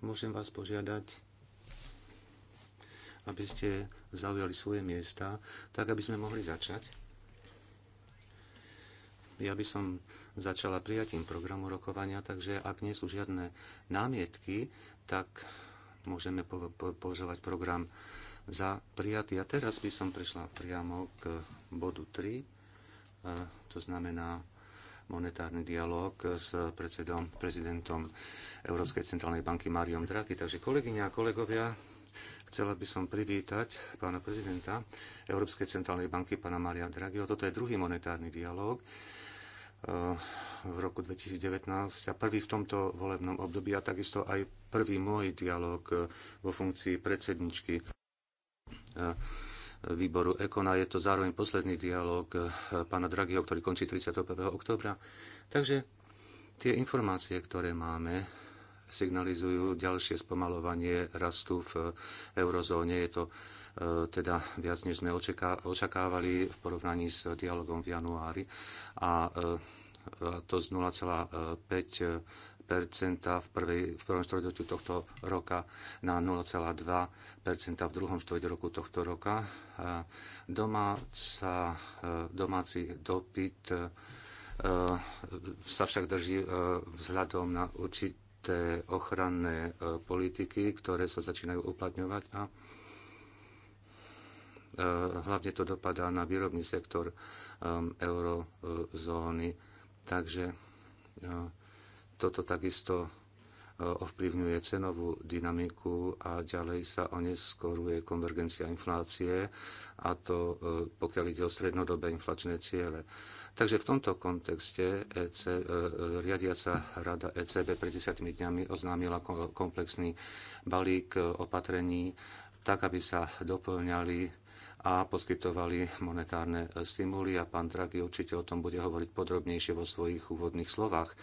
Môžem vás požiadať, aby ste zaujali svoje miesta, tak aby sme mohli začať. Ja by som začala prijatím programu rokovania, takže ak nie sú žiadne námietky, tak môžeme považovať program za prijatý. A teraz by som prešla priamo k bodu 3, to znamená monetárny dialog s predsedom, prezidentom Európskej centrálnej banky Máriom Draky. Takže kolegyňa a kolegovia, chcela by som privítať pána prezidenta Európskej centrálnej banky, pána Maria Draghiho. Toto je druhý monetárny dialog eh, v roku 2019 a prvý v tomto volebnom období a takisto aj prvý môj dialog eh, vo funkcii predsedničky eh, výboru Ekona. Je to zároveň posledný dialog eh, pána Dragiho, ktorý končí 31. oktobra. Takže tie informácie, ktoré máme, signalizujú ďalšie spomalovanie rastu v eurozóne. Je to eh, teda viac, než sme očakávali v porovnaní s dialogom v januári. A eh, to z 0,5 v, prvej, v prvom štvrťroku tohto roka na 0,2 v druhom roku tohto roka. Domáca, e, domáci dopyt e, sa však drží e, vzhľadom na určité ochranné politiky, ktoré sa začínajú uplatňovať a hlavne to dopadá na výrobný sektor eurozóny. Takže toto takisto e, ovplyvňuje cenovú dynamiku a ďalej sa oneskoruje konvergencia inflácie a to e, pokiaľ ide o strednodobé inflačné ciele. Takže v tomto kontexte EC, e, riadiaca rada ECB pred desiatými dňami oznámila komplexný balík opatrení tak, aby sa doplňali a poskytovali monetárne stimuly a pán Draghi určite o tom bude hovoriť podrobnejšie vo svojich úvodných slovách.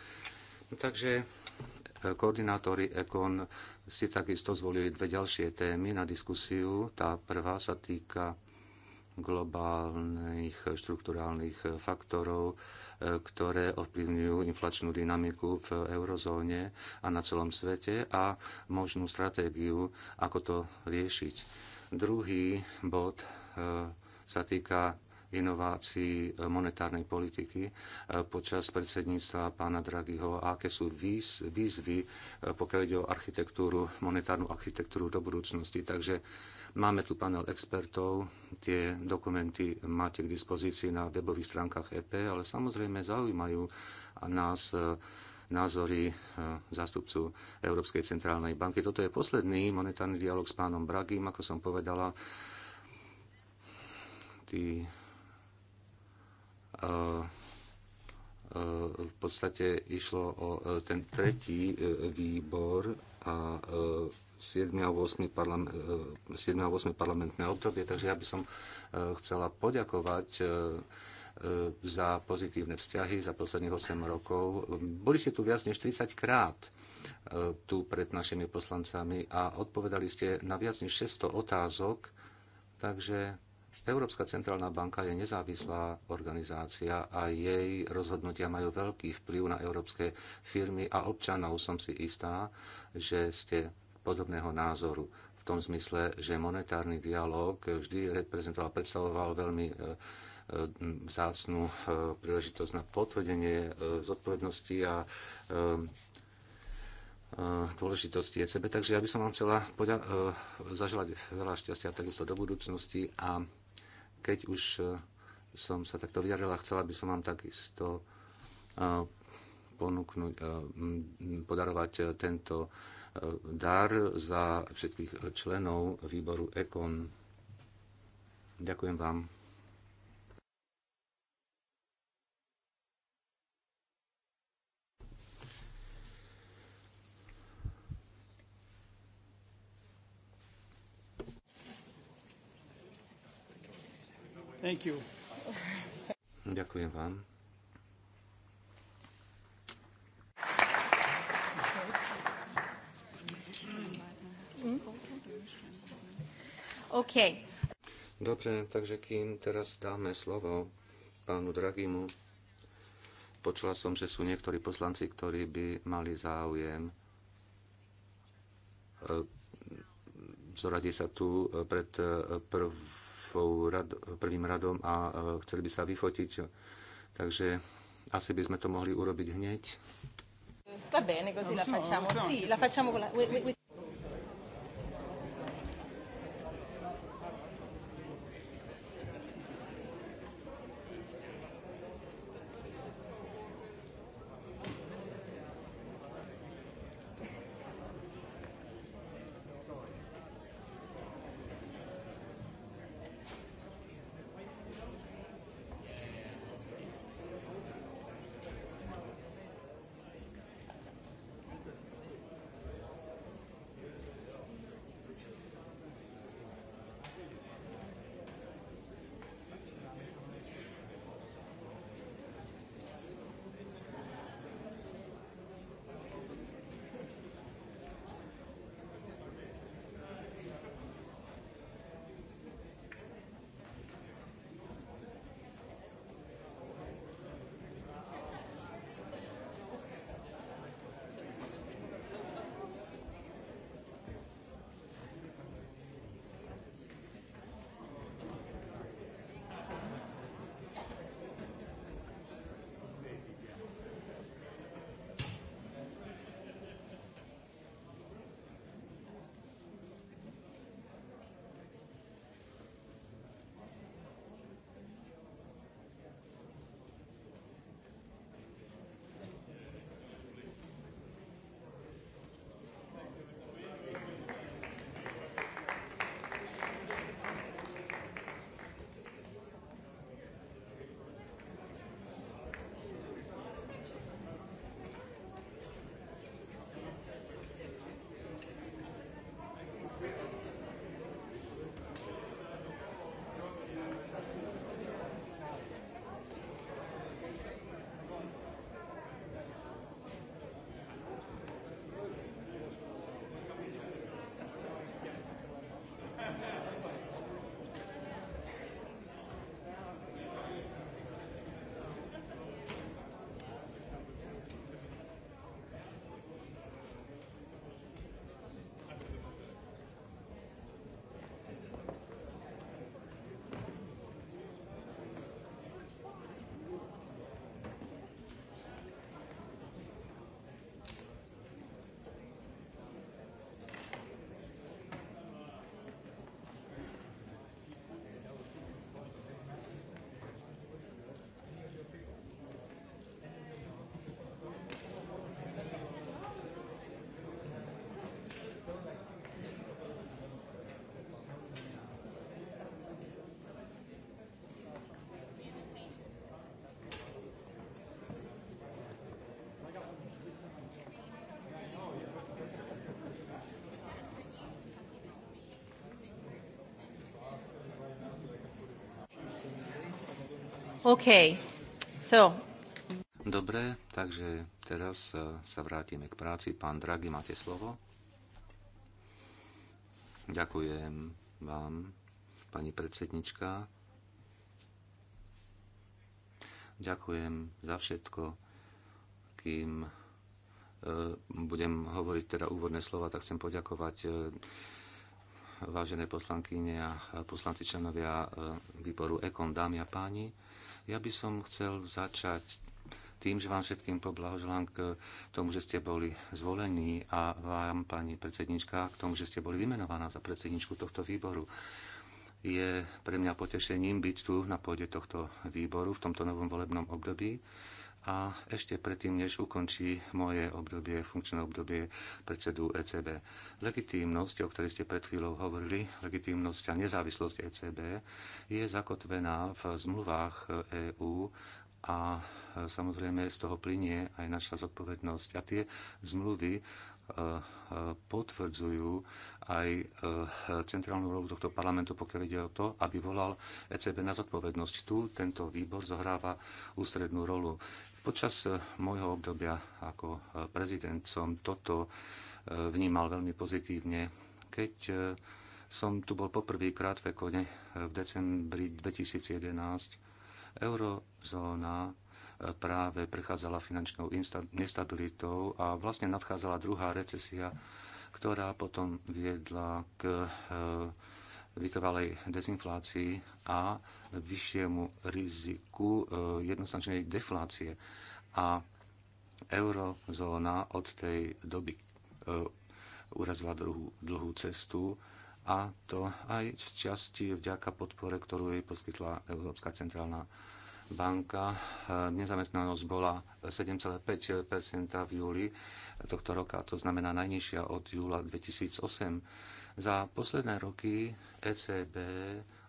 Takže e, koordinátori EKON si takisto zvolili dve ďalšie témy na diskusiu. Tá prvá sa týka globálnych štruktúrálnych faktorov, e, ktoré ovplyvňujú inflačnú dynamiku v eurozóne a na celom svete a možnú stratégiu, ako to riešiť. Druhý bod e, sa týka inovácií e, monetárnej politiky e, počas predsedníctva pána Draghiho a aké sú výzvy, e, pokiaľ ide o architektúru, monetárnu architektúru do budúcnosti. Takže máme tu panel expertov, tie dokumenty máte k dispozícii na webových stránkach EP, ale samozrejme zaujímajú nás názory zástupcu Európskej centrálnej banky. Toto je posledný monetárny dialog s pánom Bragim, ako som povedala. Tí Eh, eh, v podstate išlo o eh, ten tretí výbor a 7. a 8. Parlament, 7. a 8. parlamentné obdobie, takže ja by som chcela poďakovať za pozitívne vzťahy za posledných 8 rokov. Boli ste tu viac než 30 krát tu pred našimi poslancami a odpovedali ste na viac než 600 otázok, takže Európska centrálna banka je nezávislá organizácia a jej rozhodnutia majú veľký vplyv na európske firmy a občanov. Som si istá, že ste podobného názoru. V tom zmysle, že monetárny dialog vždy reprezentoval, predstavoval veľmi e, e, vzácnu e, príležitosť na potvrdenie zodpovednosti a dôležitosti ECB. Takže ja by som vám chcela poďa- zaželať veľa šťastia takisto do budúcnosti a keď už e, som sa takto vyjadrila, chcela by som vám takisto e, ponúknuť, e, podarovať tento dar za všetkých členov výboru EKON. Ďakujem vám. Thank you. Ďakujem vám. Dobre, takže kým teraz dáme slovo pánu Dragimu, počula som, že sú niektorí poslanci, ktorí by mali záujem e, zoradiť sa tu e, pred e, prv, prvou rad, prvým radom a uh, chceli by sa vyfotiť. Takže asi by sme to mohli urobiť hneď. Va bene, così la facciamo. No, sì, la facciamo con la... Okay. So. Dobre, takže teraz e, sa vrátime k práci. Pán Draghi, máte slovo. Ďakujem vám, pani predsednička. Ďakujem za všetko, kým e, budem hovoriť teda úvodné slova, tak chcem poďakovať e, vážené poslankyne a poslanci členovia výboru EKON, dámy a páni. Ja by som chcel začať tým, že vám všetkým poblahoželám k tomu, že ste boli zvolení a vám, pani predsednička, k tomu, že ste boli vymenovaná za predsedničku tohto výboru. Je pre mňa potešením byť tu na pôde tohto výboru v tomto novom volebnom období a ešte predtým, než ukončí moje obdobie, funkčné obdobie predsedu ECB. Legitímnosť, o ktorej ste pred chvíľou hovorili, legitímnosť a nezávislosť ECB je zakotvená v zmluvách EÚ a e, samozrejme z toho plinie aj naša zodpovednosť. A tie zmluvy e, e, potvrdzujú aj centrálnu rolu tohto parlamentu, pokiaľ ide o to, aby volal ECB na zodpovednosť. Tu tento výbor zohráva ústrednú rolu. Počas e, môjho obdobia ako e, prezident som toto e, vnímal veľmi pozitívne, keď som tu bol poprvýkrát v Ekone v decembri 2011. Eurozóna práve prechádzala finančnou nestabilitou a vlastne nadchádzala druhá recesia, ktorá potom viedla k vytrvalej dezinflácii a vyššiemu riziku eh, jednoznačnej deflácie. A eurozóna od tej doby eh, urazila dlhú, dlhú cestu a to aj v časti vďaka podpore, ktorú jej poskytla Európska centrálna banka. Eh, nezamestnanosť bola 7,5 v júli tohto roka, to znamená najnižšia od júla 2008 za posledné roky ECB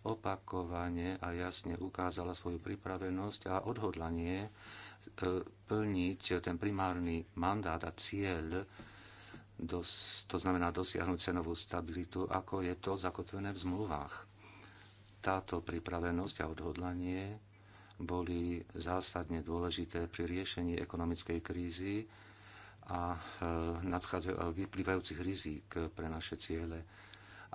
opakovane a jasne ukázala svoju pripravenosť a odhodlanie e, plniť ten primárny mandát a cieľ, to znamená dosiahnuť cenovú stabilitu, ako je to zakotvené v zmluvách. Táto pripravenosť a odhodlanie boli zásadne dôležité pri riešení ekonomickej krízy a e, vyplývajúcich rizík pre naše ciele.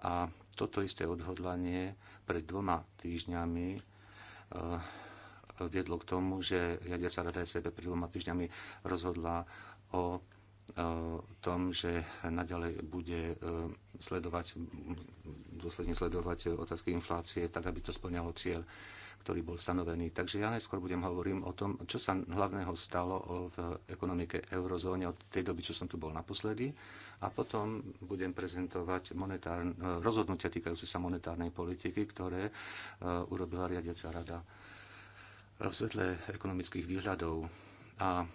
A toto isté odhodlanie pred dvoma týždňami eh, viedlo k tomu, že riadiaca rada SEB pred dvoma týždňami rozhodla o eh, tom, že naďalej bude eh, sledovať, dôsledne sledovať otázky inflácie, tak aby to splňalo cieľ ktorý bol stanovený. Takže ja najskôr budem hovorím o tom, čo sa hlavného stalo v ekonomike eurozóne od tej doby, čo som tu bol naposledy. A potom budem prezentovať monetárne, rozhodnutia týkajúce sa monetárnej politiky, ktoré e, urobila riadiaca rada e, v svetle ekonomických výhľadov. A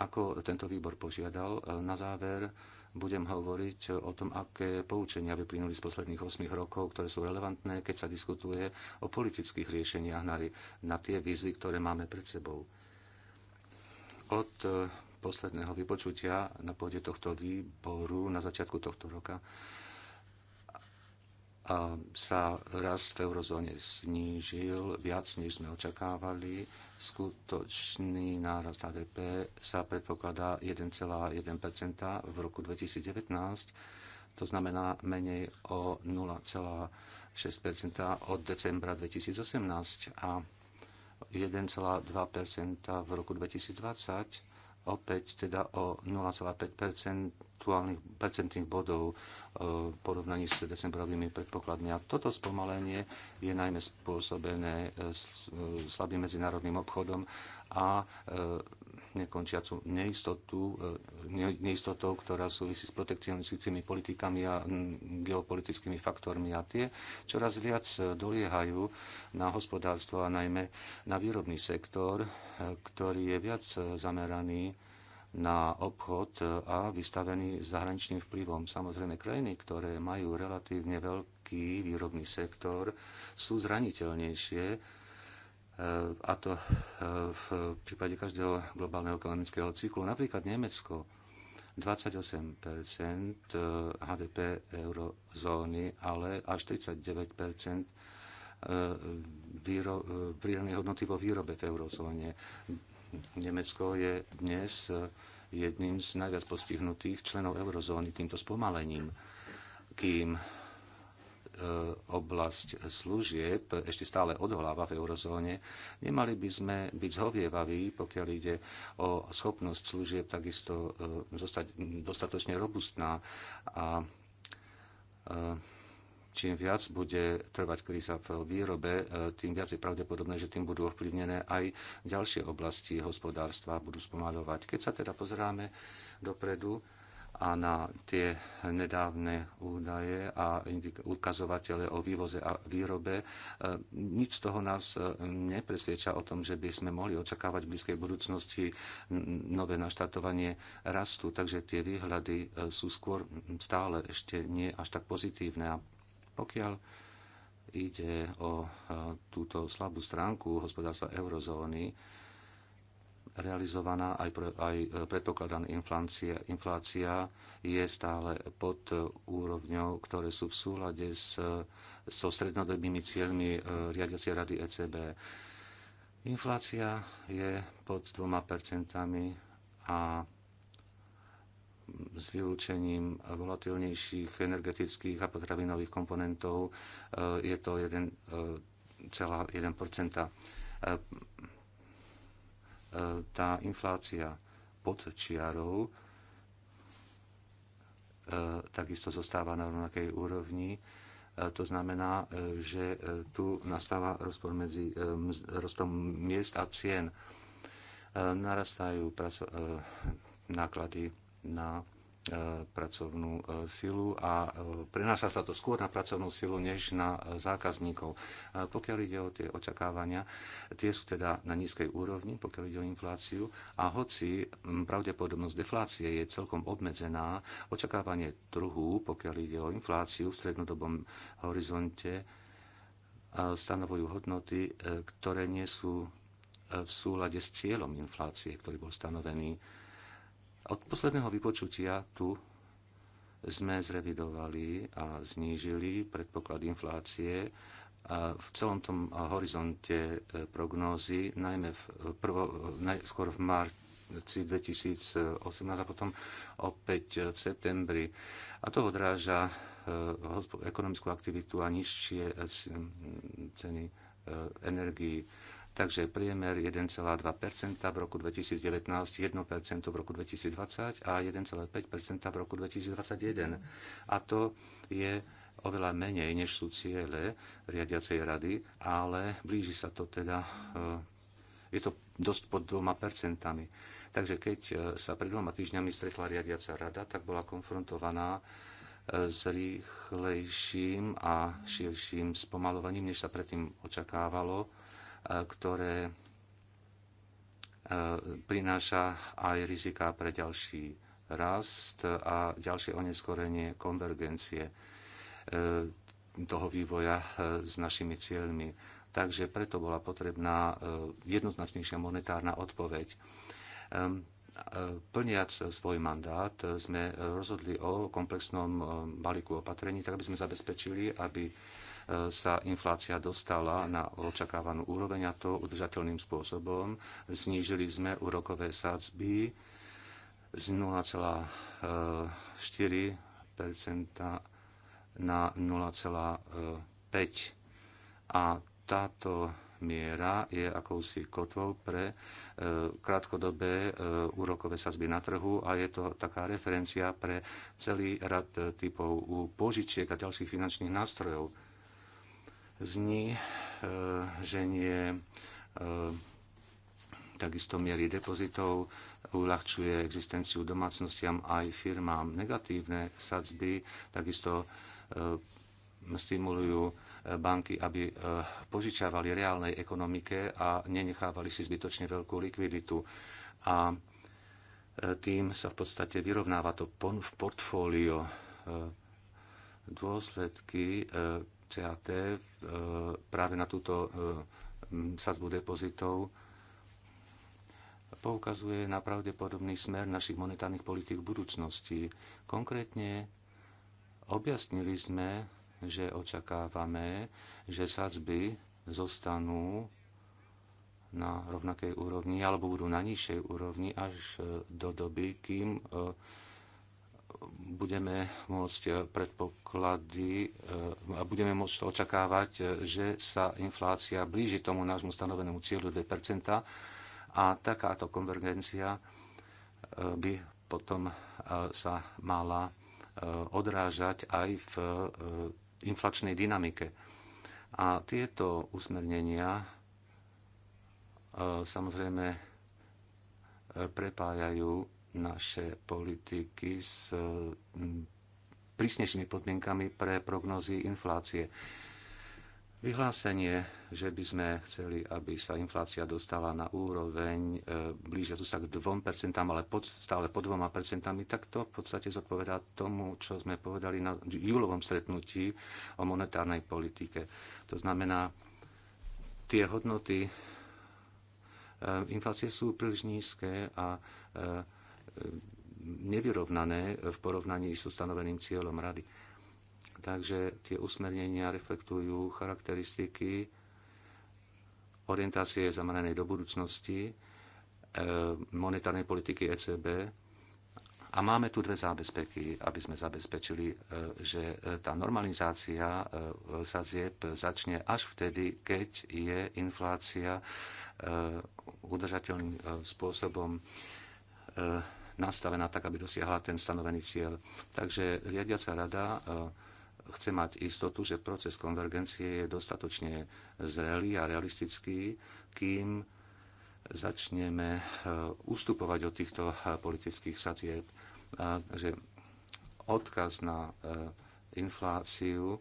ako tento výbor požiadal, e, na záver budem hovoriť o tom, aké poučenia vyplynuli z posledných 8 rokov, ktoré sú relevantné, keď sa diskutuje o politických riešeniach na, na tie výzvy, ktoré máme pred sebou. Od eh, posledného vypočutia na pôde tohto výboru na začiatku tohto roka a sa rast v eurozóne snížil viac, než sme očakávali. Skutočný nárast HDP sa predpokladá 1,1 v roku 2019, to znamená menej o 0,6 od decembra 2018 a 1,2 v roku 2020 opäť teda o 0,5 percentných bodov e, v porovnaní s decembrovými predpokladmi. A toto spomalenie je najmä spôsobené e, e, slabým medzinárodným obchodom a nekončiacu neistotu, e, ne, neistotou, ktorá súvisí s protekcionistickými politikami a geopolitickými faktormi a tie čoraz viac e, doliehajú na hospodárstvo a najmä na výrobný sektor, e, ktorý je viac zameraný na obchod a vystavený zahraničným vplyvom. Samozrejme, krajiny, ktoré majú relatívne veľký výrobný sektor, sú zraniteľnejšie Eh, a to eh, v prípade každého globálneho ekonomického cyklu. Napríklad Nemecko 28 eh, HDP eurozóny, ale až 39 prírodnej hodnoty vo výrobe v eurozóne. Nemecko je dnes jedným z najviac postihnutých členov eurozóny týmto spomalením, kým E, oblasť služieb ešte stále odhláva v eurozóne, nemali by sme byť zhovievaví, pokiaľ ide o schopnosť služieb takisto e, zostať dostatočne robustná a e, čím viac bude trvať kríza v výrobe, tým viac je pravdepodobné, že tým budú ovplyvnené aj ďalšie oblasti hospodárstva, budú spomalovať. Keď sa teda pozeráme dopredu, a na tie nedávne údaje a ukazovatele o vývoze a výrobe. E, nič z toho nás e, nepresvieča o tom, že by sme mohli očakávať v blízkej budúcnosti nové naštartovanie rastu, takže tie výhľady e, sú skôr stále ešte nie až tak pozitívne. A pokiaľ ide o túto slabú stránku hospodárstva eurozóny, realizovaná aj, pre, aj e, predpokladaná inflácia, inflácia je stále pod e, úrovňou, ktoré sú v súlade s, e, so srednodobými cieľmi riadiacej rady ECB. Inflácia je pod 2% a s vylúčením volatilnejších energetických a potravinových komponentov je to 1,1 tá inflácia pod čiarou e, takisto zostáva na rovnakej úrovni. E, to znamená, e, že tu nastáva rozpor medzi rostom miest a cien. Narastajú náklady na E, pracovnú e, silu a e, prenáša sa to skôr na pracovnú silu než na zákazníkov. Pokiaľ ide o tie očakávania, tie sú teda na nízkej úrovni, pokiaľ ide o infláciu a hoci pravdepodobnosť deflácie je celkom obmedzená, očakávanie trhu, pokiaľ ide o infláciu v strednodobom horizonte, stanovujú hodnoty, ktoré nie sú v súlade s cieľom inflácie, ktorý bol stanovený od posledného vypočutia tu sme zrevidovali a znížili predpoklad inflácie a v celom tom horizonte e, prognózy, najmä v e, prvo, e, najskôr v marci 2018 a potom opäť v septembri. A to odráža ekonomickú aktivitu a nižšie ceny energii. Takže priemer 1,2 v roku 2019, 1 v roku 2020 a 1,5 v roku 2021. A to je oveľa menej, než sú ciele riadiacej rady, ale blíži sa to teda, e, je to dosť pod dvoma percentami. Takže keď e, sa pred dvoma týždňami stretla riadiaca rada, tak bola konfrontovaná e, s rýchlejším a širším spomalovaním, než sa predtým očakávalo ktoré e, prináša aj rizika pre ďalší rast a ďalšie oneskorenie konvergencie e, toho vývoja e, s našimi cieľmi. Takže preto bola potrebná jednoznačnejšia monetárna odpoveď. Ehm, plniac svoj mandát sme rozhodli o komplexnom balíku opatrení, tak aby sme zabezpečili, aby sa inflácia dostala na očakávanú úroveň a to udržateľným spôsobom. Znížili sme úrokové sádzby z 0,4 na 0,5 a táto miera je akousi kotvou pre e, krátkodobé e, úrokové sazby na trhu a je to taká referencia pre celý rad e, typov požičiek a ďalších finančných nástrojov zní, e, že nie e, takisto miery depozitov, uľahčuje existenciu domácnostiam aj firmám. Negatívne sadzby takisto e, stimulujú banky, aby požičiavali reálnej ekonomike a nenechávali si zbytočne veľkú likviditu. A tým sa v podstate vyrovnáva to v portfólio dôsledky CAT e, práve na túto e, sadzbu depozitov poukazuje na pravdepodobný smer našich monetárnych politik v budúcnosti. Konkrétne objasnili sme, že očakávame, že sadzby zostanú na rovnakej úrovni alebo budú na nižšej úrovni až e, do doby, kým budeme môcť predpoklady e, a budeme môcť očakávať, e, že sa inflácia blíži tomu nášmu stanovenému cieľu 2 a takáto konvergencia e, by potom sa mala odrážať aj v inflačnej dynamike. A tieto usmernenia samozrejme prepájajú naše politiky s prísnejšími podmienkami pre prognozy inflácie. Vyhlásenie, že by sme chceli, aby sa inflácia dostala na úroveň e, blížiacu sa k 2%, ale pod, stále pod 2%, tak to v podstate zodpovedá tomu, čo sme povedali na júlovom stretnutí o monetárnej politike. To znamená, tie hodnoty e, inflácie sú príliš nízke a e, nevyrovnané v porovnaní s stanoveným cieľom rady. Takže tie usmernenia reflektujú charakteristiky orientácie zamerané do budúcnosti, e, monetárnej politiky ECB. A máme tu dve zábezpeky, aby sme zabezpečili, e, že e, tá normalizácia sa zjeb začne až vtedy, keď je inflácia udržateľným spôsobom nastavená tak, aby dosiahla ten stanovený cieľ. Takže riadiaca rada e, chce mať istotu, že proces konvergencie je dostatočne zrelý a realistický, kým začneme e, ustupovať od týchto e, politických satieb. Takže odkaz na infláciu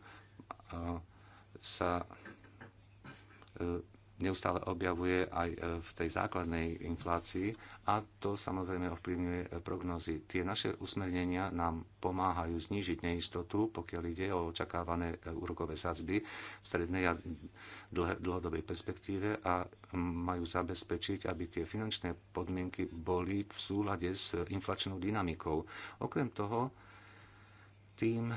sa neustále objavuje aj e, v tej základnej inflácii a to samozrejme ovplyvňuje e, prognozy. Tie naše usmernenia nám pomáhajú znížiť neistotu, pokiaľ ide o očakávané e, úrokové sadzby v strednej a dlhodobej perspektíve a majú zabezpečiť, aby tie finančné podmienky boli v súlade s inflačnou dynamikou. Okrem toho, tým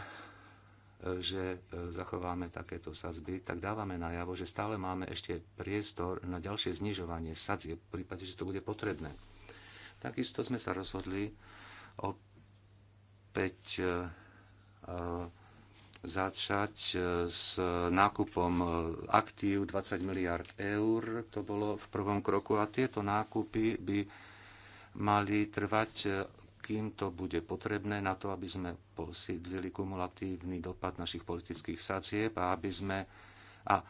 že e, zachováme takéto sadzby, tak dávame najavo, že stále máme ešte priestor na ďalšie znižovanie sadzieb v prípade, že to bude potrebné. Takisto sme sa rozhodli opäť e, e, začať s nákupom aktív 20 miliard eur. To bolo v prvom kroku a tieto nákupy by mali trvať kým to bude potrebné na to, aby sme posídlili kumulatívny dopad našich politických sacieb a aby sme a e,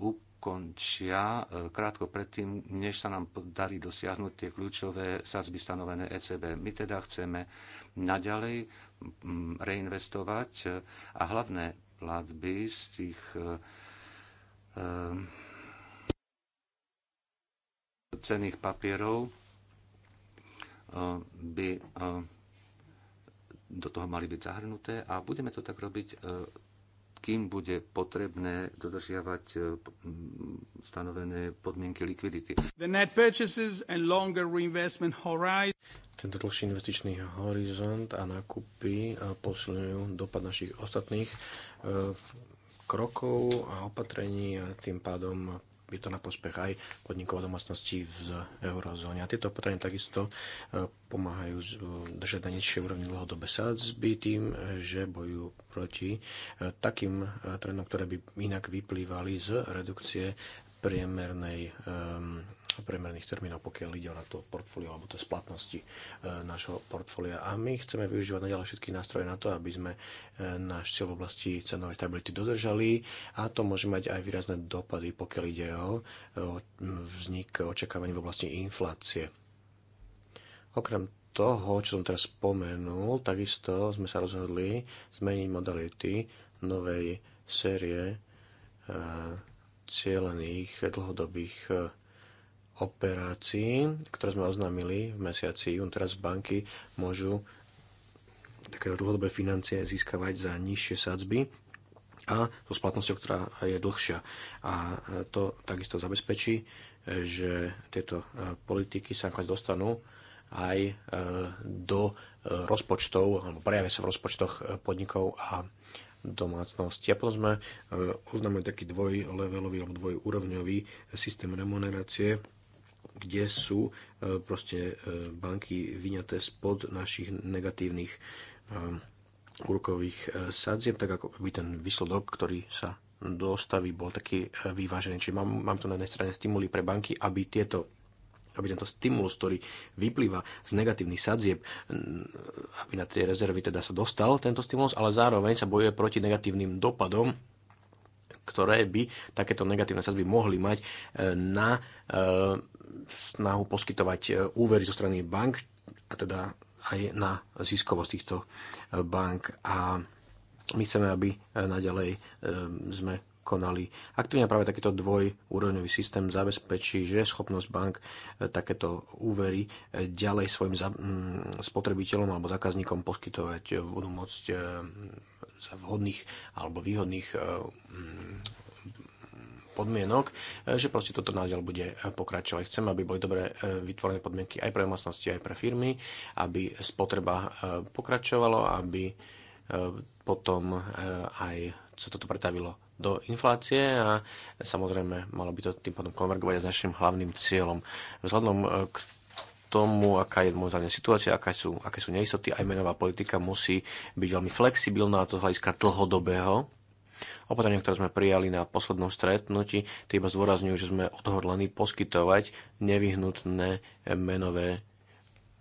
ukončia e, krátko predtým, než sa nám podarí dosiahnuť tie kľúčové sadzby stanovené ECB. My teda chceme naďalej reinvestovať e, a hlavné platby z tých cených papierov Eh, by eh, do toho mali byť zahrnuté a budeme to tak robiť, eh, kým bude potrebné dodržiavať mm, stanovené podmienky likvidity. Tento dlhší investičný horizont a nákupy posilňujú dopad našich ostatných krokov a opatrení a tým pádom je to na prospech aj podnikov a domácností v eurozóne. A tieto opatrenia takisto e, pomáhajú držať na nižšej úrovni dlhodobé sadzby tým, že bojujú proti e, takým e, trendom, ktoré by inak vyplývali z redukcie priemernej premerných termínov, pokiaľ ide na to portfólio alebo to splatnosti e, našho portfólia. A my chceme využívať naďalej všetky nástroje na to, aby sme e, náš cieľ v oblasti cenovej stability dodržali a to môže mať aj výrazné dopady, pokiaľ ide o vznik očakávaní v oblasti inflácie. Okrem toho, čo som teraz spomenul, takisto sme sa rozhodli zmeniť modality novej série e, cieľených dlhodobých operácií, ktoré sme oznámili v mesiaci jún. Teraz banky môžu takéto dlhodobé financie získavať za nižšie sadzby a so splatnosťou, ktorá je dlhšia. A e, to takisto zabezpečí, e, že tieto e, politiky sa nakoniec dostanú aj do rozpočtov, alebo prejavia sa v rozpočtoch podnikov a domácnosti. A potom sme oznámili taký dvojlevelový alebo dvojúrovňový systém remunerácie kde sú e, proste e, banky vyňaté spod našich negatívnych e, úrokových sadzieb, tak ako by ten výsledok, ktorý sa dostaví, bol taký vyvážený. Čiže mám, mám tu na jednej strane stimuli pre banky, aby tieto aby tento stimulus, ktorý vyplýva z negatívnych sadzieb, aby na tie rezervy teda sa dostal tento stimulus, ale zároveň sa bojuje proti negatívnym dopadom, ktoré by takéto negatívne sadzby mohli mať na snahu poskytovať e, úvery zo strany bank, a teda aj na ziskovosť týchto e, bank. A my chceme, aby e, naďalej sme konali. Aktívne práve takýto dvojúrovňový systém zabezpečí, že schopnosť bank takéto úvery ďalej svojim spotrebiteľom alebo zákazníkom poskytovať budú môcť za vhodných alebo výhodných podmienok, e, že proste toto nádiel bude e, pokračovať. Chcem, aby boli dobre e, vytvorené podmienky aj pre domácnosti, aj pre firmy, aby spotreba pokračovalo, aby potom aj sa toto pretavilo do inflácie a samozrejme malo by to tým potom konvergovať s našim hlavným cieľom. Vzhľadom k tomu, aká je momentálne situácia, aká sú, aké sú neistoty, aj menová politika musí byť veľmi flexibilná, a to z hľadiska dlhodobého, Opatrenia, ktoré sme prijali na poslednom stretnutí, tie iba zdôrazňujú, že sme odhodlení poskytovať nevyhnutné menové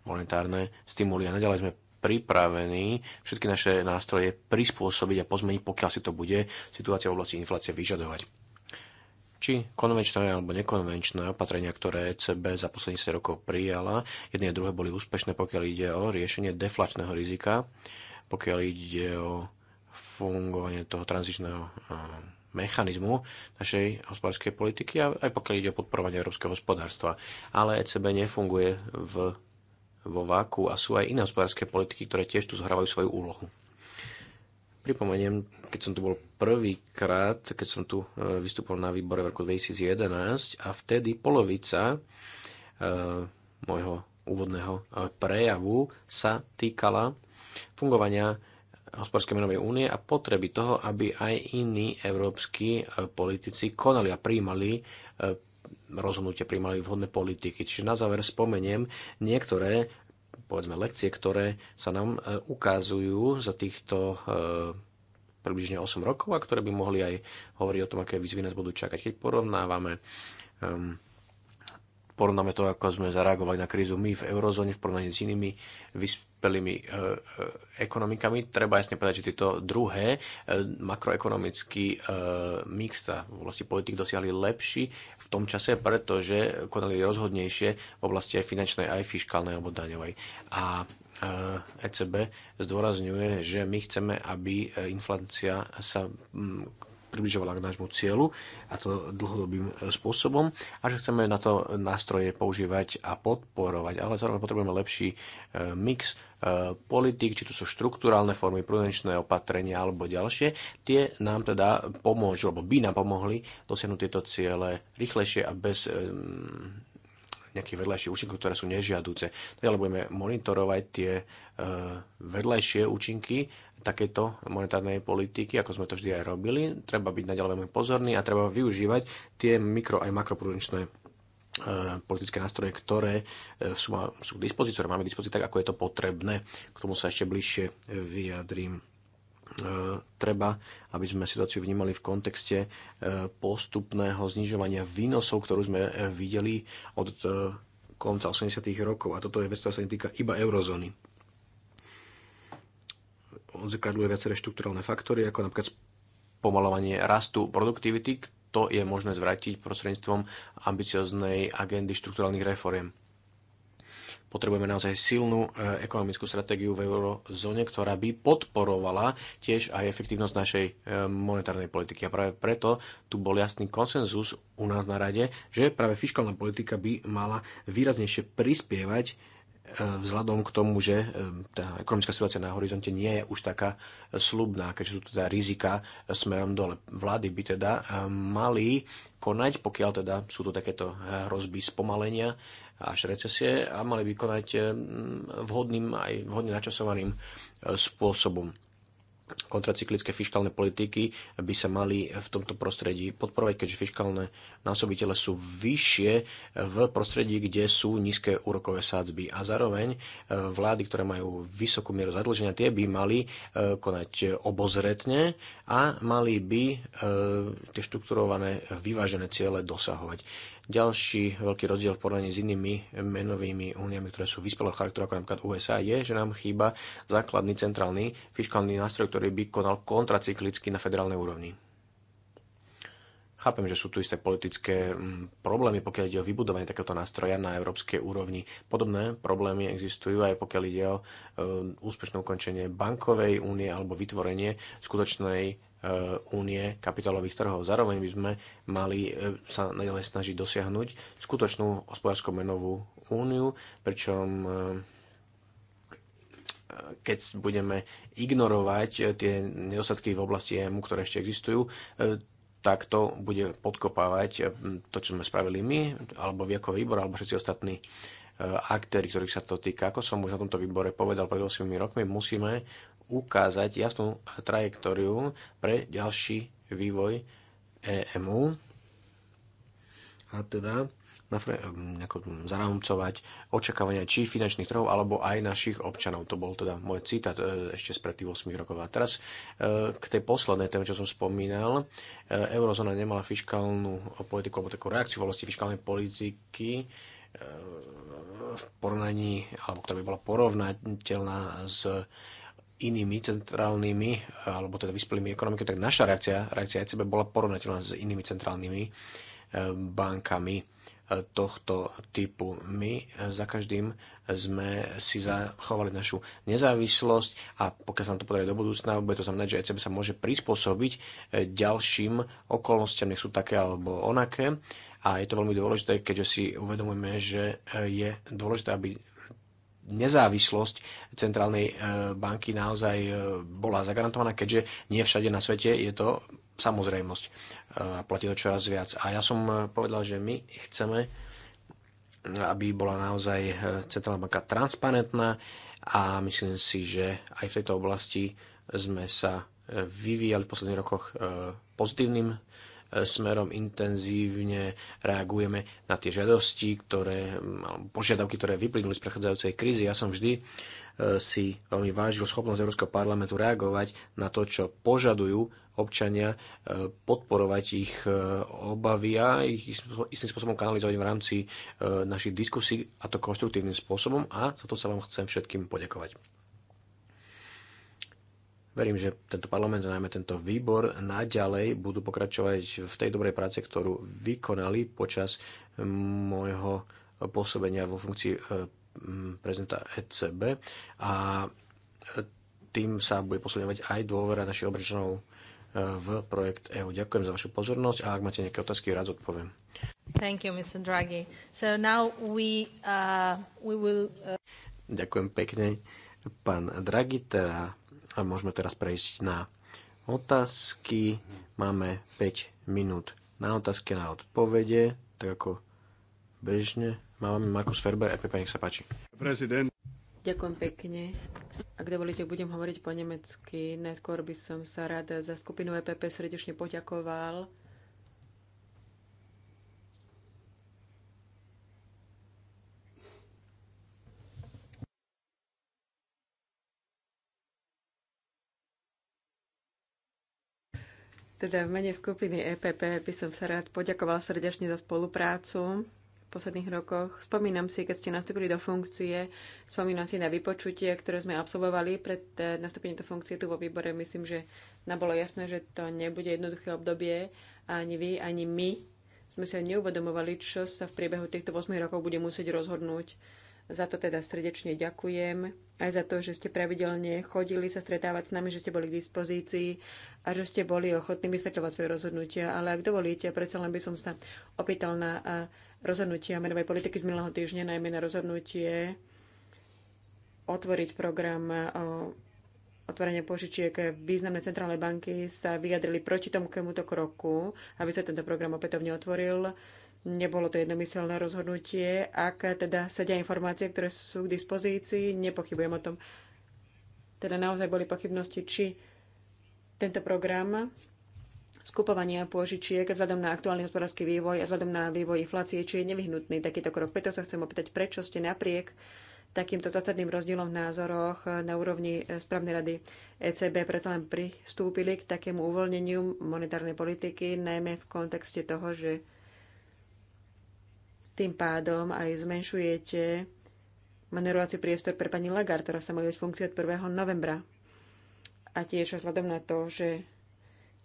monetárne stimuly. A naďalej sme pripravení všetky naše nástroje prispôsobiť a pozmeniť, pokiaľ si to bude situácia v oblasti inflácie vyžadovať. Či konvenčné alebo nekonvenčné opatrenia, ktoré ECB za posledných 10 rokov prijala, jedné a druhé boli úspešné, pokiaľ ide o riešenie deflačného rizika, pokiaľ ide o fungovanie toho tranzičného eh, mechanizmu našej hospodárskej politiky, a aj pokiaľ ide o podporovanie európskeho hospodárstva. Ale ECB nefunguje v, vo váku a sú aj iné hospodárske politiky, ktoré tiež tu zhrávajú svoju úlohu. Pripomeniem, keď som tu bol prvýkrát, keď som tu eh, vystúpil na výbore v roku 2011 a vtedy polovica e, môjho úvodného prejavu sa týkala fungovania hospodárskej menovej únie a potreby toho, aby aj iní európsky e, politici konali a príjmali e, rozhodnutie, príjmali vhodné politiky. Čiže na záver spomeniem niektoré povedzme, lekcie, ktoré sa nám e, ukazujú za týchto približne 8 rokov a ktoré by mohli aj hovoriť o tom, aké výzvy nás budú čakať. Keď porovnávame porovnáme to, ako sme zareagovali na krízu my v eurozóne v porovnaní s inými vysp- vyspelými eh, eh, ekonomikami. Treba jasne povedať, že tieto druhé eh, makroekonomický mix sa v oblasti politik dosiahli lepší v tom čase, pretože konali rozhodnejšie v oblasti aj finančnej, aj fiskálnej alebo daňovej. A ECB e zdôrazňuje, že my chceme, aby inflácia sa mm, približovala k nášmu cieľu a to dlhodobým e, spôsobom a že chceme na to nástroje používať a podporovať, ale zároveň potrebujeme lepší e, mix e, politik, či to sú štruktúrálne formy, prudenčné opatrenia alebo ďalšie, tie nám teda pomôžu, alebo by nám pomohli dosiahnuť tieto ciele rýchlejšie a bez nejakých vedľajších účinkov, ktoré sú nežiaduce. Teda budeme monitorovať tie vedľajšie účinky takéto monetárnej politiky, ako sme to vždy aj robili. Treba byť naďalej veľmi pozorný a treba využívať tie mikro aj makroprudenčné e, politické nástroje, ktoré e, sú, sú k dispozícii, ktoré máme k dispozícii tak, ako je to potrebné. K tomu sa ešte bližšie vyjadrím. E, treba, aby sme situáciu vnímali v kontexte postupného znižovania výnosov, ktorú sme videli od konca 80. rokov. A toto je vec, ktorá sa netýka iba eurozóny odzrkadľuje viaceré štruktúralne faktory, ako napríklad pomalovanie rastu produktivity, to je možné zvrátiť prostredníctvom ambicioznej agendy štruktúralných reforiem. Potrebujeme naozaj silnú e, ekonomickú stratégiu v eurozóne, ktorá by podporovala tiež aj efektívnosť našej e, monetárnej politiky. A práve preto tu bol jasný konsenzus u nás na rade, že práve fiskálna politika by mala výraznejšie prispievať vzhľadom k tomu, že tá ekonomická situácia na horizonte nie je už taká slubná, keďže sú teda rizika smerom dole. Vlády by teda mali konať, pokiaľ teda sú tu takéto eh, hrozby spomalenia až recesie a mali by konať vhodným aj vhodne načasovaným eh, spôsobom kontracyklické fiskálne politiky by sa mali v tomto prostredí podporovať, keďže fiskálne násobitele sú vyššie v prostredí, kde sú nízke úrokové sádzby. A zároveň e, vlády, ktoré majú vysokú mieru zadlženia, tie by mali e, konať obozretne a mali by e, tie štrukturované vyvážené ciele dosahovať. Ďalší veľký rozdiel v porovnaní s inými menovými úniami, ktoré sú vyspelého charakteru, ako napríklad USA, je, že nám chýba základný centrálny fiskálny nástroj, ktorý by konal kontracyklicky na federálnej úrovni. Chápem, že sú tu isté politické mm, problémy, pokiaľ ide o vybudovanie takéhoto nástroja na európskej úrovni. Podobné problémy existujú aj pokiaľ ide o e, úspešné ukončenie bankovej únie alebo vytvorenie skutočnej Eh, únie kapitálových trhov. Zároveň by sme mali eh, sa naďalej snažiť dosiahnuť skutočnú hospodársko-menovú úniu, pričom eh, keď budeme ignorovať tie nedostatky v oblasti EMU, ktoré ešte existujú, tak to bude podkopávať to, čo sme spravili my, alebo viekový výbor, alebo všetci ostatní aktéry, ktorých sa to týka. Ako som už na tomto výbore povedal pred 8 rokmi, musíme ukázať jasnú trajektóriu pre ďalší vývoj EMU a teda zarámcovať očakávania či finančných trhov alebo aj našich občanov. To bol teda môj citát e, ešte spred tých 8 rokov. A teraz e, k tej poslednej téme, čo som spomínal. E, eurozóna nemala fiskálnu politiku alebo takú reakciu v oblasti fiskálnej politiky v porovnaní, alebo ktorá by bola porovnateľná s inými centrálnymi, alebo teda vyspelými ekonomikami, tak naša reakcia, reakcia ECB bola porovnateľná s inými centrálnymi eh, bankami eh, tohto typu. My eh, za každým sme si zachovali našu nezávislosť a pokiaľ sa nám to podarí do budúcna, bude to znamenáť, že ECB sa môže prispôsobiť ďalším okolnostiam, nech sú také alebo onaké. A je to veľmi dôležité, keďže si uvedomujeme, že je dôležité, aby nezávislosť centrálnej e, banky naozaj e, bola zagarantovaná, keďže nie všade na svete je to samozrejmosť e, a platí to čoraz viac. A ja som povedal, že my chceme, aby bola naozaj centrálna banka transparentná a myslím si, že aj v tejto oblasti sme sa vyvíjali v posledných rokoch pozitívnym smerom intenzívne reagujeme na tie žiadosti, ktoré, mm, požiadavky, ktoré vyplynuli z prechádzajúcej krízy. Ja som vždy e, si veľmi vážil schopnosť Európskeho parlamentu reagovať na to, čo požadujú občania, e, podporovať ich e, obavy a ich istým spôsobom kanalizovať v rámci našich diskusí a to konštruktívnym spôsobom a za to sa vám chcem všetkým poďakovať. Verím, že tento parlament a najmä tento výbor naďalej budú pokračovať v tej dobrej práce, ktorú vykonali počas môjho pôsobenia vo funkcii e, prezidenta ECB a e, tým sa bude posilňovať aj dôvera našich občanov e, v projekt EU. Ďakujem za vašu pozornosť a ak máte nejaké otázky, rád odpoviem. Thank you, Mr. Draghi. So now we, uh, we will, uh... Ďakujem pekne, pán Draghi. Teda a môžeme teraz prejsť na otázky. Máme 5 minút na otázky, na odpovede, tak ako bežne. Máme Markus Ferber, EPP, nech sa páči. Prezident. Ďakujem pekne. Ak dovolíte, budem hovoriť po nemecky. Najskôr by som sa rada za skupinu EPP srdečne poďakoval Teda v mene skupiny EPP by som sa rád poďakoval srdečne za spoluprácu v posledných rokoch. Spomínam si, keď ste nastúpili do funkcie, spomínam si na vypočutie, ktoré sme absolvovali pred eh, nastúpením do funkcie tu vo výbore. Myslím, že nám bolo jasné, že to nebude jednoduché obdobie a ani vy, ani my sme sa neuvedomovali, čo sa v priebehu týchto 8 rokov bude musieť rozhodnúť za to teda srdečne ďakujem. Aj za to, že ste pravidelne chodili sa stretávať s nami, že ste boli k dispozícii a že ste boli ochotní vysvetľovať svoje rozhodnutia. Ale ak dovolíte, predsa len by som sa opýtal na rozhodnutia menovej politiky z minulého týždňa, najmä na rozhodnutie otvoriť program otvorenie požičiek významné centrálne banky sa vyjadrili proti tomuto kroku, aby sa tento program opätovne otvoril. Nebolo to jednomyselné rozhodnutie. Ak teda sedia informácie, ktoré sú k dispozícii, nepochybujem o tom. Teda naozaj boli pochybnosti, či tento program skupovania pôžičiek vzhľadom na aktuálny hospodársky vývoj a vzhľadom na vývoj inflácie, či je nevyhnutný takýto krok. Preto sa chcem opýtať, prečo ste napriek takýmto zásadným rozdielom v názoroch na úrovni správnej rady ECB preto len pristúpili k takému uvoľneniu monetárnej politiky, najmä v kontexte toho, že tým pádom aj zmenšujete manerovací priestor pre pani Lagarde, ktorá sa môže funkciu od 1. novembra. A tiež vzhľadom na to, že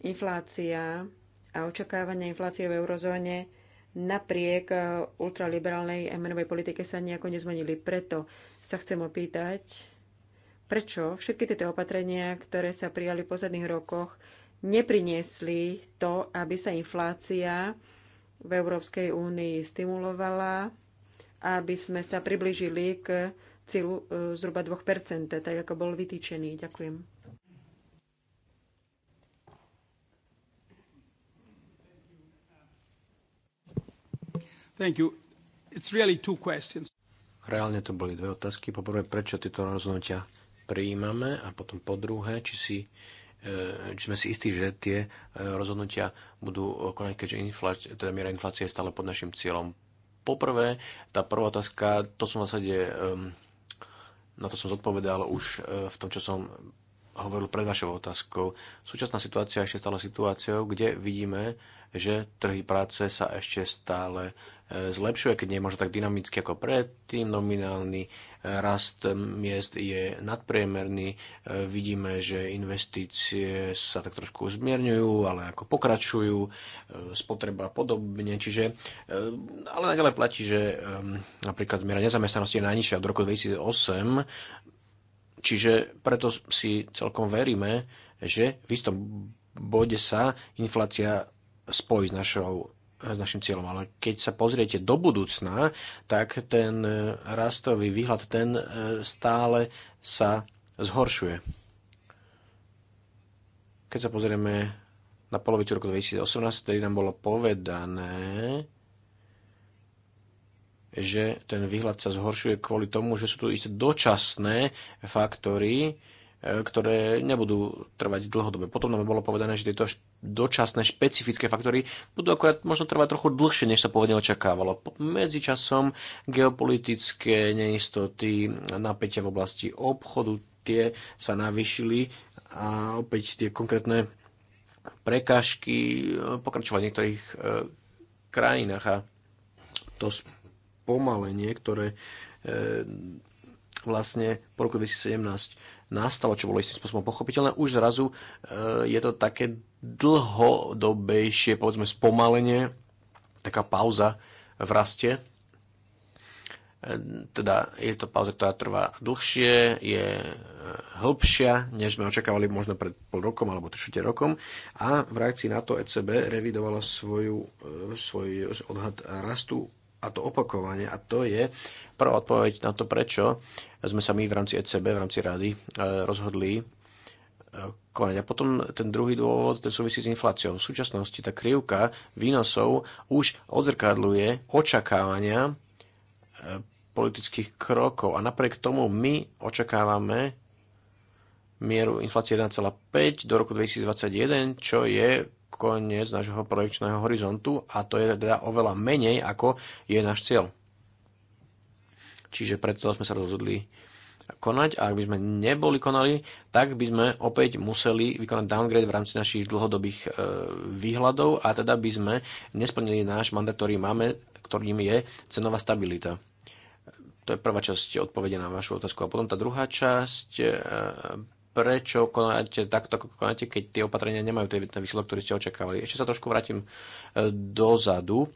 inflácia a očakávania inflácie v eurozóne napriek e, ultraliberálnej menovej politike sa nejako nezmenili. Preto sa chcem opýtať, prečo všetky tieto opatrenia, ktoré sa prijali v posledných rokoch, nepriniesli to, aby sa inflácia v Európskej únii stimulovala, aby sme sa priblížili k cílu e, zhruba 2%, tak ako bol vytýčený. Ďakujem. Thank you. It's really two questions. Reálne to boli dve otázky. Po prvé, prečo tieto rozhodnutia prijímame a potom po druhé, či si či e, sme si istí, že tie e, rozhodnutia budú konať, keďže inflácia, teda miera inflácie je stále pod našim cieľom. Poprvé, tá prvá otázka, to som v zásade, e, na to som zodpovedal už v tom, čo som hovoril pred vašou otázkou. Súčasná situácia ešte stále situáciou, kde vidíme, že trhy práce sa ešte stále e, zlepšuje, keď nie je možno tak dynamicky ako predtým. Nominálny e, rast miest je nadpriemerný. E, vidíme, že investície sa tak trošku zmierňujú, ale ako pokračujú, spotreba podobne. Čiže, ale naďalej platí, že napríklad miera nezamestnanosti je najnižšia od roku 2008 Čiže preto si celkom veríme, že v istom bode sa inflácia spojí s, našou, s našim cieľom. Ale keď sa pozriete do budúcna, tak ten e, rastový výhľad ten e, stále sa zhoršuje. Keď sa pozrieme na polovicu roku 2018, tedy nám bolo povedané, že ten výhľad sa zhoršuje kvôli tomu, že sú tu isté dočasné faktory, e, ktoré nebudú trvať dlhodobé. Potom nám bolo povedané, že tieto dočasné špecifické faktory budú akorát možno trvať trochu dlhšie, než sa pôvodne očakávalo. Medzičasom geopolitické neistoty, napätia v oblasti obchodu, tie sa navyšili a opäť tie konkrétne prekážky e, pokračovať v niektorých e, krajinách a to spomalenie, ktoré e, vlastne po roku 2017 nastalo, čo bolo istým spôsobom pochopiteľné, už zrazu e, je to také dlhodobejšie, povedzme, spomalenie, taká pauza v raste. E, teda je to pauza, ktorá trvá dlhšie, je hĺbšia, než sme očakávali možno pred pol rokom alebo tušite rokom. A v reakcii na to ECB revidovala svoju, svoj odhad rastu a to opakovane. A to je prvá odpoveď na to, prečo sme sa my v rámci ECB, v rámci rady e, rozhodli e, konať. A potom ten druhý dôvod, ten súvisí s infláciou. V súčasnosti tá krivka výnosov už odzrkadluje očakávania e, politických krokov. A napriek tomu my očakávame mieru inflácie 1,5 do roku 2021, čo je koniec nášho projekčného horizontu a to je teda oveľa menej, ako je náš cieľ. Čiže preto sme sa rozhodli konať a ak by sme neboli konali, tak by sme opäť museli vykonať downgrade v rámci našich dlhodobých e, výhľadov a teda by sme nesplnili náš mandát, ktorý máme, ktorým je cenová stabilita. To je prvá časť odpovede na vašu otázku. A potom tá druhá časť, e, prečo konáte takto, ako konáte, keď tie opatrenia nemajú ten, výsledok, ktorý ste očakávali. Ešte sa trošku vrátim e, dozadu.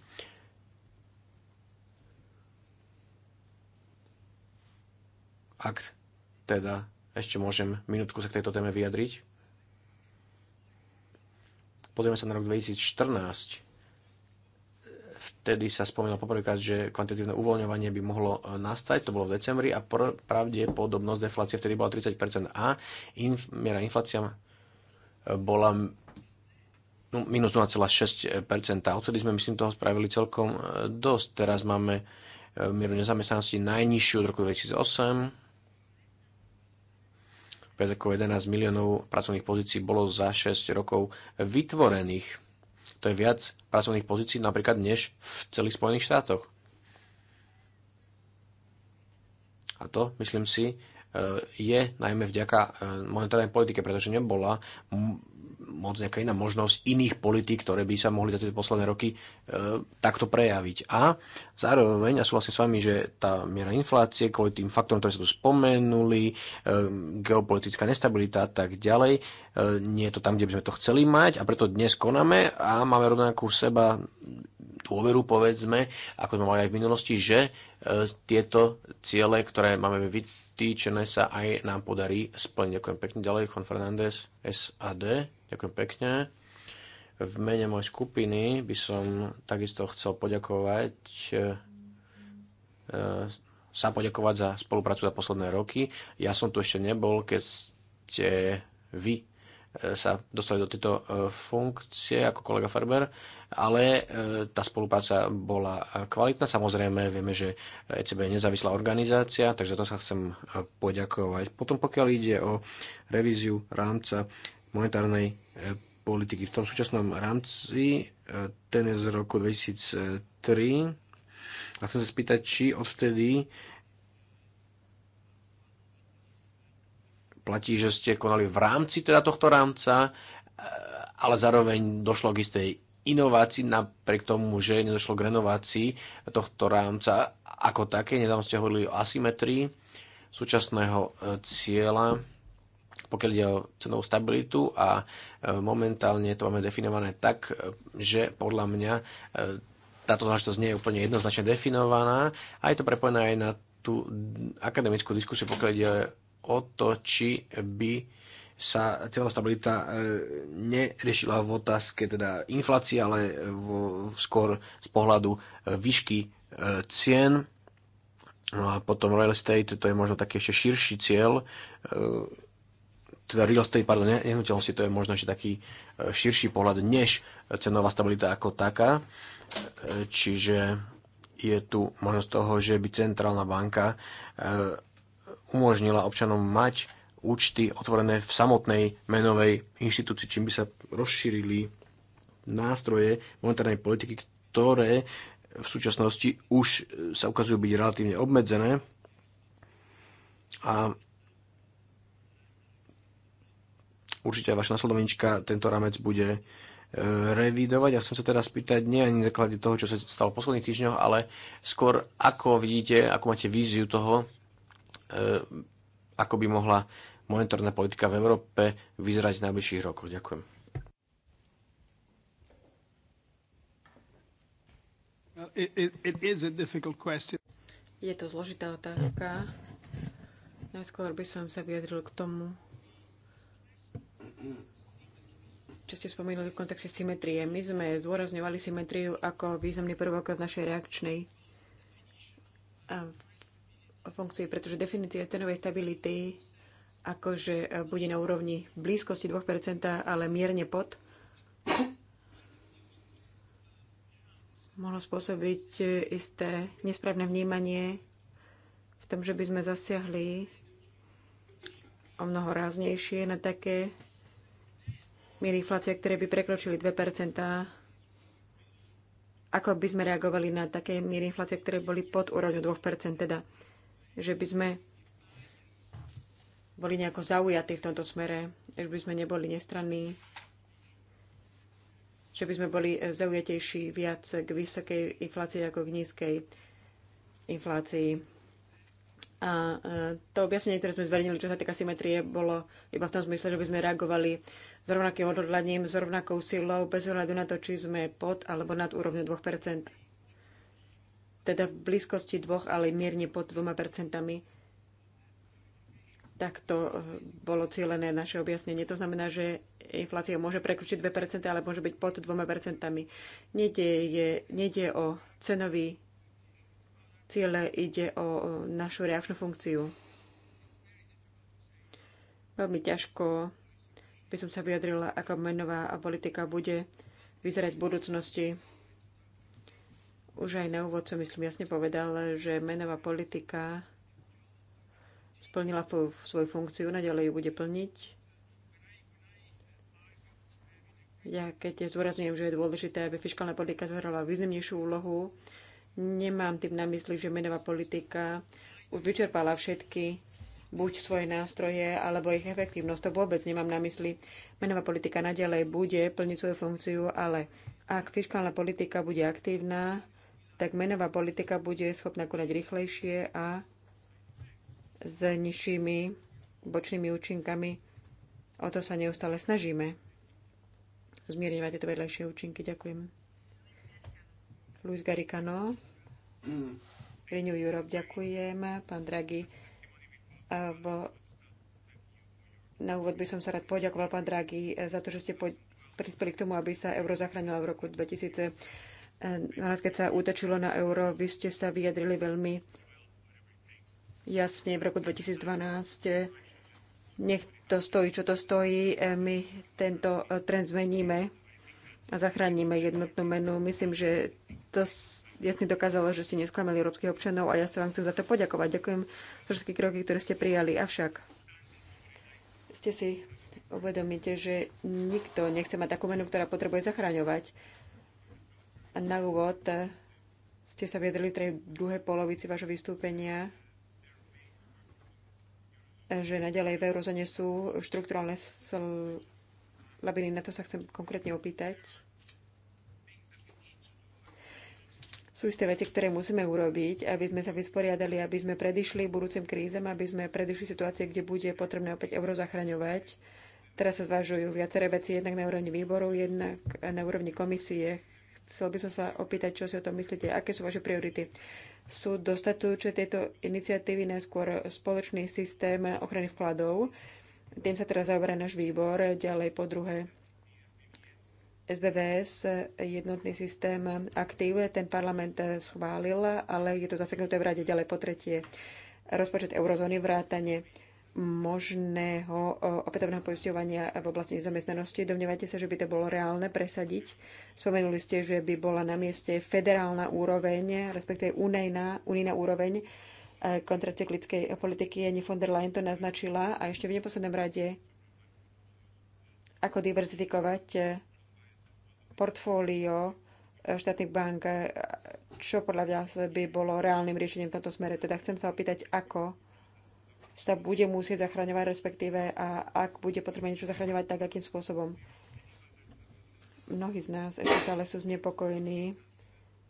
Ak teda ešte môžem minútku sa k tejto téme vyjadriť. Pozrieme sa na rok 2014 vtedy sa spomínal poprvýkrát, že kvantitívne uvoľňovanie by mohlo e, nastať, to bolo v decembri a pr- pravdepodobnosť deflácie vtedy bola 30% a inf- miera inflácia e, bola no, minus 0,6%. Odsedy sme, myslím, toho spravili celkom e, dosť. Teraz máme mieru nezamestnanosti najnižšiu od roku 2008. Viac ako 11 miliónov pracovných pozícií bolo za 6 rokov vytvorených to je viac pracovných pozícií napríklad než v celých Spojených štátoch. A to, myslím si, E, je najmä vďaka e, monetárnej politike, pretože nebola moc nejaká iná možnosť iných politík, ktoré by sa mohli za tie posledné roky e, takto prejaviť. A zároveň, a súhlasím s vami, že tá miera inflácie kvôli tým faktorom, ktoré sa tu spomenuli, e, geopolitická nestabilita a tak ďalej, e, nie je to tam, kde by sme to chceli mať a preto dnes konáme a máme rovnakú seba dôveru, povedzme, ako sme mali aj v minulosti, že e, tieto ciele, ktoré máme vytvoriť, týčené sa aj nám podarí splniť. Ďakujem pekne. Ďalej, Juan Fernández, SAD. Ďakujem pekne. V mene mojej skupiny by som takisto chcel poďakovať e, e, sa poďakovať za spoluprácu za posledné roky. Ja som tu ešte nebol, keď ste vy E, sa dostali do tejto e, funkcie ako kolega Farber, ale e, tá spolupráca bola kvalitná. Samozrejme, vieme, že ECB je nezávislá organizácia, takže to sa chcem poďakovať. Potom pokiaľ ide o revíziu rámca monetárnej politiky v tom súčasnom rámci, ten je z roku 2003, a chcem sa spýtať, či odvtedy platí, že ste konali v rámci teda tohto rámca, e, ale zároveň došlo k istej inovácii napriek tomu, že nedošlo k renovácii tohto rámca ako také. Nedávno ste hovorili o asymetrii súčasného e, cieľa pokiaľ ide o cenovú stabilitu a e, momentálne to máme definované tak, že podľa mňa táto záležitosť nie je úplne jednoznačne definovaná a je to prepojené aj na tú akademickú diskusiu, pokiaľ ide o to, či by sa celá stabilita e, neriešila v otázke teda inflácie, ale v, skôr z pohľadu e, výšky e, cien. No a potom real estate, to je možno taký ešte širší cieľ, teda real estate, pardon, nehnuteľnosti, to je možno ešte taký širší pohľad, než cenová stabilita ako taká. Čiže je tu možnosť toho, že by centrálna banka umožnila občanom mať účty otvorené v samotnej menovej inštitúcii, čím by sa rozšírili nástroje monetárnej politiky, ktoré v súčasnosti už sa ukazujú byť relatívne obmedzené a určite vaša nasledovnička tento ramec bude e, revidovať. Ja chcem sa teraz spýtať nie ani na základe toho, čo sa stalo v posledných týždňoch, ale skôr ako vidíte, ako máte víziu toho, Eh, ako by mohla monetárna politika v Európe vyzerať v najbližších rokoch. Ďakujem. Je to zložitá otázka. Najskôr by som sa vyjadril k tomu, čo ste spomínali v kontexte symetrie. My sme zdôrazňovali symetriu ako významný prvok v našej reakčnej v funkcie, pretože definícia cenovej stability akože e, bude na úrovni blízkosti 2%, ale mierne pod, mohlo spôsobiť e, isté nesprávne vnímanie v tom, že by sme zasiahli o mnoho ráznejšie na také miery inflácie, ktoré by prekročili 2 ako by sme reagovali na také miery inflácie, ktoré boli pod úrovňou 2 teda že by sme boli nejako zaujatí v tomto smere, že by sme neboli nestranní, že by sme boli e, zaujatejší viac k vysokej inflácii ako k nízkej inflácii. A e, to objasnenie, ktoré sme zverejnili, čo sa týka symetrie, bolo iba v tom zmysle, že by sme reagovali s rovnakým odhodlaním, s rovnakou silou, bez ohľadu na to, či sme pod alebo nad úrovňou 2 teda v blízkosti dvoch, ale mierne pod dvoma percentami. Takto eh, bolo cílené naše objasnenie. To znamená, že inflácia môže prekročiť 2%, ale môže byť pod dvoma percentami. Nede, o cenový ciele, ide o našu reakčnú funkciu. Veľmi ťažko by som sa vyjadrila, aká menová politika bude vyzerať v budúcnosti už aj na úvod som myslím jasne povedal, že menová politika splnila svoju funkciu, naďalej ju bude plniť. Ja keď zdôrazňujem, že je dôležité, aby fiskálna politika zohrala významnejšiu úlohu, nemám tým na mysli, že menová politika už vyčerpala všetky buď svoje nástroje, alebo ich efektívnosť. To vôbec nemám na mysli. Menová politika nadalej bude plniť svoju funkciu, ale ak fiskálna politika bude aktívna, tak menová politika bude schopná konať rýchlejšie a s nižšími bočnými účinkami. O to sa neustále snažíme. Zmierňovať tieto vedľajšie účinky. Ďakujem. Luis Garicano. Renew Europe. Ďakujem. Pán Draghi. Na úvod by som sa rád poďakoval, pán Draghi, za to, že ste po... prispeli k tomu, aby sa euro zachránila v roku 2000 Eh, Raz keď sa útočilo na euro, vy ste sa vyjadrili veľmi jasne v roku 2012. Nech to stojí, čo to stojí, eh, my tento eh, trend zmeníme a zachránime jednotnú menu. Myslím, že to jasne dokázalo, že ste nesklamali európskych občanov a ja sa vám chcem za to poďakovať. Ďakujem za všetky kroky, ktoré ste prijali. Avšak ste si uvedomíte, že nikto nechce mať takú menu, ktorá potrebuje zachraňovať. Na úvod eh, ste sa viedli v tej druhej polovici vašho vystúpenia, eh, že naďalej v eurozóne sú štruktúralne slabiny. Na to sa chcem konkrétne opýtať. sú isté veci, ktoré musíme urobiť, aby sme sa vysporiadali, aby sme predišli budúcim krízem, aby sme predišli situácie, kde bude potrebné opäť euro zachraňovať. Teraz sa zvažujú viaceré veci jednak na úrovni výboru, jednak na úrovni komisie. Chcel by som sa opýtať, čo si o tom myslíte, aké sú vaše priority. Sú dostatujúce tieto iniciatívy najskôr spoločný systém ochrany vkladov, tým sa teraz zaoberá náš výbor, ďalej po druhé SBBS, jednotný systém aktív, ten parlament schválil, ale je to zaseknuté v rade ďalej po tretie rozpočet eurozóny vrátane možného opätovného poisťovania v oblasti nezamestnanosti. Domnievate sa, že by to bolo reálne presadiť? Spomenuli ste, že by bola na mieste federálna úroveň, respektíve unijná, unijná úroveň e, kontracyklickej politiky. Ani von der Leyen to naznačila. A ešte v neposlednom rade, ako diverzifikovať e, portfólio e, štátnych bank, čo podľa vás by bolo reálnym riešením v tomto smere. Teda chcem sa opýtať, ako sa bude musieť zachraňovať, respektíve a ak bude potrebné niečo zachraňovať, tak akým spôsobom. Mnohí z nás ešte stále sú znepokojení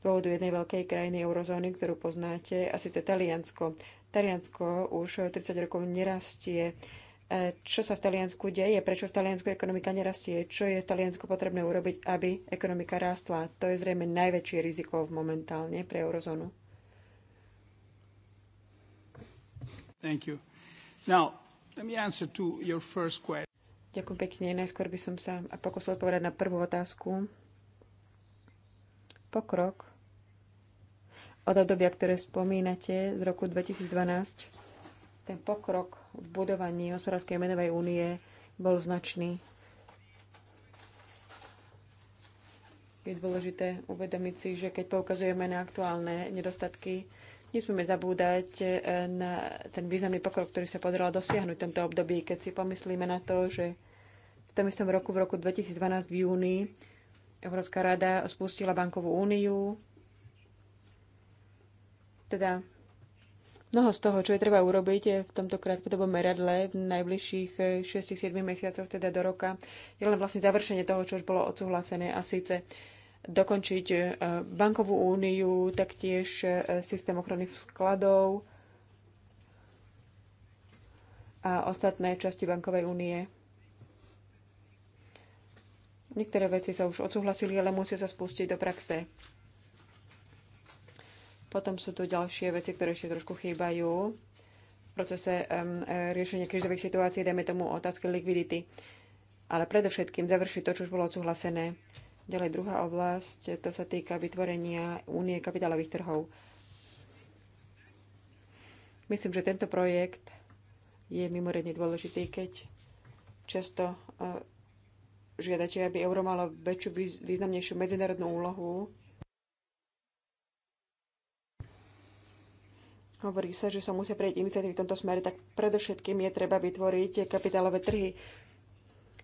dôvodu jednej veľkej krajiny eurozóny, ktorú poznáte, a síce Taliansko. Taliansko už 30 rokov nerastie. E, čo sa v Taliansku deje? Prečo v Taliansku ekonomika nerastie? Čo je v Taliansku potrebné urobiť, aby ekonomika rástla? To je zrejme najväčšie riziko momentálne pre eurozónu. Thank you. Ďakujem pekne. Najskôr by som sa pokusil odpovedať na prvú otázku. Pokrok od obdobia, ktoré spomínate z roku 2012, ten pokrok v budovaní hospodárskej menovej únie bol značný. Je dôležité uvedomiť si, že keď poukazujeme na aktuálne nedostatky Nesmieme zabúdať e, na ten významný pokrok, ktorý sa podarilo dosiahnuť v tomto období, keď si pomyslíme na to, že v tom istom roku, v roku 2012 v júni, Európska rada spustila bankovú úniu. Teda mnoho z toho, čo je treba urobiť je v tomto krátkodobom meradle v najbližších 6-7 e, mesiacoch, teda do roka, je len vlastne završenie toho, čo už bolo odsúhlasené a síce dokončiť e, bankovú úniu, taktiež e, systém ochrany skladov a ostatné časti bankovej únie. Niektoré veci sa už odsúhlasili, ale musia sa spustiť do praxe. Potom sú tu ďalšie veci, ktoré ešte trošku chýbajú v procese um, riešenia krizových situácií, dajme tomu otázky likvidity. Ale predovšetkým završiť to, čo už bolo odsúhlasené. Ďalej druhá oblasť, to sa týka vytvorenia únie kapitálových trhov. Myslím, že tento projekt je mimoriadne dôležitý, keď často eh, žiadate, aby euro malo väčšiu, významnejšiu medzinárodnú úlohu. Hovorí sa, že sa musia prejsť iniciatívy v tomto smere, tak predovšetkým je treba vytvoriť kapitálové trhy.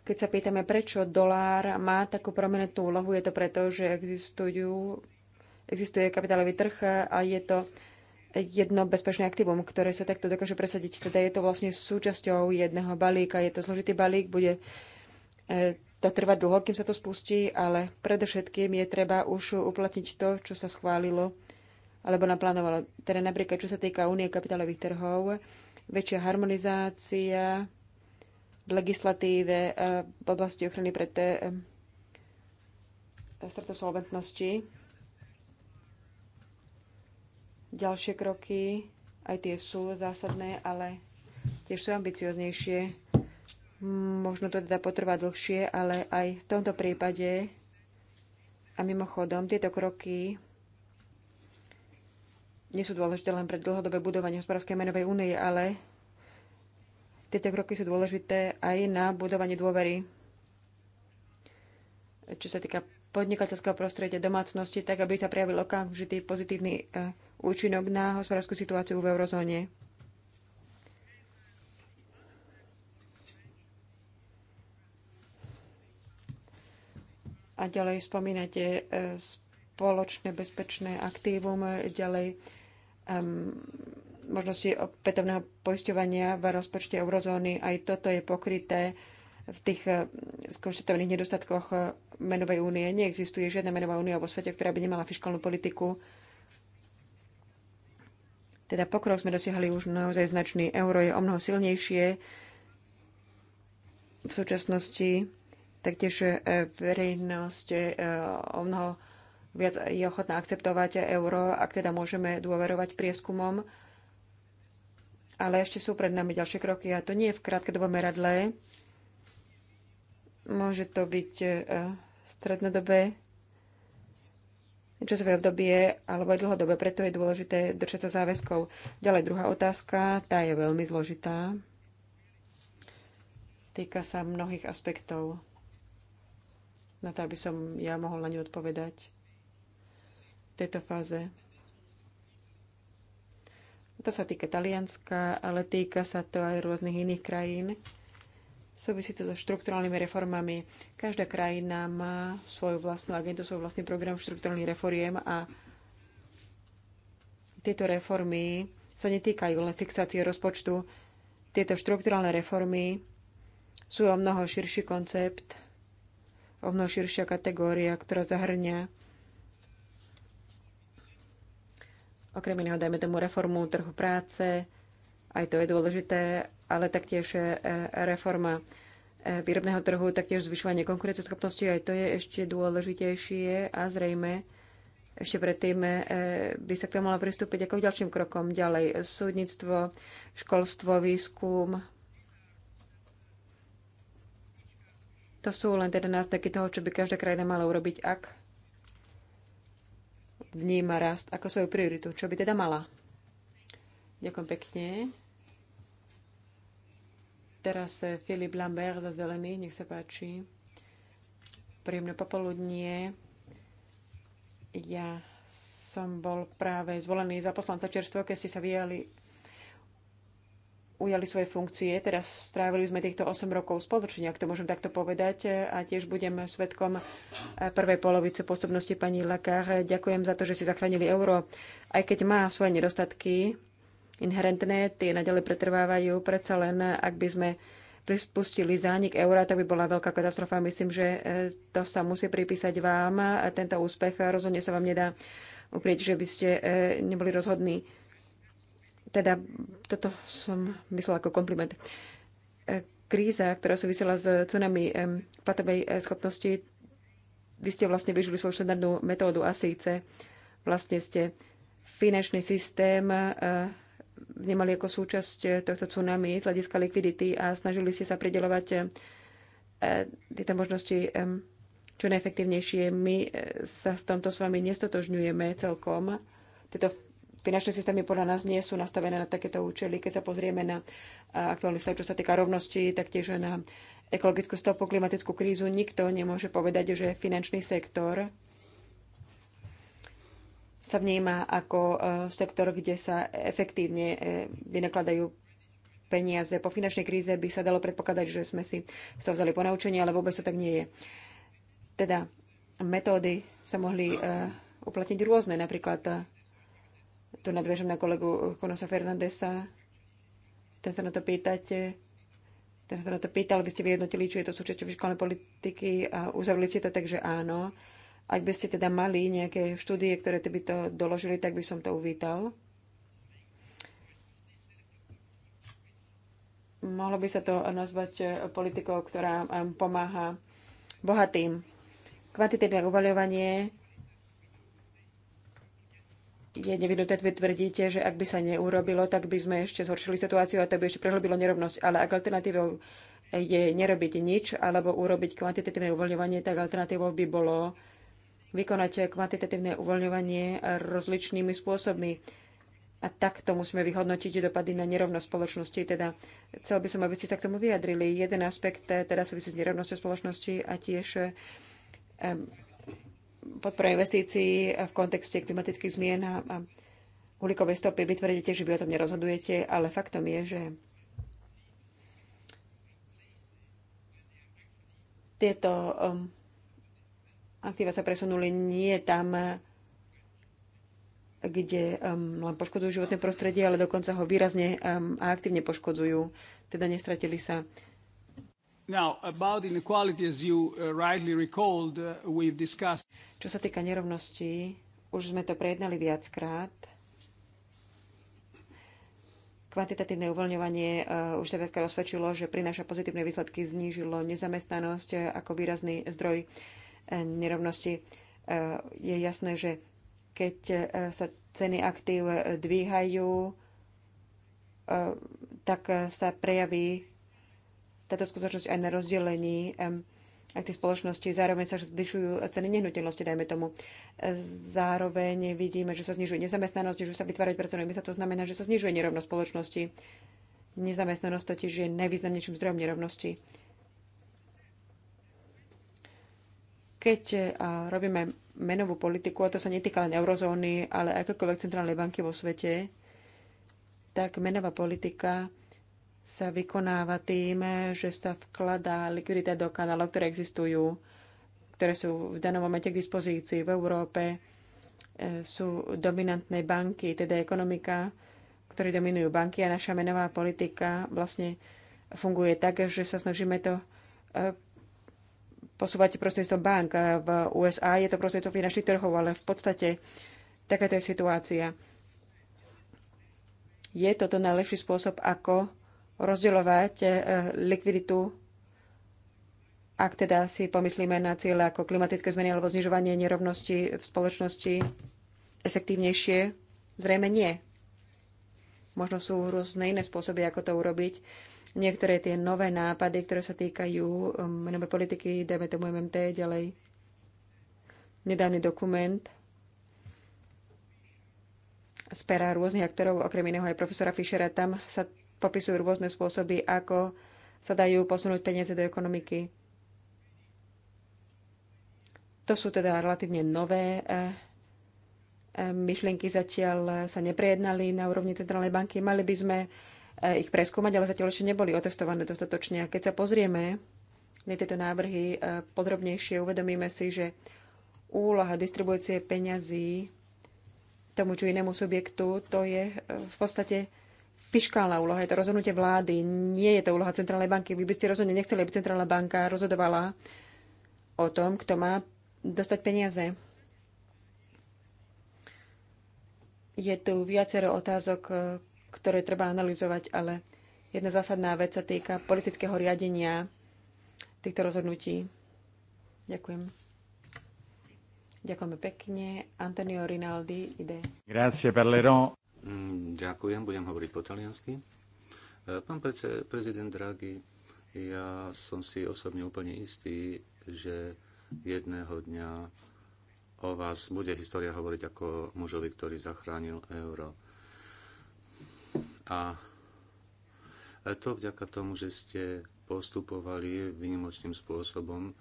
Keď sa pýtame, prečo dolár má takú prominentnú úlohu, je to preto, že existujú, existuje kapitálový trh a je to jedno bezpečné aktivum, ktoré sa takto dokáže presadiť. Teda je to vlastne súčasťou jedného balíka. Je to zložitý balík, bude e, to trvať dlho, kým sa to spustí, ale predovšetkým je treba už uplatniť to, čo sa schválilo alebo naplánovalo. Teda napríklad, čo sa týka únie kapitálových trhov, väčšia harmonizácia, v legislatíve eh, v oblasti ochrany pred eh, eh, stratou solventnosti. Ďalšie kroky, aj tie sú zásadné, ale tiež sú ambicioznejšie. Možno to teda potrvá dlhšie, ale aj v tomto prípade a mimochodom tieto kroky nie sú dôležité len pre dlhodobé budovanie hospodárskej menovej únie, ale tieto kroky sú dôležité aj na budovanie dôvery, čo sa týka podnikateľského prostredia domácnosti, tak aby sa prejavil okamžitý pozitívny eh, účinok na hospodárskú situáciu v eurozóne. A ďalej spomínate eh, spoločné bezpečné aktívum, ďalej um, možnosti opätovného poisťovania v rozpočte eurozóny. Aj toto je pokryté v tých eh, skonštatovaných nedostatkoch eh, menovej únie. Neexistuje žiadna menová únia vo svete, ktorá by nemala fiskálnu politiku. Teda pokrok sme dosiahli už naozaj značný. Euro je o mnoho silnejšie v súčasnosti. Taktiež eh, verejnosť o mnoho viac je ochotná akceptovať euro, ak teda môžeme dôverovať prieskumom ale ešte sú pred nami ďalšie kroky a to nie je v krátkodobom meradle. Môže to byť v e, strednodobé časové obdobie alebo aj dlhodobé. Preto je dôležité držať sa záväzkov. Ďalej druhá otázka, tá je veľmi zložitá. Týka sa mnohých aspektov. Na to, aby som ja mohol na ňu odpovedať v tejto fáze. To sa týka Talianska, ale týka sa to aj rôznych iných krajín. Súvisí to so štrukturálnymi reformami. Každá krajina má svoju vlastnú agentu, svoj vlastný program štrukturálnych reforiem a tieto reformy sa netýkajú len fixácie rozpočtu. Tieto štrukturálne reformy sú o mnoho širší koncept, o mnoho širšia kategória, ktorá zahrňa Okrem iného, dajme tomu reformu trhu práce, aj to je dôležité, ale taktiež e, reforma e, výrobného trhu, taktiež zvyšovanie konkurenceschopnosti, aj to je ešte dôležitejšie a zrejme ešte predtým e, by sa k tomu mala pristúpiť ako k ďalším krokom. Ďalej súdnictvo, školstvo, výskum. To sú len teda náznaky toho, čo by každá krajina mala urobiť, ak vníma rast ako svoju prioritu, čo by teda mala. Ďakujem pekne. Teraz eh, Filip Lambert za zelený, nech sa páči. Príjemné popoludnie. Ja som bol práve zvolený za poslanca čerstvo, keď ste sa vyjali ujali svoje funkcie. Teraz strávili sme týchto 8 rokov spoločne, ak to môžem takto povedať. A tiež budem svetkom eh, prvej polovice pôsobnosti pani Lakar. Ďakujem za to, že si zachránili euro. Aj keď má svoje nedostatky inherentné, tie naďalej pretrvávajú. Predsa len, ak by sme prispustili zánik eura, tak by bola veľká katastrofa. Myslím, že eh, to sa musí pripísať vám. Tento úspech eh, rozhodne sa vám nedá uprieť, že by ste neboli rozhodní. Teda toto som myslela ako kompliment. E, kríza, ktorá súvisela s tsunami e, platovej e, schopnosti, vy ste vlastne vyžili svoju štandardnú metódu a síce vlastne ste finančný systém vnímali ako súčasť tohto tsunami z hľadiska likvidity a snažili ste sa pridelovať tieto možnosti čo najefektívnejšie. My sa s tomto s vami nestotožňujeme celkom. Tieto finančné systémy podľa nás nie sú nastavené na takéto účely. Keď sa pozrieme na aktuálny stav, čo sa týka rovnosti, tak tiež na ekologickú stopu, klimatickú krízu, nikto nemôže povedať, že finančný sektor sa vníma ako e, sektor, kde sa efektívne e, vynakladajú peniaze. Po finančnej kríze by sa dalo predpokladať, že sme si z toho vzali ponaučenie, ale vôbec to tak nie je. Teda metódy sa mohli e, uplatniť rôzne, napríklad tu nadviažem na kolegu Konosa Fernandesa. Ten sa na to pýtate. Ten sa na to pýtal, aby ste vyjednotili, či je to súčasťou školnej politiky a uzavreli ste to, takže áno. Ak by ste teda mali nejaké štúdie, ktoré by to doložili, tak by som to uvítal. Mohlo by sa to nazvať eh, politikou, ktorá eh, pomáha bohatým. Kvantitívne uvaľovanie je nevinuté, vy tvrdíte, že ak by sa neurobilo, tak by sme ešte zhoršili situáciu a to by ešte prehlbilo nerovnosť. Ale ak alternatívou je nerobiť nič alebo urobiť kvantitatívne uvoľňovanie, tak alternatívou by bolo vykonať kvantitatívne uvoľňovanie rozličnými spôsobmi. A takto musíme vyhodnotiť dopady na nerovnosť spoločnosti. Teda chcel by som, aby ste sa k tomu vyjadrili. Jeden aspekt eh, teda súvisí s nerovnosťou spoločnosti a tiež um, podpora investícií v kontexte klimatických zmien a uhlíkovej stopy. Vytvrdíte, že vy o tom nerozhodujete, ale faktom je, že tieto um, aktíva sa presunuli nie tam, kde um, len poškodzujú životné prostredie, ale dokonca ho výrazne um, a aktívne poškodzujú, teda nestratili sa. Uh, uh, Čo sa týka nerovností, už sme to prejednali viackrát. Kvantitatívne uvoľňovanie uh, už sa viackrát osvedčilo, že prináša pozitívne výsledky, znížilo nezamestnanosť ako výrazný zdroj nerovnosti. Je jasné, že keď sa ceny aktív dvíhajú, tak sa prejaví táto skutočnosť aj na rozdelení ak tie spoločnosti zároveň sa zvyšujú ceny nehnuteľnosti, dajme tomu. Zároveň vidíme, že sa znižuje nezamestnanosť, že sa vytvárať pracovné miesta, to znamená, že sa znižuje nerovnosť spoločnosti. Nezamestnanosť totiž je najvýznamnejším zdrojom nerovnosti. Keď e, robíme menovú politiku, a to sa netýka len eurozóny, ale akékoľvek centrálnej banky vo svete, tak menová politika sa vykonáva tým, že sa vkladá likvidita do kanálov, ktoré existujú, ktoré sú v danom momente k dispozícii. V Európe e, sú dominantné banky, teda ekonomika, ktoré dominujú banky a naša menová politika vlastne funguje tak, že sa snažíme to e, posúvať prostredstvo bank. V USA je to prostredstvo finančných trhov, ale v podstate takáto je situácia. Je toto najlepší spôsob, ako rozdeľovať e, likviditu, ak teda si pomyslíme na ciele ako klimatické zmeny alebo znižovanie nerovnosti v spoločnosti efektívnejšie? Zrejme nie. Možno sú rôzne iné spôsoby, ako to urobiť. Niektoré tie nové nápady, ktoré sa týkajú um, menové politiky, dajme tomu MMT, ďalej nedávny dokument z pera rôznych aktorov, okrem iného aj profesora Fischera, tam sa popisujú rôzne spôsoby, ako sa dajú posunúť peniaze do ekonomiky. To sú teda relatívne nové eh, eh, myšlienky zatiaľ eh, sa neprejednali na úrovni Centrálnej banky. Mali by sme ich preskúmať, ale zatiaľ ešte neboli otestované dostatočne. A keď sa pozrieme na tieto návrhy podrobnejšie, uvedomíme si, že úloha distribúcie peňazí tomu či inému subjektu, to je v podstate fiškálna úloha, je to rozhodnutie vlády, nie je to úloha Centrálnej banky. Vy by ste rozhodne nechceli, aby Centrálna banka rozhodovala o tom, kto má dostať peniaze. Je tu viacero otázok, ktoré treba analyzovať, ale jedna zásadná vec sa týka politického riadenia týchto rozhodnutí. Ďakujem. Ďakujeme pekne. Antonio Rinaldi ide. Grazie, parlerò. Mm, ďakujem, budem hovoriť po taliansky. E, pán prezident Draghi, ja som si osobne úplne istý, že jedného dňa o vás bude história hovoriť ako mužovi, ktorý zachránil euro. A to vďaka tomu, že ste postupovali výnimočným spôsobom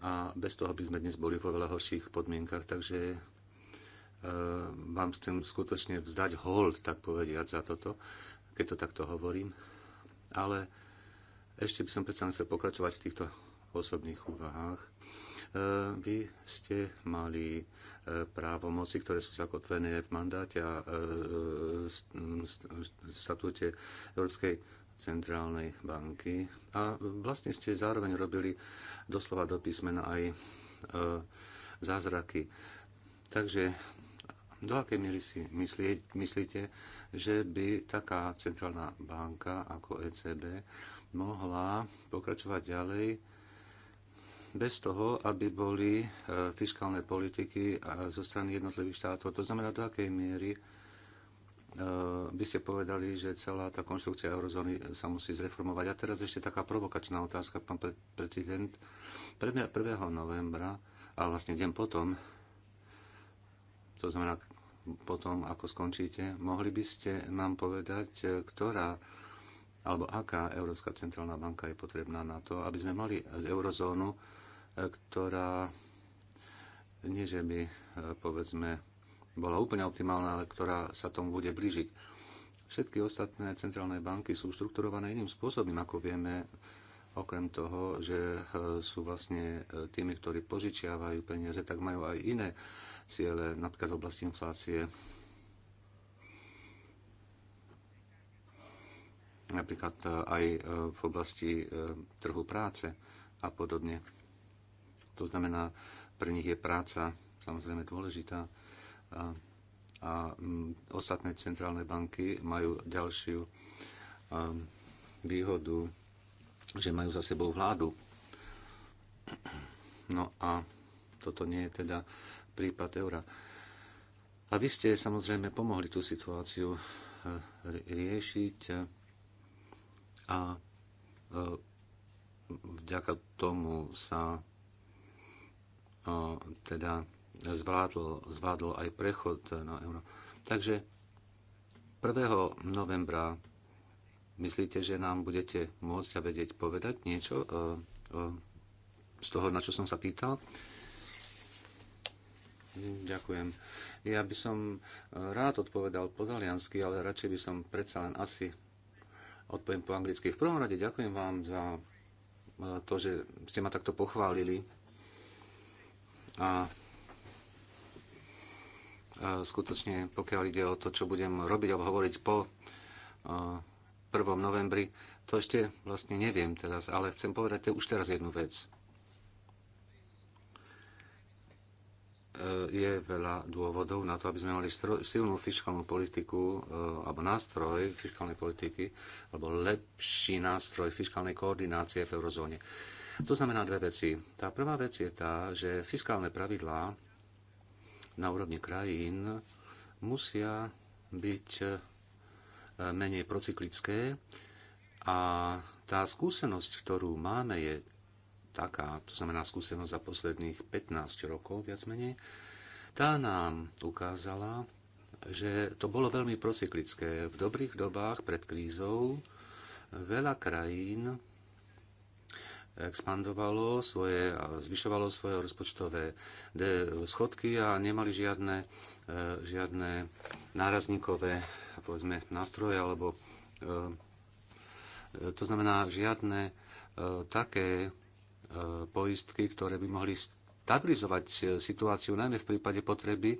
a bez toho by sme dnes boli vo veľa horších podmienkach. Takže vám ehm, chcem skutočne vzdať hold, tak povediať, za toto, keď to takto hovorím. Ale ešte by som predsa chcel pokračovať v týchto osobných úvahách. Ehm, vy ste mali e, právomoci, ktoré sú zakotvené v mandáte a v e, e, statúte Európskej centrálnej banky. A vlastne ste zároveň robili doslova do písmena aj zázraky. Takže do akej miery si myslieť, myslíte, že by taká centrálna banka ako ECB mohla pokračovať ďalej bez toho, aby boli e, fiskálne politiky e, zo strany jednotlivých štátov? To znamená, do akej miery e, by ste povedali, že celá tá konštrukcia eurozóny sa musí zreformovať. A teraz ešte taká provokačná otázka, pán prezident. 1. novembra, a vlastne deň potom, to znamená potom, ako skončíte, mohli by ste nám povedať, e, ktorá alebo aká Európska centrálna banka je potrebná na to, aby sme mali z eurozónu, e, ktorá nie že by, e, povedzme, bola úplne optimálna, ale ktorá sa tomu bude blížiť. Všetky ostatné centrálne banky sú štrukturované iným spôsobom, ako vieme, okrem toho, že sú vlastne tými, ktorí požičiavajú peniaze, tak majú aj iné ciele napríklad v oblasti inflácie. napríklad e, aj e, v oblasti e, trhu práce a podobne. To znamená, pre nich je práca samozrejme dôležitá a, a ostatné centrálne banky majú ďalšiu ehm, výhodu, že majú za sebou vládu. No a toto nie je teda prípad eura. A vy ste samozrejme pomohli tú situáciu eh, riešiť a eh, vďaka tomu sa eh, teda zvládol, zvládol aj prechod na euro. Takže 1. novembra myslíte, že nám budete môcť a vedieť povedať niečo z toho, na čo som sa pýtal? Ďakujem. Ja by som e, rád odpovedal po taliansky, ale radšej by som predsa len asi odpoviem po anglicky. V prvom rade ďakujem vám za e, to, že ste ma takto pochválili. A e, skutočne, pokiaľ ide o to, čo budem robiť alebo hovoriť po 1. novembri, to ešte vlastne neviem teraz, ale chcem povedať už teraz jednu vec. je veľa dôvodov na to, aby sme mali silnú fiskálnu politiku eh, alebo nástroj fiskálnej politiky alebo lepší nástroj fiskálnej koordinácie v eurozóne. To znamená dve veci. Tá prvá vec je tá, že fiskálne pravidlá na úrovni krajín musia byť eh, menej procyklické a tá skúsenosť, ktorú máme, je taká, to znamená skúsenosť za posledných 15 rokov viac menej, tá nám ukázala, že to bolo veľmi procyklické. V dobrých dobách pred krízou veľa krajín expandovalo svoje, zvyšovalo svoje rozpočtové schodky a nemali žiadne, e, žiadne nárazníkové povedzme, nástroje alebo e, e, to znamená žiadne také E, poistky, ktoré by mohli stabilizovať e, situáciu, najmä v prípade potreby e,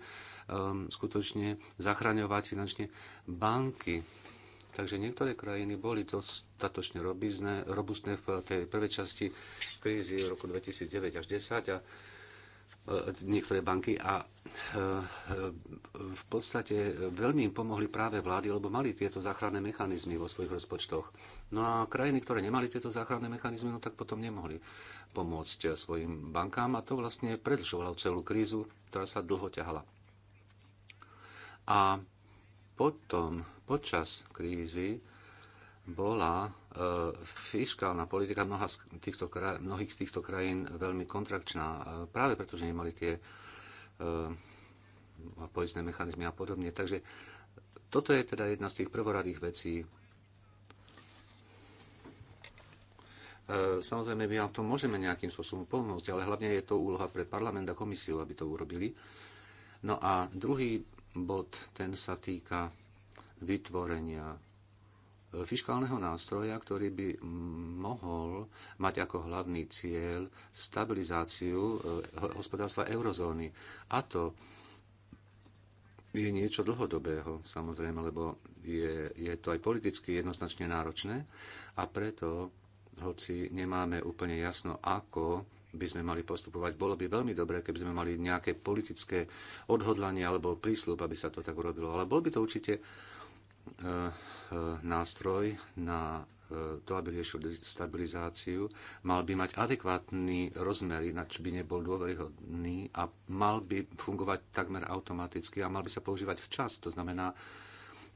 skutočne zachraňovať finančne banky. Takže niektoré krajiny boli dostatočne robustné v tej prvej časti krízy roku 2009 až 2010 a E, niektoré banky a e, v podstate veľmi im pomohli práve vlády, lebo mali tieto záchranné mechanizmy vo svojich rozpočtoch. No a krajiny, ktoré nemali tieto záchranné mechanizmy, no tak potom nemohli pomôcť svojim bankám a to vlastne predlžovalo celú krízu, ktorá sa dlho ťahala. A potom, počas krízy, bola E, fiskálna politika mnoha z týchto kraj, mnohých z týchto krajín veľmi kontrakčná, e, práve preto, že nemali tie e, poistné mechanizmy a podobne. Takže toto je teda jedna z tých prvoradých vecí. Samozrejme, my vám to môžeme nejakým spôsobom pomôcť, ale hlavne je to úloha pre parlament a komisiu, aby to urobili. No a druhý bod, ten sa týka vytvorenia fiškálneho nástroja, ktorý by mohol mať ako hlavný cieľ stabilizáciu eh, hospodárstva eurozóny. A to je niečo dlhodobého, samozrejme, lebo je, je to aj politicky jednoznačne náročné a preto, hoci nemáme úplne jasno, ako by sme mali postupovať. Bolo by veľmi dobré, keby sme mali nejaké politické odhodlanie alebo prísľub, aby sa to tak urobilo. Ale bol by to určite E, e, nástroj na e, to, aby riešil stabilizáciu, mal by mať adekvátny rozmer, ináč by nebol dôveryhodný a mal by fungovať takmer automaticky a mal by sa používať včas. To znamená,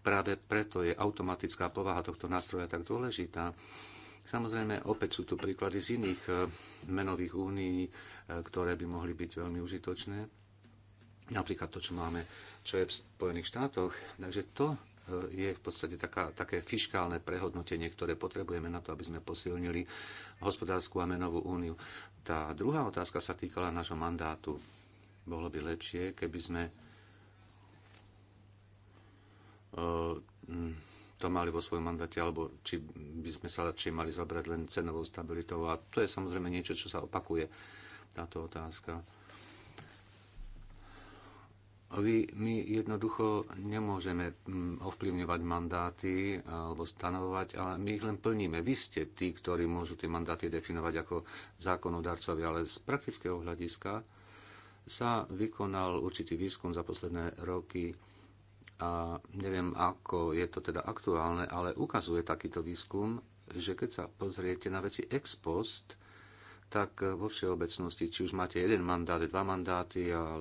práve preto je automatická povaha tohto nástroja tak dôležitá. Samozrejme, opäť sú tu príklady z iných menových únií, ktoré by mohli byť veľmi užitočné. Napríklad to, čo máme, čo je v Spojených štátoch. Takže to je v podstate taká, také fiškálne prehodnotenie, ktoré potrebujeme na to, aby sme posilnili hospodárskú a menovú úniu. Tá druhá otázka sa týkala nášho mandátu. Bolo by lepšie, keby sme eh, to mali vo svojom mandáte, alebo či by sme sa radšej mali zabrať len cenovou stabilitou. A to je samozrejme niečo, čo sa opakuje, táto otázka vy, my jednoducho nemôžeme mm, ovplyvňovať mandáty alebo stanovovať, ale my ich len plníme. Vy ste tí, ktorí môžu tie mandáty definovať ako zákonodarcovia, ale z praktického hľadiska sa vykonal určitý výskum za posledné roky a neviem, ako je to teda aktuálne, ale ukazuje takýto výskum, že keď sa pozriete na veci ex post, tak vo všeobecnosti, či už máte jeden mandát, dva mandáty a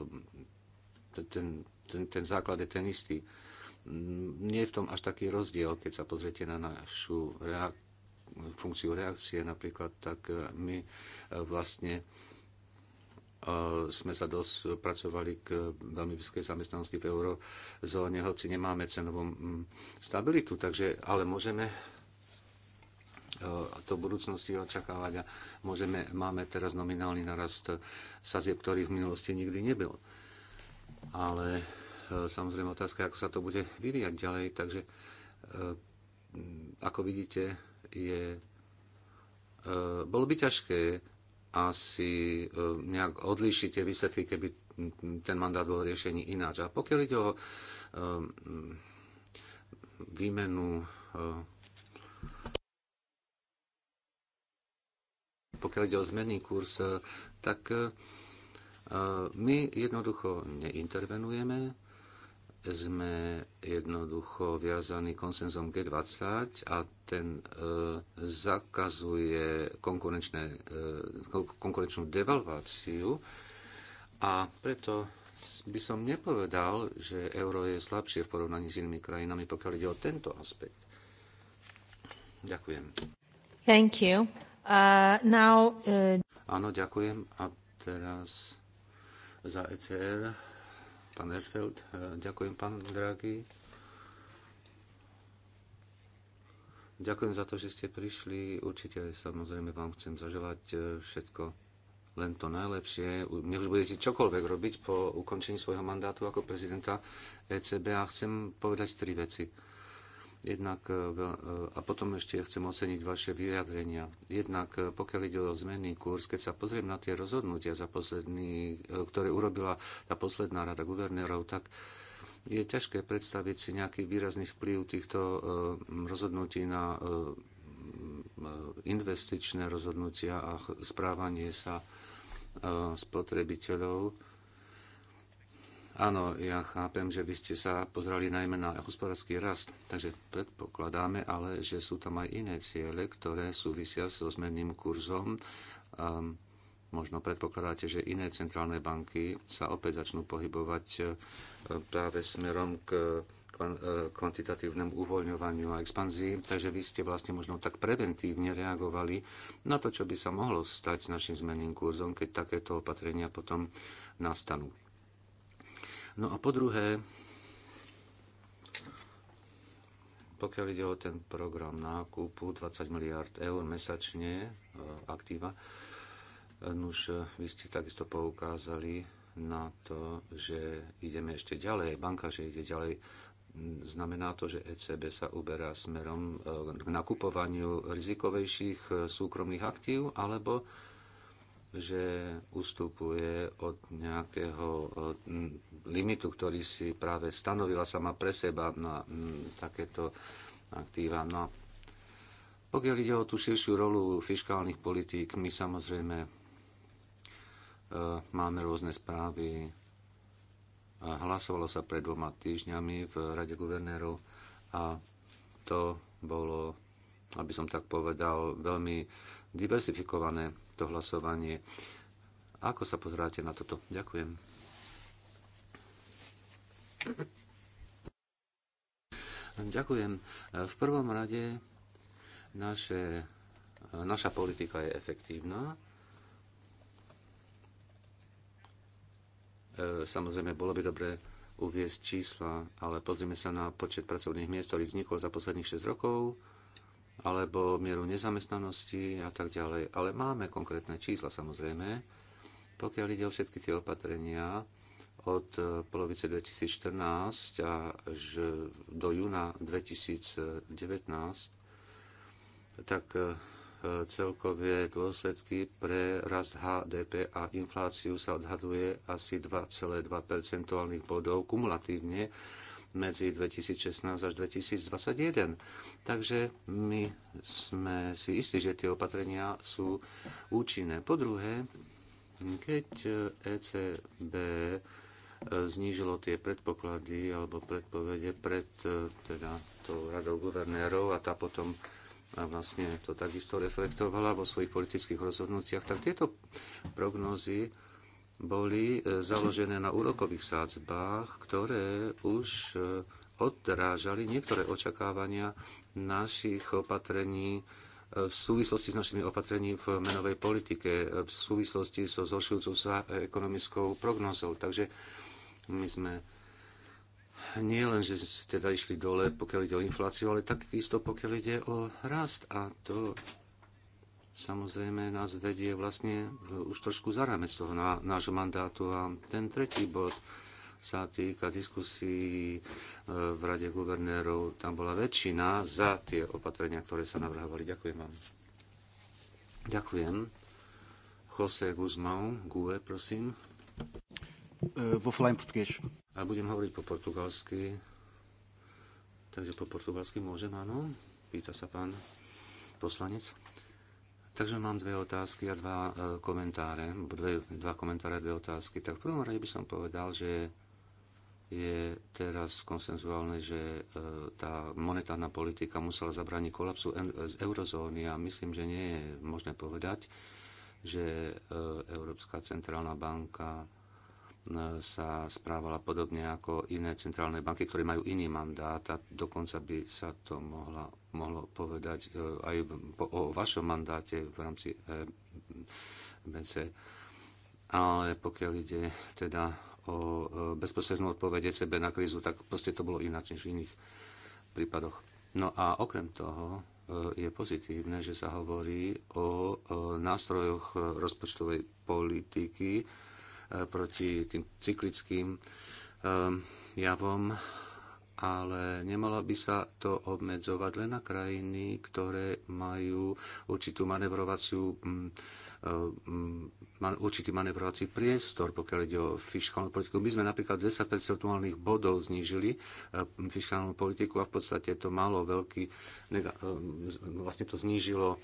ten, ten, ten základ je ten istý. Nie je v tom až taký rozdiel, keď sa pozriete na našu reak- funkciu reakcie napríklad, tak e, my e, vlastne e, sme sa dosť pracovali k veľmi vysokej zamestnanosti v eurozóne, hoci nemáme cenovú stabilitu, takže, ale môžeme to v budúcnosti očakávať a môžeme, máme teraz nominálny narast sazieb, ktorý v minulosti nikdy nebyl ale e, samozrejme otázka, ako sa to bude vyvíjať ďalej, takže e, ako vidíte, je, e, bolo by ťažké asi nejak odlíšiť tie výsledky, keby ten mandát bol riešený ináč. A pokiaľ ide o výmenu pokiaľ ide o zmenný kurz, tak my jednoducho neintervenujeme, sme jednoducho viazaní konsenzom G20 a ten e, zakazuje e, konkurenčnú devalváciu a preto by som nepovedal, že euro je slabšie v porovnaní s inými krajinami, pokiaľ ide o tento aspekt. Ďakujem. Thank you. Uh, now, uh... Áno, ďakujem. A teraz za ECR. Pán Erfeld, e, ďakujem pán Draghi. Ďakujem za to, že ste prišli. Určite samozrejme vám chcem zaželať e, všetko len to najlepšie. Mne už budete čokoľvek robiť po ukončení svojho mandátu ako prezidenta ECB a chcem povedať tri veci Jednak, e, e, a potom ešte chcem oceniť vaše vyjadrenia. Jednak e, pokiaľ ide o zmenný kurz, keď sa pozriem na tie rozhodnutia, za posledný, ktoré urobila tá posledná rada guvernérov, tak je ťažké predstaviť si nejaký výrazný vplyv týchto rozhodnutí na investičné rozhodnutia a správanie sa spotrebiteľov Áno, ja chápem, že vy ste sa pozrali najmä na hospodársky rast, takže predpokladáme ale, že sú tam aj iné ciele, ktoré súvisia so zmenným kurzom. Um, možno predpokladáte, že iné centrálne banky sa opäť začnú pohybovať e, práve smerom k e, kvantitatívnemu uvoľňovaniu a expanzii, takže vy ste vlastne možno tak preventívne reagovali na to, čo by sa mohlo stať našim zmenným kurzom, keď takéto opatrenia potom nastanú. No a po druhé, pokiaľ ide o ten program nákupu 20 miliard eur mesačne e, aktíva, e, už e, vy ste takisto poukázali na to, že ideme ešte ďalej, banka, že ide ďalej. Znamená to, že ECB sa uberá smerom k nakupovaniu rizikovejších súkromných aktív, alebo že ustupuje od nejakého limitu, ktorý si práve stanovila sama pre seba na takéto aktíva. No, pokiaľ ide o tú širšiu rolu fiskálnych politík, my samozrejme e, máme rôzne správy. Hlasovalo sa pred dvoma týždňami v Rade guvernérov a to bolo, aby som tak povedal, veľmi diversifikované to hlasovanie. Ako sa pozeráte na toto? Ďakujem. Ďakujem. V prvom rade naše, naša politika je efektívna. E, samozrejme, bolo by dobré uviezť čísla, ale pozrime sa na počet pracovných miest, ktorý vznikol za posledných 6 rokov alebo mieru nezamestnanosti a tak ďalej. Ale máme konkrétne čísla samozrejme. Pokiaľ ide o všetky tie opatrenia od e, polovice 2014 až do júna 2019, tak e, celkové dôsledky pre rast HDP a infláciu sa odhaduje asi 2,2 percentuálnych bodov kumulatívne medzi 2016 až 2021. Takže my sme si istí, že tie opatrenia sú účinné. Po druhé, keď ECB e, znížilo tie predpoklady alebo predpovede pred e, teda tou radou guvernérov a tá potom a vlastne to takisto reflektovala vo svojich politických rozhodnutiach, tak tieto prognózy boli e, založené na úrokových sádzbách, ktoré už e, odrážali niektoré očakávania našich opatrení e, v súvislosti s našimi opatrení v menovej politike, v súvislosti so zhoršujúcou sa ekonomickou prognozou. Takže my sme nie len, že teda išli dole, pokiaľ ide o infláciu, ale takisto pokiaľ ide o rast. A to samozrejme nás vedie vlastne už trošku za rámec toho na, nášho mandátu. A ten tretí bod sa týka diskusí e, v Rade guvernérov. Tam bola väčšina za tie opatrenia, ktoré sa navrhovali. Ďakujem vám. Ďakujem. José Guzmán GUE, prosím. Vou falar em A budem hovoriť po portugalsky. Takže po portugalsky môžem, áno? Pýta sa pán poslanec. Takže mám dve otázky a dva e, komentáre, dve, dva komentáre a dve otázky. Tak v prvom rade by som povedal, že je teraz konsenzuálne, že e, tá monetárna politika musela zabrániť kolapsu eurozóny a myslím, že nie je možné povedať, že e, Európska centrálna banka sa správala podobne ako iné centrálne banky, ktoré majú iný mandát a dokonca by sa to mohla, mohlo povedať e, aj o vašom mandáte v rámci e, BC. Ale pokiaľ ide teda o e, bezprostrednú odpoveď sebe na krízu, tak proste to bolo ináč než v iných prípadoch. No a okrem toho je pozitívne, že sa hovorí o nástrojoch rozpočtovej politiky, proti tým cyklickým ehm, javom, ale nemalo by sa to obmedzovať len na krajiny, ktoré majú určitú manevrovaciu mm, Eh, určitý manevrovací priestor, pokiaľ ide o fiskálnu politiku. My sme napríklad 10 percentuálnych bodov znížili eh, fiskálnu politiku a v podstate to malo veľký, eh, vlastne to znížilo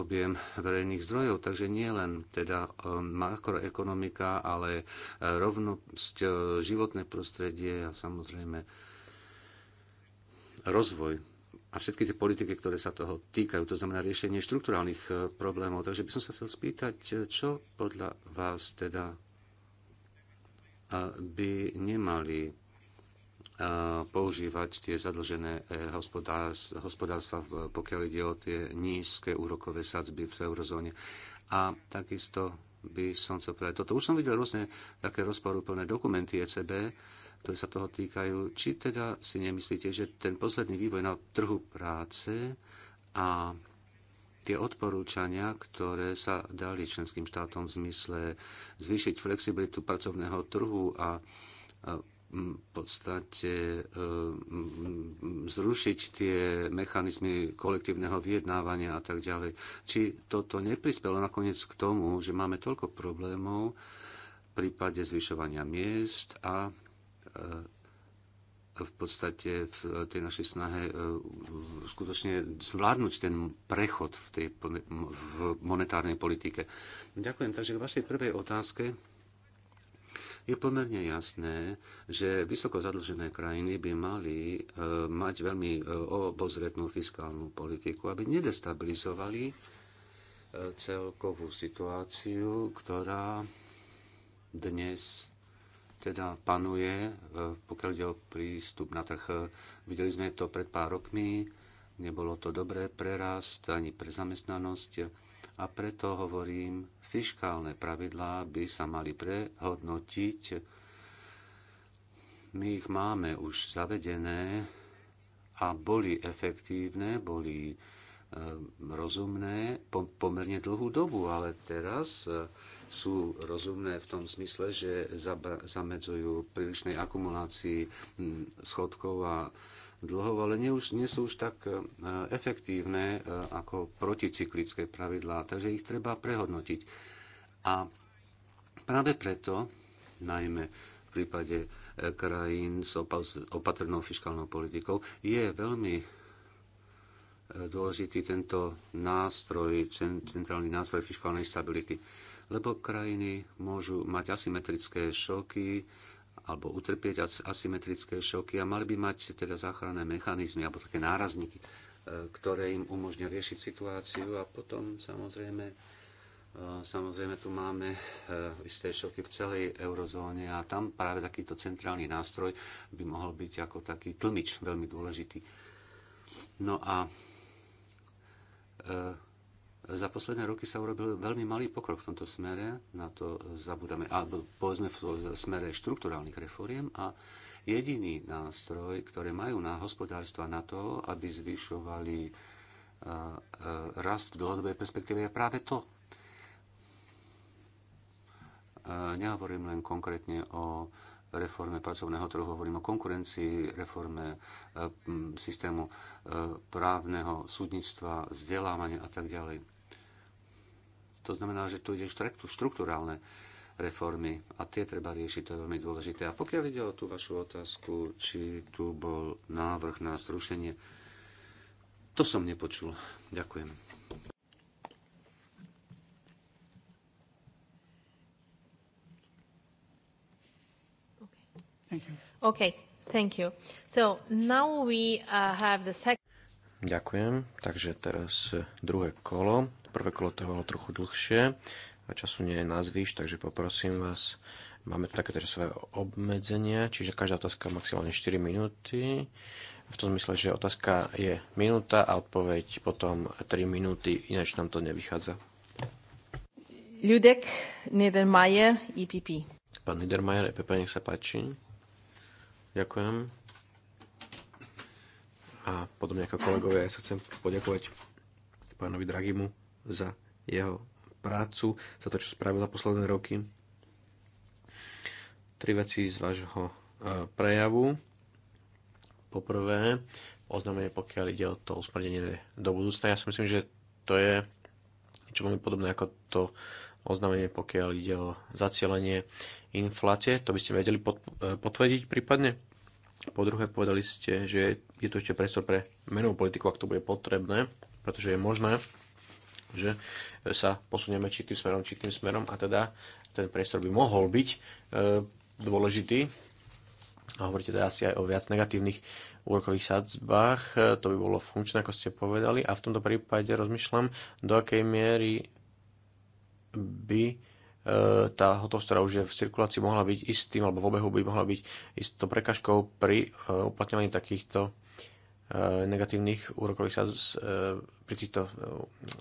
objem verejných zdrojov, takže nie len teda makroekonomika, ale rovnosť, životné prostredie a samozrejme rozvoj a všetky tie politiky, ktoré sa toho týkajú, to znamená riešenie štruktúrálnych e, problémov. Takže by som sa chcel spýtať, e, čo podľa vás teda e, by nemali používať tie zadlžené hospodárstva, pokiaľ ide o tie nízke úrokové sadzby v eurozóne. A takisto by som chcel povedať, toto už som videl rôzne také rozporúplné dokumenty ECB, ktoré sa toho týkajú. Či teda si nemyslíte, že ten posledný vývoj na trhu práce a tie odporúčania, ktoré sa dali členským štátom v zmysle zvýšiť flexibilitu pracovného trhu a v podstate e, zrušiť tie mechanizmy kolektívneho vyjednávania a tak ďalej. Či toto neprispelo nakoniec k tomu, že máme toľko problémov v prípade zvyšovania miest a E, v podstate v tej našej snahe e, skutočne zvládnuť ten prechod v tej v monetárnej politike. Ďakujem. Takže k vašej prvej otázke je pomerne jasné, že vysoko zadlžené krajiny by mali e, mať veľmi obozretnú fiskálnu politiku, aby nedestabilizovali celkovú situáciu, ktorá dnes teda panuje, e, pokiaľ ide o prístup na trh. Videli sme to pred pár rokmi, nebolo to dobré pre rast ani pre zamestnanosť a preto hovorím, fiškálne pravidlá by sa mali prehodnotiť. My ich máme už zavedené a boli efektívne, boli e, rozumné po, pomerne dlhú dobu, ale teraz e, sú rozumné v tom zmysle, že zamedzujú prílišnej akumulácii hm, schodkov a dlhov, ale nie, už, nie sú už tak e, efektívne e, ako proticyklické pravidlá, takže ich treba prehodnotiť. A práve preto, najmä v prípade e, krajín s opatrnou fiskálnou politikou, je veľmi dôležitý tento nástroj, centrálny nástroj fiskálnej stability lebo krajiny môžu mať asymetrické šoky alebo utrpieť asymetrické šoky a mali by mať teda záchranné mechanizmy alebo také nárazníky, e, ktoré im umožňujú riešiť situáciu a potom samozrejme e, Samozrejme, tu máme e, isté šoky v celej eurozóne a tam práve takýto centrálny nástroj by mohol byť ako taký tlmič veľmi dôležitý. No a za posledné roky sa urobil veľmi malý pokrok v tomto smere, na to zabudame, alebo povedzme v smere štruktúrálnych reforiem a jediný nástroj, ktoré majú na hospodárstva na to, aby zvyšovali e, e, rast v dlhodobej perspektíve je práve to. E, nehovorím len konkrétne o reforme pracovného trhu, hovorím o konkurencii, reforme systému právneho súdnictva, vzdelávania a tak ďalej. To znamená, že tu ide štruktúrálne reformy a tie treba riešiť, to je veľmi dôležité. A pokiaľ ide o tú vašu otázku, či tu bol návrh na zrušenie, to som nepočul. Ďakujem. Okay. Thank you. Okay. Thank you. So now we uh, have the second Ďakujem. Takže teraz druhé kolo. Prvé kolo trvalo trochu dlhšie a času nie je nazvíš, takže poprosím vás, máme tu také svoje obmedzenia, čiže každá otázka maximálne 4 minúty. V tom zmysle, že otázka je minúta a odpoveď potom 3 minúty, ináč nám to nevychádza. Ľudek Niedermayer, EPP. Pán Niedermayer, EPP, nech sa páči. Ďakujem a podobne ako kolegovia, ja sa chcem poďakovať pánovi Dragimu za jeho prácu, za to, čo spravil za posledné roky. Tri veci z vášho e, prejavu. Poprvé, oznámenie, pokiaľ ide o to usmernenie do budúcna. Ja si myslím, že to je niečo veľmi podobné ako to oznámenie, pokiaľ ide o zacielenie inflácie. To by ste vedeli e, potvrdiť prípadne? Po druhé, povedali ste, že je tu ešte priestor pre menovú politiku, ak to bude potrebné, pretože je možné, že sa posunieme či tým smerom, či tým smerom a teda ten priestor by mohol byť e, dôležitý. A hovoríte teda asi aj o viac negatívnych úrokových sadzbách, e, to by bolo funkčné, ako ste povedali, a v tomto prípade rozmýšľam, do akej miery by E, tá hotovosť, ktorá už je v cirkulácii, mohla byť istým, alebo v obehu by mohla byť istou prekažkou pri e, uplatňovaní takýchto e, negatívnych úrokových saz, pri týchto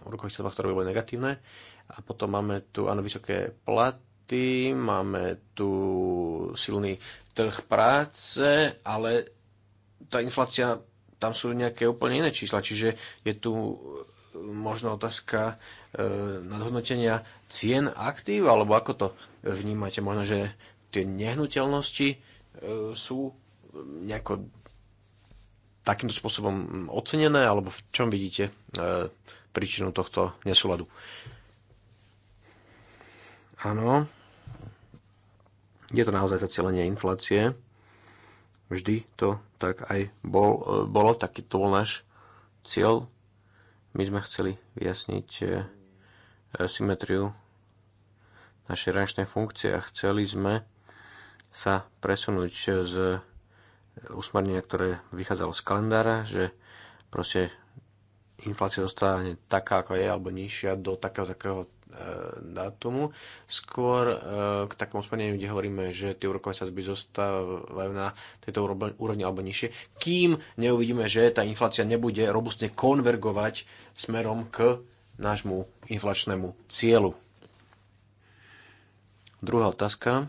úrokových sadzbách, ktoré by boli negatívne. A potom máme tu áno, vysoké platy, máme tu silný trh práce, ale tá inflácia, tam sú nejaké úplne iné čísla, čiže je tu možno otázka E, nadhodnotenia cien aktív, alebo ako to vnímate? Možno, že tie nehnuteľnosti e, sú nejako takýmto spôsobom ocenené, alebo v čom vidíte e, príčinu tohto nesúladu? Áno, je to naozaj zacielenie inflácie. Vždy to tak aj bol, bolo, taký to bol náš cieľ. My sme chceli vyjasniť symetriu našej rančnej funkcie a chceli sme sa presunúť z usmernenia, ktoré vychádzalo z kalendára, že proste inflácia zostane taká, ako je, alebo nižšia do takého, takého e, dátumu. Skôr e, k takému usmerneniu, kde hovoríme, že tie úrokové sadzby zostávajú na tejto úrovni alebo nižšie, kým neuvidíme, že tá inflácia nebude robustne konvergovať smerom k nášmu inflačnému cieľu. Druhá otázka.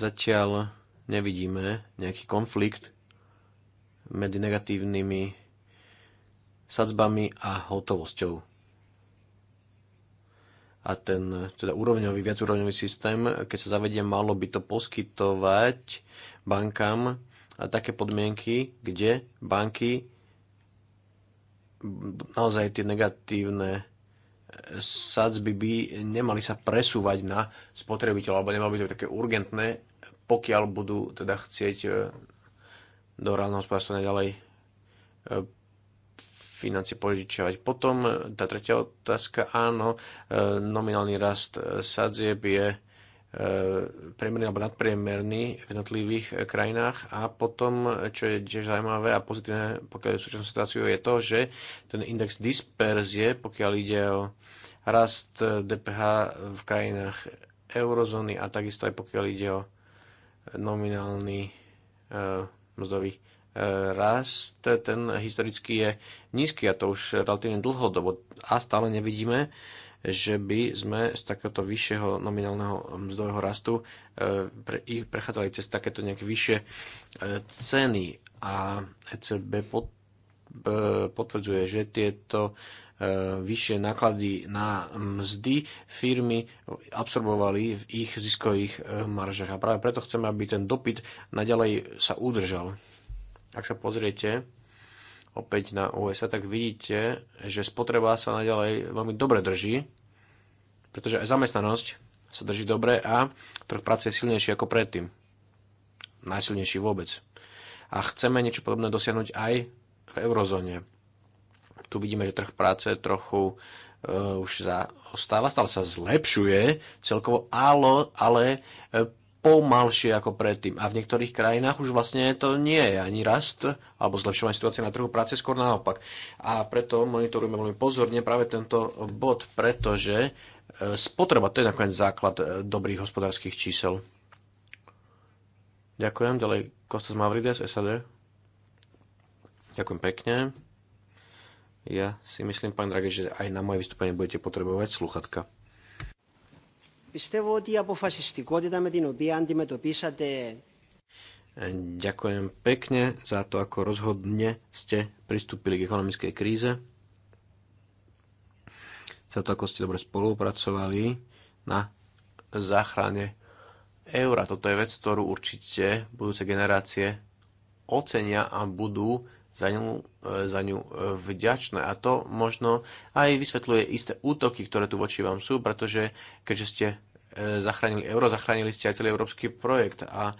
Zatiaľ nevidíme nejaký konflikt medzi negatívnymi sadzbami a hotovosťou. A ten teda úrovňový, viacúrovňový systém, keď sa zavedie, malo by to poskytovať bankám a také podmienky, kde banky naozaj tie negatívne sadzby by nemali sa presúvať na spotrebiteľa, alebo nemali by to byť také urgentné, pokiaľ budú teda chcieť e, do reálneho hospodárstva ďalej e, financie požičiavať. Potom e, tá tretia otázka, áno, nominálny rast sadzieb je E, priemerný alebo nadpriemerný v jednotlivých e, krajinách. A potom, čo je tiež zaujímavé a pozitívne, pokiaľ je súčasnú situáciu, je to, že ten index disperzie, pokiaľ ide o rast e, DPH v krajinách eurozóny a takisto aj pokiaľ ide o nominálny mzdový rast, ten historicky je nízky a to už relatívne dlhodobo a stále nevidíme že by sme z takéhoto vyššieho nominálneho mzdového rastu e, pre, ich prechádzali cez takéto nejaké vyššie e, ceny a ECB pod, e, potvrdzuje, že tieto vyššie náklady na mzdy firmy absorbovali v ich ziskových maržach. A práve preto chceme, aby ten dopyt naďalej sa udržal. Ak sa pozriete opäť na USA, tak vidíte, že spotreba sa naďalej veľmi dobre drží, pretože aj zamestnanosť sa drží dobre a trh práce je silnejší ako predtým. Najsilnejší vôbec. A chceme niečo podobné dosiahnuť aj v eurozóne. Tu vidíme, že trh práce trochu uh, už zaostáva, stále sa zlepšuje celkovo, ale, ale pomalšie ako predtým. A v niektorých krajinách už vlastne to nie je ani rast alebo zlepšovanie situácie na trhu práce, skôr naopak. A preto monitorujeme veľmi pozorne práve tento bod, pretože e, spotreba to je nakoniec základ e, dobrých hospodárskych čísel. Ďakujem. Ďalej Kostas Mavrides, SAD. Ďakujem pekne. Ja si myslím, pán Drage, že aj na moje vystúpenie budete potrebovať sluchatka. Πιστεύω ότι η αποφασιστικότητα με την οποία αντιμετωπίσατε Ďakujem pekne za to, ako rozhodne ste pristúpili k ekonomickej kríze, za to, ako ste dobre spolupracovali na záchrane eura. Toto je vec, ktorú určite budúce generácie ocenia a budú za ňu, e, za ňu e, vďačné. A to možno aj vysvetľuje isté útoky, ktoré tu voči vám sú, pretože keďže ste e, zachránili euro, zachránili ste aj celý európsky projekt a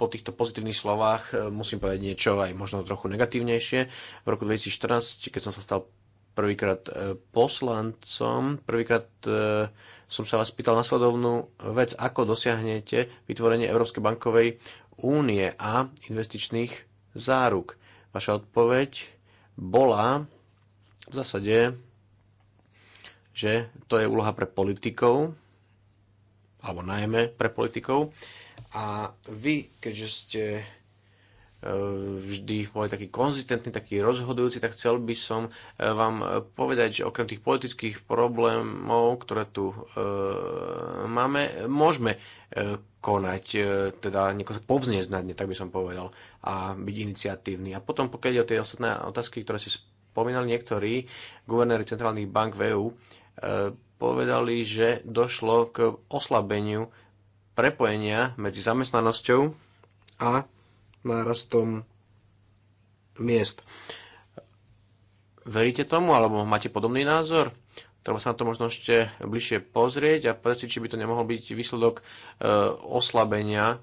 po týchto pozitívnych slovách musím povedať niečo aj možno trochu negatívnejšie. V roku 2014, keď som sa stal prvýkrát poslancom, prvýkrát som sa vás pýtal nasledovnú vec, ako dosiahnete vytvorenie Európskej bankovej únie a investičných záruk. Vaša odpoveď bola v zásade, že to je úloha pre politikov, alebo najmä pre politikov. A vy, keďže ste e, vždy boli taký konzistentný, taký rozhodujúci, tak chcel by som e, vám povedať, že okrem tých politických problémov, ktoré tu e, máme, môžeme e, konať, e, teda niekoho povznieť na dne, tak by som povedal, a byť iniciatívny. A potom, pokiaľ ide o tie ostatné otázky, ktoré si spomínali niektorí, guvernéry centrálnych bank VU e, e, povedali, že došlo k oslabeniu prepojenia medzi zamestnanosťou a nárastom miest. Veríte tomu, alebo máte podobný názor? Treba sa na to možno ešte bližšie pozrieť a povedať, či by to nemohol byť výsledok e, oslabenia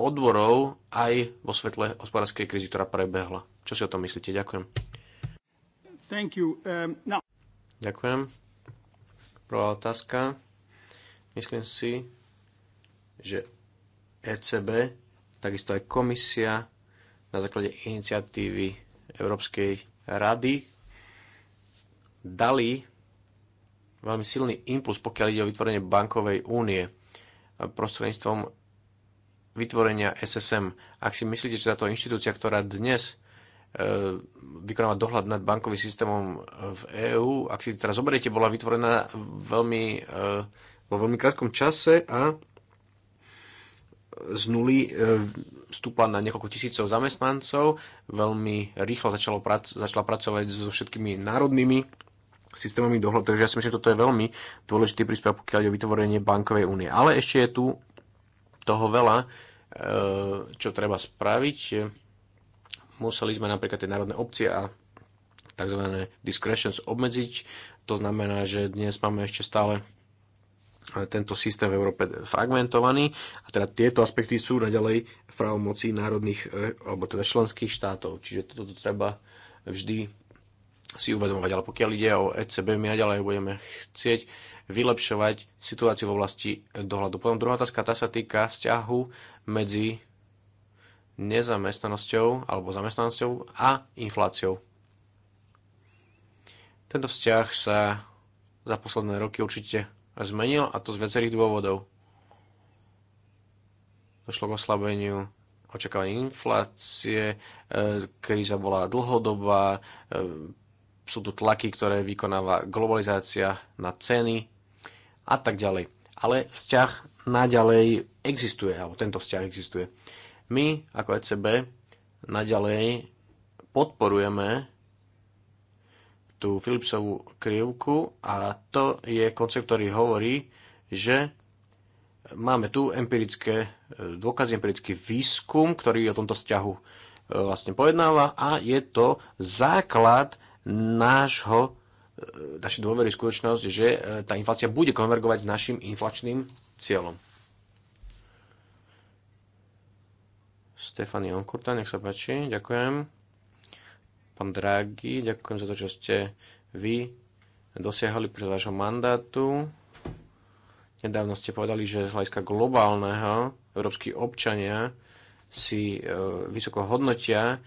odborov aj vo svetle hospodárskej krízy, ktorá prebehla. Čo si o tom myslíte? Ďakujem. Thank you. Um, no. Ďakujem. Prvá otázka. Myslím si, že ECB, takisto aj komisia na základe iniciatívy Európskej rady dali veľmi silný impuls, pokiaľ ide o vytvorenie bankovej únie e, prostredníctvom vytvorenia SSM. Ak si myslíte, že táto inštitúcia, ktorá dnes e, vykonáva dohľad nad bankovým systémom e, v EÚ, ak si teraz zoberiete, bola vytvorená veľmi, vo veľmi krátkom čase a z nuly vstúpla na niekoľko tisícov zamestnancov, veľmi rýchlo začalo prac, začala pracovať so všetkými národnými systémový dohľad, takže ja si myslím, že toto je veľmi dôležitý príspevok, pokiaľ je o vytvorenie bankovej únie. Ale ešte je tu toho veľa, e, čo treba spraviť. Museli sme napríklad tie národné opcie a tzv. discretions obmedziť. To znamená, že dnes máme ešte stále e, tento systém v Európe fragmentovaný a teda tieto aspekty sú naďalej v právomoci národných e, alebo teda členských štátov. Čiže toto treba vždy si uvedomovať. Ale pokiaľ ide o ECB, my naďalej budeme chcieť vylepšovať situáciu v oblasti dohľadu. Potom druhá otázka, tá sa týka vzťahu medzi nezamestnanosťou alebo zamestnanosťou a infláciou. Tento vzťah sa za posledné roky určite zmenil a to z viacerých dôvodov. Došlo k oslabeniu očakávaní inflácie, e, kríza bola dlhodobá, e, sú tu tlaky, ktoré vykonáva globalizácia na ceny a tak ďalej. Ale vzťah naďalej existuje, alebo tento vzťah existuje. My ako ECB naďalej podporujeme tú Philipsovú krivku a to je koncept, ktorý hovorí, že máme tu empirické e, dôkazy, empirický výskum, ktorý o tomto vzťahu e, vlastne pojednáva a je to základ nášho, e, našej dôvery skutočnosť, že e, tá inflácia bude konvergovať s našim inflačným cieľom. Stefany Onkurta, nech sa páči, ďakujem. Pán Draghi, ďakujem za to, čo ste vy dosiahli pri vášho mandátu. Nedávno ste povedali, že z hľadiska globálneho európsky občania si e, vysoko hodnotia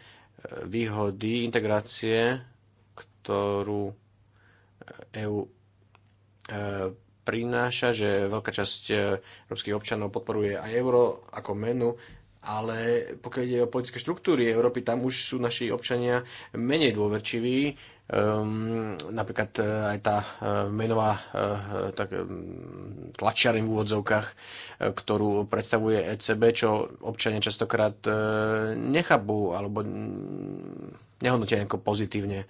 výhody integrácie ktorú EÚ eh, eh, prináša, že veľká časť eh, európskych občanov podporuje aj euro ako menu, ale pokiaľ ide o politické štruktúry Európy, tam už sú naši občania menej dôverčiví. Um, napríklad aj tá menová uh, tak, ehm, tlačiareň v úvodzovkách, ktorú predstavuje ECB, čo občania častokrát uh, nechabú alebo mm, nehodnotia nejako pozitívne. Uh,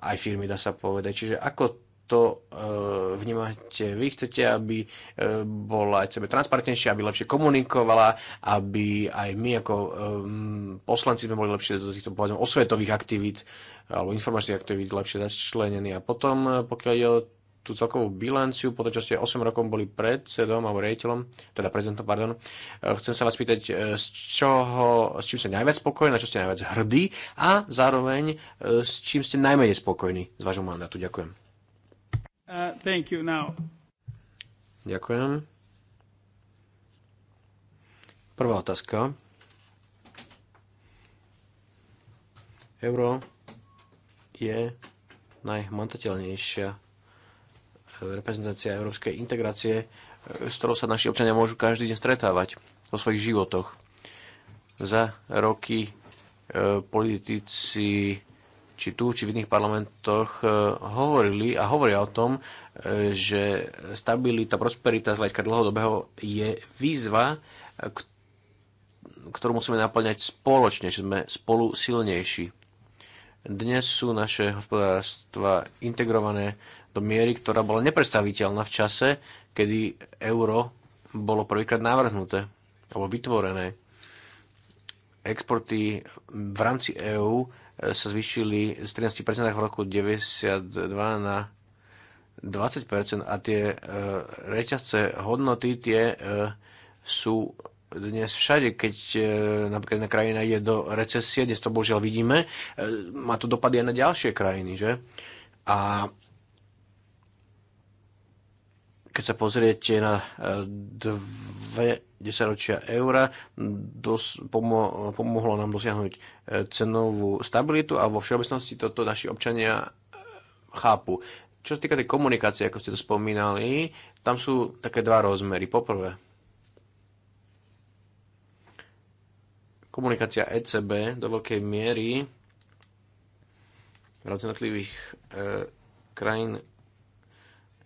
aj firmy, dá sa povedať. Čiže ako to e, vnímate vy? Chcete, aby e, bola aj sebe transparentnejšia, aby lepšie komunikovala, aby aj my ako e, poslanci sme boli lepšie do týchto povedzme osvetových aktivít alebo informačných aktivít lepšie začlenení. A potom, e, pokiaľ je o tú celkovú bilanciu, po to, čo ste 8 rokov boli predsedom alebo rejiteľom, teda prezidentom, pardon, e, chcem sa vás pýtať, e, z čoho, s čím ste najviac spokojní, na čo ste najviac hrdí a zároveň e, s čím ste najmenej spokojní z vášho mandátu. Ďakujem. Uh, thank you now. Ďakujem. Prvá otázka. Euro je najhmatateľnejšia reprezentácia európskej integrácie, e, s ktorou sa naši občania môžu každý deň stretávať vo svojich životoch. Za roky e, politici či tu, či v iných parlamentoch e, hovorili a hovoria o tom, že stabilita, prosperita z hľadiska dlhodobého je výzva, ktorú musíme naplňať spoločne, že sme spolu silnejší. Dnes sú naše hospodárstva integrované, do miery, ktorá bola nepredstaviteľná v čase, kedy euro bolo prvýkrát navrhnuté alebo vytvorené. Exporty v rámci EÚ e, sa zvýšili z 13% v roku 1992 na 20% a tie e, reťazce hodnoty tie e, sú dnes všade, keď e, napríklad jedna krajina je do recesie, dnes to bohužiaľ vidíme, e, má to dopady aj na ďalšie krajiny, že? A keď sa pozriete na eh, dve desaťročia eura, dos, pomo, pomohlo nám dosiahnuť eh, cenovú stabilitu a vo všeobecnosti toto naši občania eh, chápu. Čo sa týka tej komunikácie, ako ste to spomínali, tam sú také dva rozmery. Poprvé, komunikácia ECB do veľkej miery v rámci jednotlivých e, krajín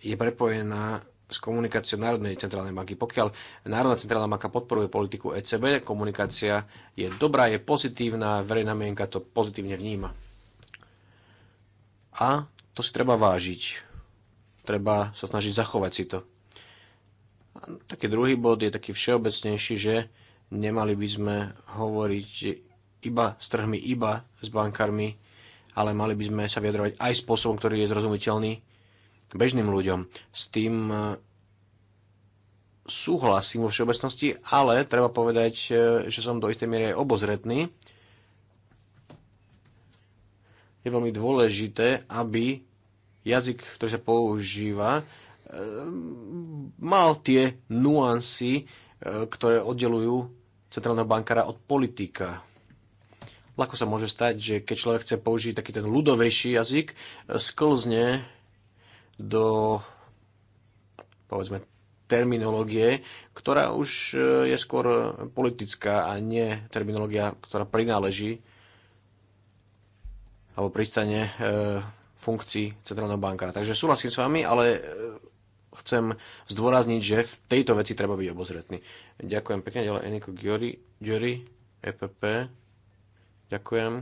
je prepojená s komunikáciou Národnej centrálnej banky. Pokiaľ Národná centrálna banka podporuje politiku ECB, komunikácia je dobrá, je pozitívna, verejná mienka to pozitívne vníma. A to si treba vážiť. Treba sa snažiť zachovať si to. A taký druhý bod je taký všeobecnejší, že nemali by sme hovoriť iba s trhmi, iba s bankármi, ale mali by sme sa vyjadrovať aj spôsobom, ktorý je zrozumiteľný bežným ľuďom. S tým e, súhlasím vo všeobecnosti, ale treba povedať, e, že som do istej miery aj obozretný. Je veľmi dôležité, aby jazyk, ktorý sa používa, e, mal tie nuancy, ktoré oddelujú centrálneho bankára od politika. Lako sa môže stať, že keď človek chce použiť taký ten ľudovejší jazyk, sklzne do povedzme terminológie, ktorá už e, je skôr politická a nie terminológia, ktorá prináleží alebo pristane e, funkcii centrálneho bankára. Takže súhlasím s vami, ale e, chcem zdôrazniť, že v tejto veci treba byť obozretný. Ďakujem pekne, ďalej Eniko Giori, Giori, EPP. Ďakujem.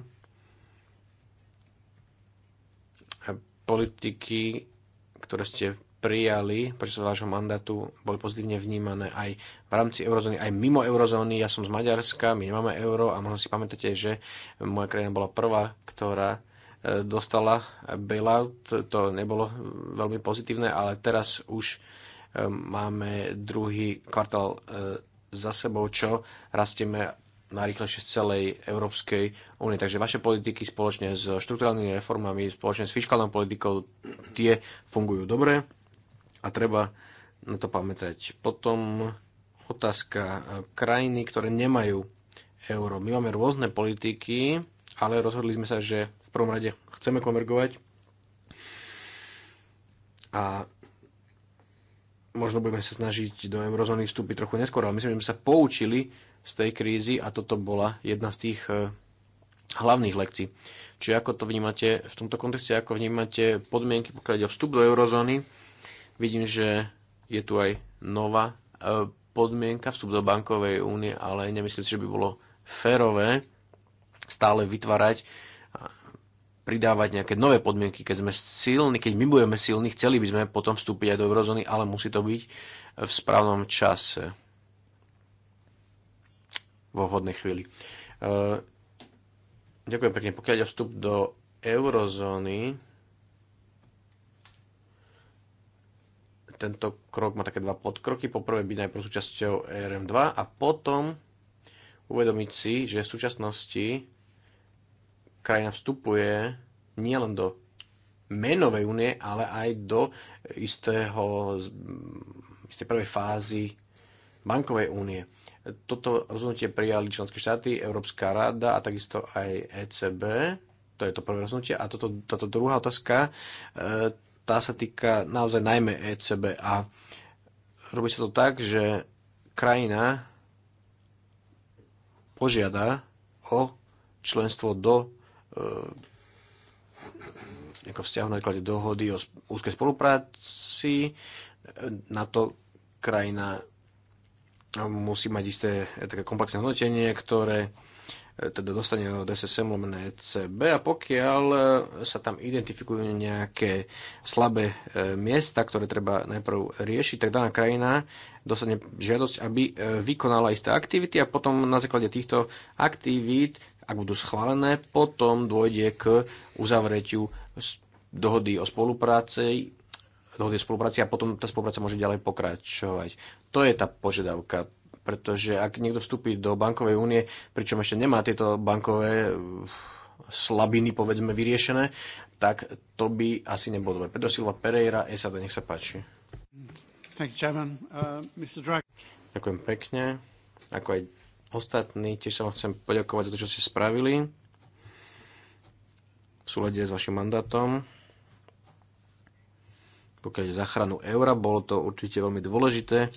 Politiky ktoré ste prijali počas vášho mandátu, boli pozitívne vnímané aj v rámci eurozóny, aj mimo eurozóny. Ja som z Maďarska, my nemáme euro a možno si pamätáte, že moja krajina bola prvá, ktorá e, dostala bailout. To nebolo veľmi pozitívne, ale teraz už e, máme druhý kvartál e, za sebou, čo rastieme najrychlejšie z celej Európskej únie. Takže vaše politiky spoločne s štruktúralnými reformami, spoločne s fiskálnou politikou, tie fungujú dobre a treba na to pamätať. Potom otázka e, krajiny, ktoré nemajú euro. My máme rôzne politiky, ale rozhodli sme sa, že v prvom rade chceme konvergovať a možno budeme sa snažiť do eurozóny vstúpiť trochu neskôr, ale myslím, že sme sa poučili z tej krízy a toto bola jedna z tých e, hlavných lekcií. Čiže ako to vnímate v tomto kontexte, ako vnímate podmienky, pokiaľ ide o vstup do eurozóny. Vidím, že je tu aj nová e, podmienka, vstup do bankovej únie, ale nemyslím si, že by bolo férové stále vytvárať a pridávať nejaké nové podmienky. Keď sme silní, keď my budeme silní, chceli by sme potom vstúpiť aj do eurozóny, ale musí to byť v správnom čase vo vhodnej chvíli. E, ďakujem pekne. Pokiaľ ide vstup do eurozóny, tento krok má také dva podkroky. Poprvé byť najprv súčasťou ERM2 a potom uvedomiť si, že v súčasnosti krajina vstupuje nielen do menovej únie, ale aj do istého, istej prvej fázy bankovej únie. Toto rozhodnutie prijali členské štáty, Európska rada a takisto aj ECB. To je to prvé rozhodnutie. A toto, táto druhá otázka, e, tá sa týka naozaj najmä ECB. A robí sa to tak, že krajina požiada o členstvo do e, vzťahu na dohody o úzkej spolupráci. Na to krajina musí mať isté e, také komplexné hodnotenie, ktoré e, teda dostane od SSM lomené ECB a pokiaľ e, sa tam identifikujú nejaké slabé miesta, ktoré treba najprv riešiť, tak daná krajina dostane žiadosť, aby vykonala isté aktivity a potom na základe týchto aktivít, ak budú schválené, potom dôjde k uzavretiu dohody o spolupráci dohody o spolupráci a potom tá spolupráca môže ďalej pokračovať. To je tá požiadavka pretože ak niekto vstúpi do bankovej únie, pričom ešte nemá tieto bankové uh, slabiny, povedzme, vyriešené, tak to by asi nebolo dobre. Pedro Silva Pereira, SAD, nech sa páči. Thank you, Chairman. Uh, Mr. Ďakujem pekne. Ako aj ostatní, tiež sa vám chcem poďakovať za to, čo ste spravili v súlade s vašim mandátom pokiaľ je záchranu eura, bolo to určite veľmi dôležité,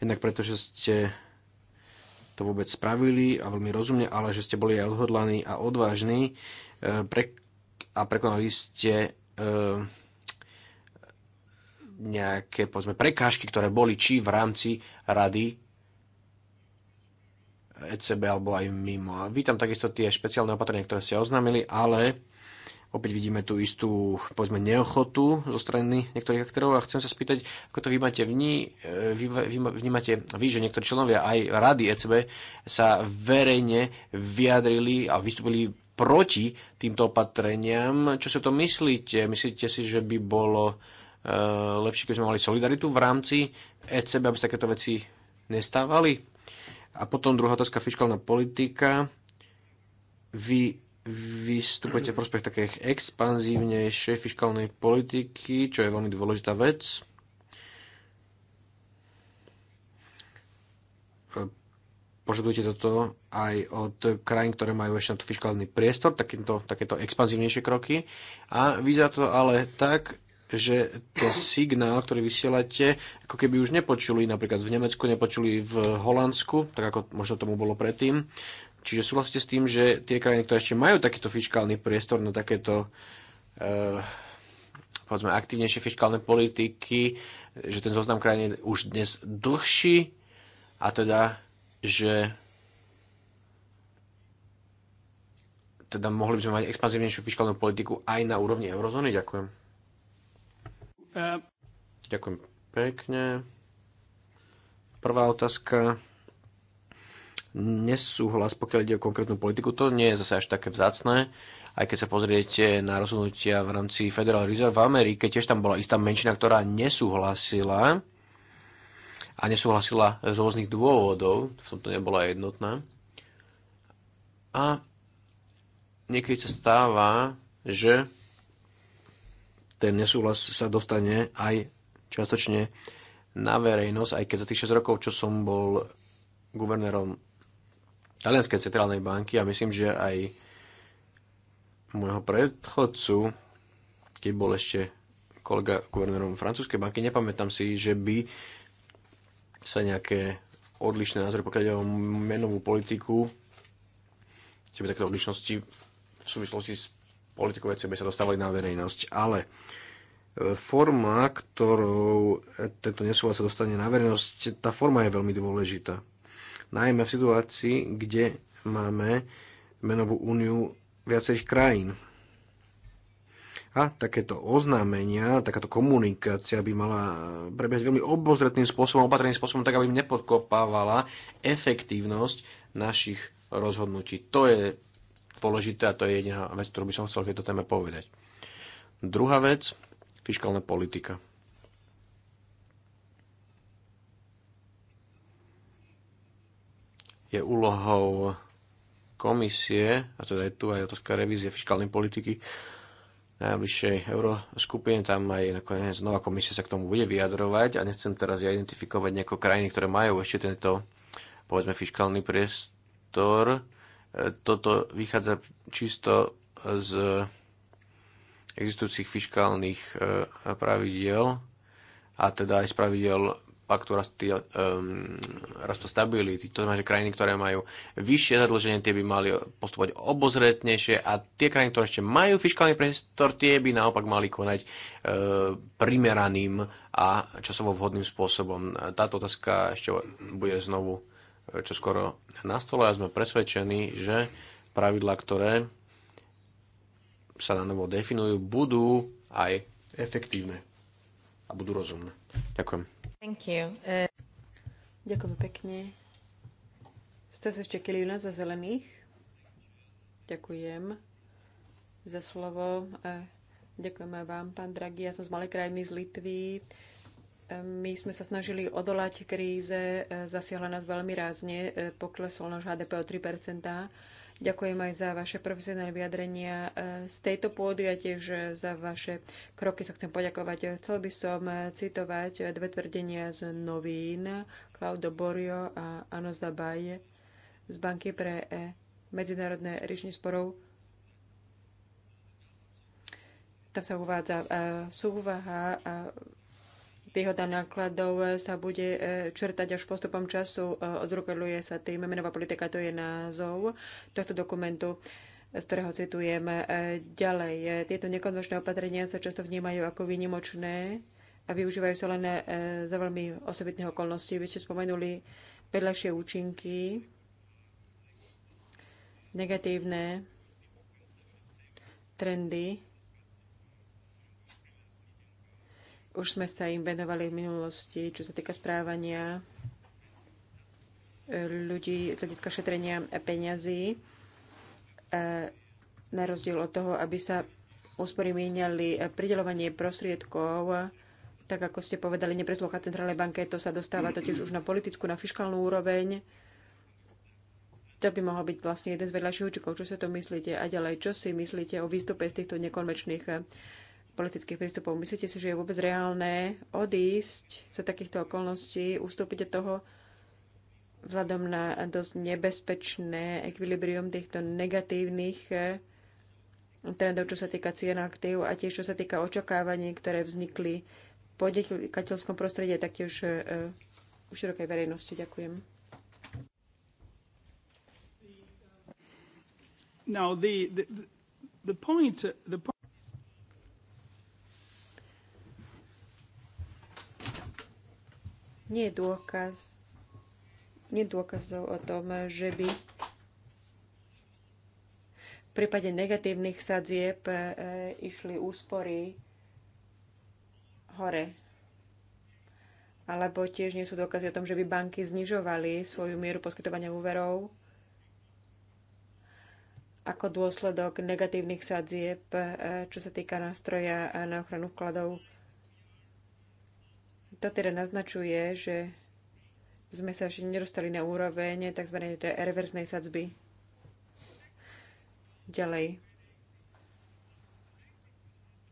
jednak preto, že ste to vôbec spravili a veľmi rozumne, ale že ste boli aj odhodlaní a odvážni e, pre, a prekonali ste e, nejaké povedzme, prekážky, ktoré boli či v rámci rady ECB alebo aj mimo. A vítam takisto tie špeciálne opatrenia, ktoré ste oznámili, ale Opäť vidíme tú istú, povedzme, neochotu zo strany niektorých aktérov a chcem sa spýtať, ako to vnímate vní, vy, e, vy, vnímate vy, že niektorí členovia aj rady ECB sa verejne vyjadrili a vystúpili proti týmto opatreniam. Čo si o myslíte? Myslíte si, že by bolo e, lepšie, keby sme mali solidaritu v rámci ECB, aby sa takéto veci nestávali? A potom druhá otázka, fiskálna politika. Vy vystupujete v prospech takej expanzívnejšej fiskálnej politiky, čo je veľmi dôležitá vec. Požadujete toto aj od krajín, ktoré majú ešte na to fiskálny priestor, takýto, takéto expanzívnejšie kroky. A vyzerá to ale tak, že ten signál, ktorý vysielate, ako keby už nepočuli napríklad v Nemecku, nepočuli v Holandsku, tak ako možno tomu bolo predtým. Čiže súhlasíte s tým, že tie krajiny, ktoré ešte majú takýto fiskálny priestor na takéto uh, povedzme, aktívnejšie fiskálne politiky, že ten zoznam krajín je už dnes dlhší a teda, že teda mohli by sme mať expanzívnejšiu fiskálnu politiku aj na úrovni eurozóny? Ďakujem. Uh... Ďakujem pekne. Prvá otázka nesúhlas, pokiaľ ide o konkrétnu politiku, to nie je zase až také vzácné. Aj keď sa pozriete na rozhodnutia v rámci Federal Reserve v Amerike, tiež tam bola istá menšina, ktorá nesúhlasila a nesúhlasila z rôznych dôvodov, v to nebola jednotná. A niekedy sa stáva, že ten nesúhlas sa dostane aj čiastočne na verejnosť, aj keď za tých 6 rokov, čo som bol guvernérom Talianskej centrálnej banky a myslím, že aj môjho predchodcu, keď bol ešte kolega guvernérom francúzskej banky, nepamätám si, že by sa nejaké odlišné názory, pokiaľ ide o menovú politiku, že by takéto odlišnosti v súvislosti s politikou ECB sa dostávali na verejnosť. Ale e, forma, ktorou tento nesúhlas sa dostane na verejnosť, tá forma je veľmi dôležitá najmä v situácii, kde máme menovú úniu viacerých krajín. A takéto oznámenia, takáto komunikácia by mala prebiehať veľmi obozretným spôsobom, opatrným spôsobom, tak aby nepodkopávala efektívnosť našich rozhodnutí. To je dôležité a to je jediná vec, ktorú by som chcel v tejto téme povedať. Druhá vec, fiskálna politika. je úlohou komisie, a teda je tu aj otázka revízie fiskálnej politiky najbližšej euroskupine, tam aj nakoniec nová komisia sa k tomu bude vyjadrovať a nechcem teraz ja identifikovať nejaké krajiny, ktoré majú ešte tento, povedzme, fiskálny priestor. E, toto vychádza čisto z existujúcich fiskálnych e, pravidiel a teda aj z pravidiel paktu rastu, um, rastu stability. To znamená, že krajiny, ktoré majú vyššie zadlženie, tie by mali postupovať obozretnejšie a tie krajiny, ktoré ešte majú fiskálny priestor, tie by naopak mali konať uh, primeraným a časovo vhodným spôsobom. Táto otázka ešte bude znovu e, čo skoro na stole a sme presvedčení, že pravidlá, ktoré sa na novo definujú, budú aj efektívne a budú rozumné. Ďakujem. Thank you. Uh... Ďakujem pekne. Ste sa ešte Kelina za zelených. Ďakujem za slovo. E, ďakujem aj vám, pán dragi, Ja som z malej krajiny z Litvy. E, my sme sa snažili odolať kríze, e, zasiahla nás veľmi rázne, poklesol náš HDP o 3 Ďakujem aj za vaše profesionálne vyjadrenia e, z tejto pôdy a tiež e, za vaše kroky sa chcem poďakovať. Chcel by som e, citovať dve tvrdenia z novín Claudio Borio a Ano Zabaj z Banky pre medzinárodné riešenie sporov. Tam sa uvádza súvaha Výhoda nákladov e, sa bude e, črtať až postupom času. E, Odzrukadľuje sa tým menová politika, to je názov tohto dokumentu z ktorého citujem ďalej. Tieto nekonvenčné opatrenia sa často vnímajú ako výnimočné a využívajú sa len za veľmi osobitných okolností. Vy ste spomenuli vedľajšie účinky, negatívne trendy Už sme sa im venovali v minulosti, čo sa týka správania e, ľudí z hľadiska šetrenia a peňazí, e, na rozdiel od toho, aby sa úspory mieniali e, pridelovanie prostriedkov, tak ako ste povedali, nepreslúcha Centrálnej banke, to sa dostáva totiž už na politickú, na fiskálnu úroveň. To by mohol byť vlastne jeden z vedľajších účinkov. Čo sa to myslíte? A ďalej, čo si myslíte o výstupe z týchto nekonvečných politických prístupov. Myslíte si, že je vôbec reálne odísť sa takýchto okolností, ustúpiť od toho vzhľadom na dosť nebezpečné ekvilibrium týchto negatívnych eh, trendov, čo sa týka cien aktív a tiež čo sa týka očakávaní, ktoré vznikli v podnikateľskom prostredí a taktiež eh, u širokej verejnosti. Ďakujem. Now the, the, the point, the point... nie je dôkaz, nie je dôkazov o tom, že by v prípade negatívnych sadzieb e, išli úspory hore. Alebo tiež nie sú dôkazy o tom, že by banky znižovali svoju mieru poskytovania úverov ako dôsledok negatívnych sadzieb, e, čo sa týka nástroja na ochranu vkladov to teda naznačuje, že sme sa ešte nedostali na úroveň tzv. reverznej sadzby. Ďalej.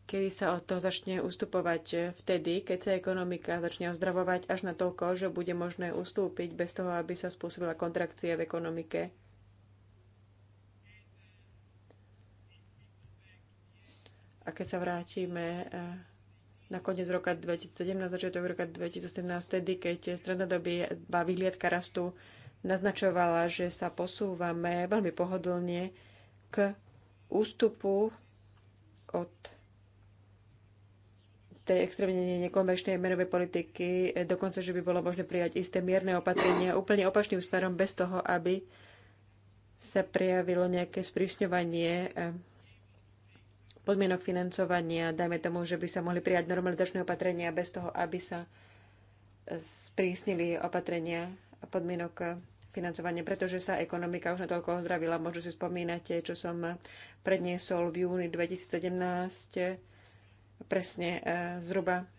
Kedy sa od toho začne ustupovať? Vtedy, keď sa ekonomika začne ozdravovať až na toľko, že bude možné ustúpiť bez toho, aby sa spôsobila kontrakcia v ekonomike. A keď sa vrátime eh, na koniec roka 2017, začiatok roka 2018, tedy keď a vyhliadka rastu naznačovala, že sa posúvame veľmi pohodlne k ústupu od tej extrémne nekonvenčnej menovej politiky, dokonca, že by bolo možné prijať isté mierne opatrenia úplne opačným smerom, bez toho, aby sa prejavilo nejaké sprísňovanie eh, podmienok financovania, dajme tomu, že by sa mohli prijať normalizačné opatrenia bez toho, aby sa sprísnili opatrenia a podmienok financovania, pretože sa ekonomika už natoľko ozdravila. Možno si spomínate, čo som predniesol v júni 2017, presne e, zhruba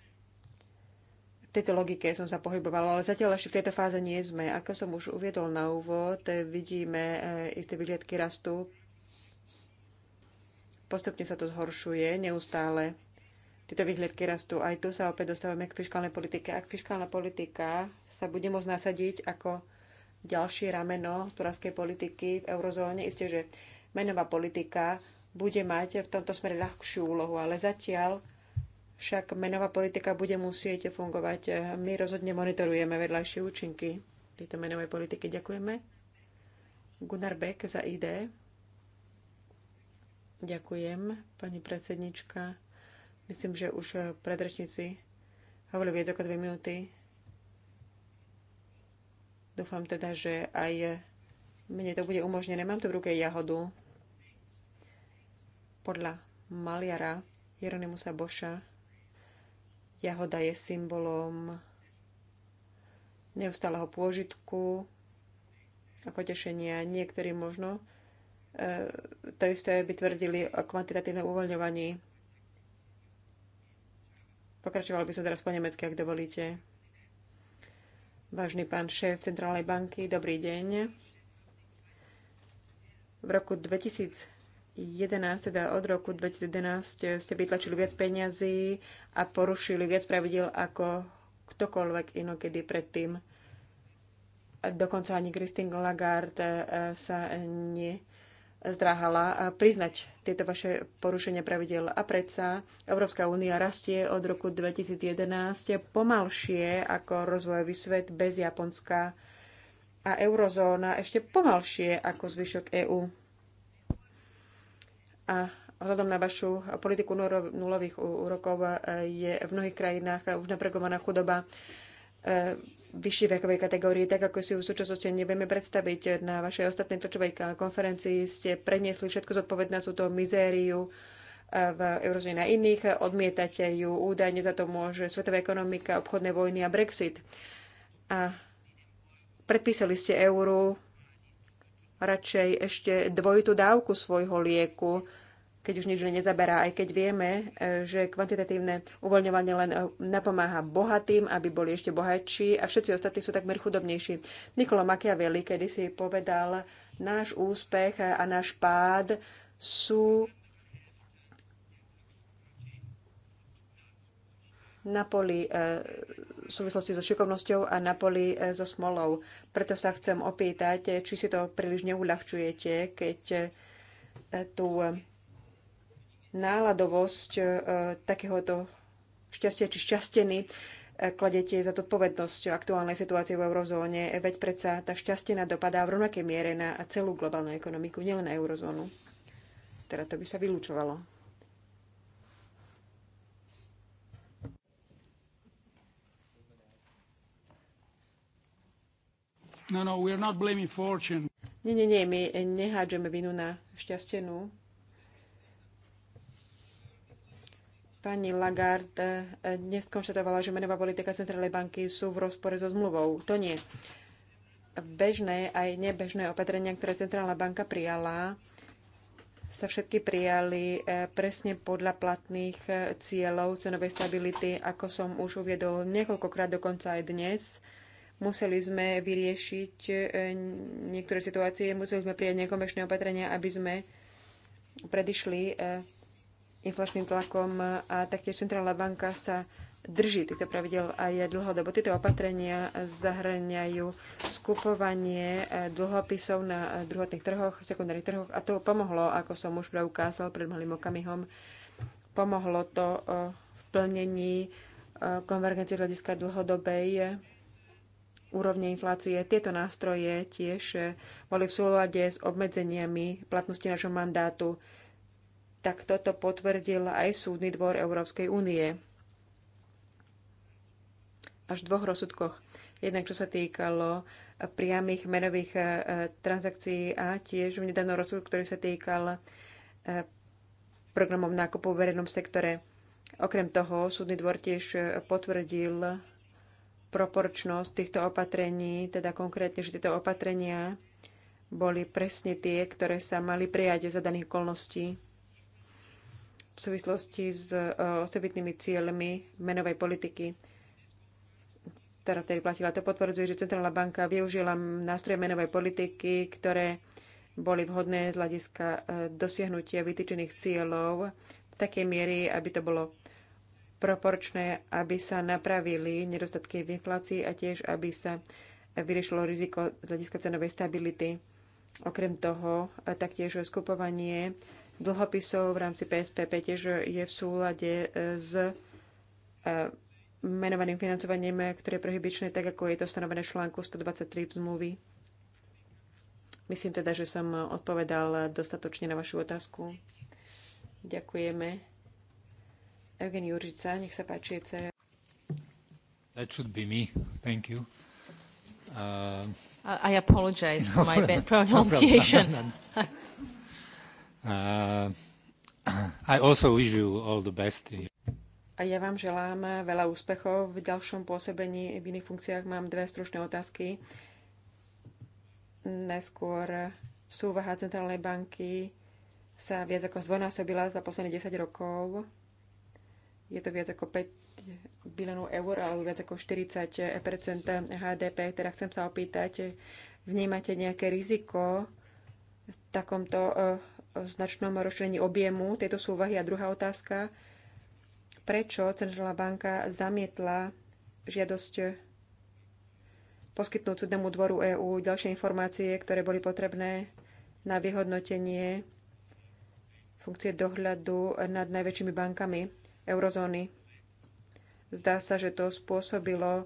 v tejto logike som sa pohybovala, ale zatiaľ ešte v tejto fáze nie sme. Ako som už uviedol na úvod, vidíme e, isté výhľadky rastu Postupne sa to zhoršuje neustále. Tieto výhľadky rastú. Aj tu sa opäť dostávame k fiskálnej politike. Ak fiskálna politika sa bude môcť nasadiť ako ďalšie rameno turáskej politiky v eurozóne, isté, že menová politika bude mať v tomto smere ľahšiu úlohu, ale zatiaľ však menová politika bude musieť fungovať. My rozhodne monitorujeme vedľajšie účinky tejto menovej politiky. Ďakujeme. Gunnar Beck za ID. Ďakujem, pani predsednička. Myslím, že už eh, predrečníci hovorili viac ako dve minúty. Dúfam teda, že aj eh, mne to bude umožnené. Mám tu v ruke jahodu podľa maliara Jeronimusa Boša. Jahoda je symbolom neustáleho pôžitku a potešenia. Niektorí možno E, to isté by tvrdili o kvantitatívnom uvoľňovaní. Pokračoval by som teraz po nemecky, ak dovolíte. Vážny pán šéf Centrálnej banky, dobrý deň. V roku 2011, teda od roku 2011, ste vytlačili viac peňazí a porušili viac pravidel ako ktokoľvek inokedy predtým. Dokonca ani Christine Lagarde e, sa ne, zdráhala priznať tieto vaše porušenia pravidel. A predsa Európska únia rastie od roku 2011 pomalšie ako rozvojový svet bez Japonska a eurozóna ešte pomalšie ako zvyšok EÚ. A vzhľadom na vašu politiku nulových úrokov e, je v mnohých krajinách už napregovaná chudoba e, vyššie vekovej kategórie, tak ako si ju v súčasnosti nevieme predstaviť. Na vašej ostatnej tlačovej konferencii ste preniesli všetko zodpovedná sú to mizériu e, v eurozóne na iných, odmietate ju, údajne za to môže svetová ekonomika, obchodné vojny a Brexit. A predpísali ste euru radšej ešte dvojitú dávku svojho lieku, keď už nič nezaberá, aj keď vieme, e, že kvantitatívne uvoľňovanie len e, napomáha bohatým, aby boli ešte bohatší a všetci ostatní sú takmer chudobnejší. Nikolo Machiavelli kedysi povedal, náš úspech a náš pád sú na poli e, v súvislosti so šikovnosťou a na poli so smolou. Preto sa chcem opýtať, či si to príliš neuľahčujete, keď tú náladovosť e, takéhoto šťastia či šťastený e, kladete za zodpovednosť aktuálnej situácie v eurozóne, e, veď predsa tá šťastená dopadá v rovnakej miere na celú globálnu ekonomiku, nielen na eurozónu. Teda to by sa vylúčovalo. No, no, we are not blaming fortune. Nie, nie, nie, my nehádžeme vinu na šťastenú Pani Lagarde eh, dnes konštatovala, že menová politika Centrálnej banky sú v rozpore so zmluvou. To nie. Bežné aj nebežné opatrenia, ktoré Centrálna banka prijala, sa všetky prijali eh, presne podľa platných eh, cieľov cenovej stability, ako som už uviedol niekoľkokrát, dokonca aj dnes. Museli sme vyriešiť niektoré situácie, museli sme prijať nekomerčné opatrenia, aby sme predišli inflačným tlakom a taktiež Centrálna banka sa drží týchto pravidel aj dlhodobo. Tieto opatrenia zahrňajú skupovanie eh, dlhopisov na druhotných trhoch, sekundárnych trhoch a to pomohlo, ako som už preukázal pred malým okamihom, pomohlo to eh, v plnení eh, konvergencie hľadiska dlhodobej úrovne inflácie. Tieto nástroje tiež boli v súlade s obmedzeniami platnosti našho mandátu tak toto potvrdil aj Súdny dvor Európskej únie. Až v dvoch rozsudkoch. Jednak čo sa týkalo priamých menových e, transakcií a tiež v nedávnom rozsudku, ktorý sa týkal e, programov nákupu v verejnom sektore. Okrem toho, súdny dvor tiež e, potvrdil proporčnosť týchto opatrení, teda konkrétne, že tieto opatrenia boli presne tie, ktoré sa mali prijať za daných okolností v súvislosti s eh, osobitnými cieľmi menovej politiky, ktorá vtedy platila. To potvrdzuje, že Centrálna banka využila nástroje menovej politiky, ktoré boli vhodné z hľadiska eh, dosiahnutia vytýčených cieľov v takej miery, aby to bolo proporčné, aby sa napravili nedostatky v inflácii a tiež, aby sa vyriešilo riziko z hľadiska cenovej stability. Okrem toho, eh, taktiež skupovanie dlhopisov v rámci PSPP tiež je v súlade eh, s eh, menovaným financovaním, eh, ktoré je prohybičné, tak ako je to stanovené v článku 123 v zmluvy. Myslím teda, že som odpovedal dostatočne na vašu otázku. Ďakujeme. Eugen Jurica, nech sa páči. Er. That should be me. Thank you. Uh, I apologize for my no bad no pronunciation. No problem. Uh, I also wish you all the best. A ja vám želám veľa úspechov v ďalšom pôsobení v iných funkciách. Mám dve stručné otázky. Najskôr súvaha Centrálnej banky sa viac ako zdvojnásobila za posledných 10 rokov. Je to viac ako 5 bilionov eur alebo viac ako 40 HDP. Teda chcem sa opýtať, vnímate nejaké riziko v takomto eh, značnom rozšírení objemu tejto súvahy. A druhá otázka, prečo Centrálna banka zamietla žiadosť poskytnúť súdnemu dvoru EÚ ďalšie informácie, ktoré boli potrebné na vyhodnotenie funkcie dohľadu nad najväčšími bankami eurozóny. Zdá sa, že to spôsobilo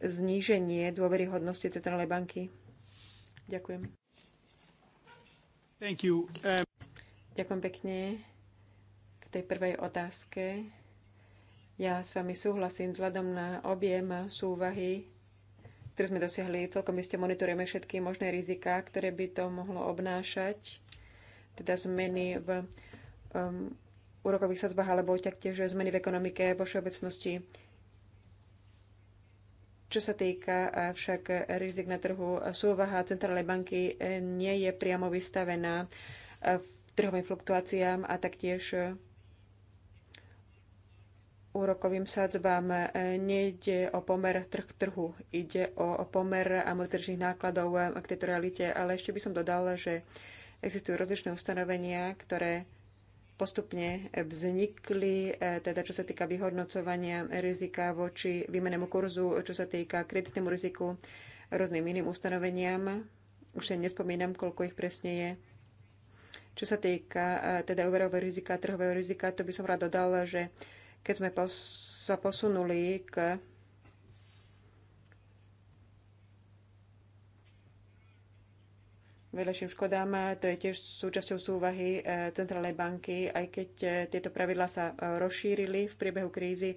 zníženie dôveryhodnosti Centrálnej banky. Ďakujem. Thank you. Um... Ďakujem pekne k tej prvej otázke. Ja s vami súhlasím vzhľadom na objem súvahy, ktoré sme dosiahli. Celkom iste monitorujeme všetky možné riziká, ktoré by to mohlo obnášať, teda zmeny v um, úrokových sadzbách alebo taktiež zmeny v ekonomike vo všeobecnosti. Čo sa týka však rizik na trhu, súvaha Centrálnej banky nie je priamo vystavená v trhovým fluktuáciám a taktiež e, úrokovým sadzbám. E, nejde o pomer trh k trhu, ide o pomer amortizačných nákladov e, k tejto realite, ale ešte by som dodala, že existujú rozličné ustanovenia, ktoré postupne vznikli, teda čo sa týka vyhodnocovania rizika voči výmenému kurzu, čo sa týka kreditnému riziku, rôznym iným ustanoveniam. Už sa nespomínam, koľko ich presne je. Čo sa týka e, teda úverového rizika, trhového rizika, to by som rád dodala, že keď sme pos- sa posunuli k vedľajším škodám. To je tiež súčasťou súvahy e, Centrálnej banky, aj keď e, tieto pravidlá sa rozšírili v priebehu krízy.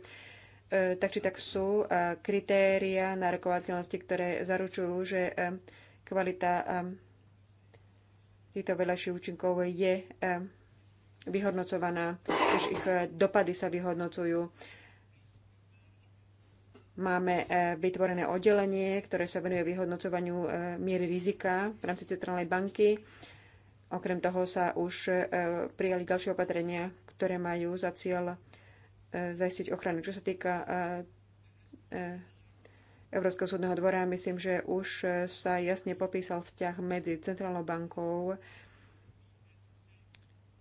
Tak či tak sú kritéria rekovateľnosti, ktoré zaručujú, že kvalita týchto vedľajších účinkov je eh, vyhodnocovaná, už ich eh, dopady sa vyhodnocujú. Máme eh, vytvorené oddelenie, ktoré sa venuje vyhodnocovaniu miery rizika v rámci Centrálnej banky. Okrem toho sa už prijali ďalšie opatrenia, ktoré majú za cieľ zajistiť ochranu. Čo sa týka Európskeho súdneho dvora. Myslím, že už eh, sa jasne popísal vzťah medzi Centrálnou bankou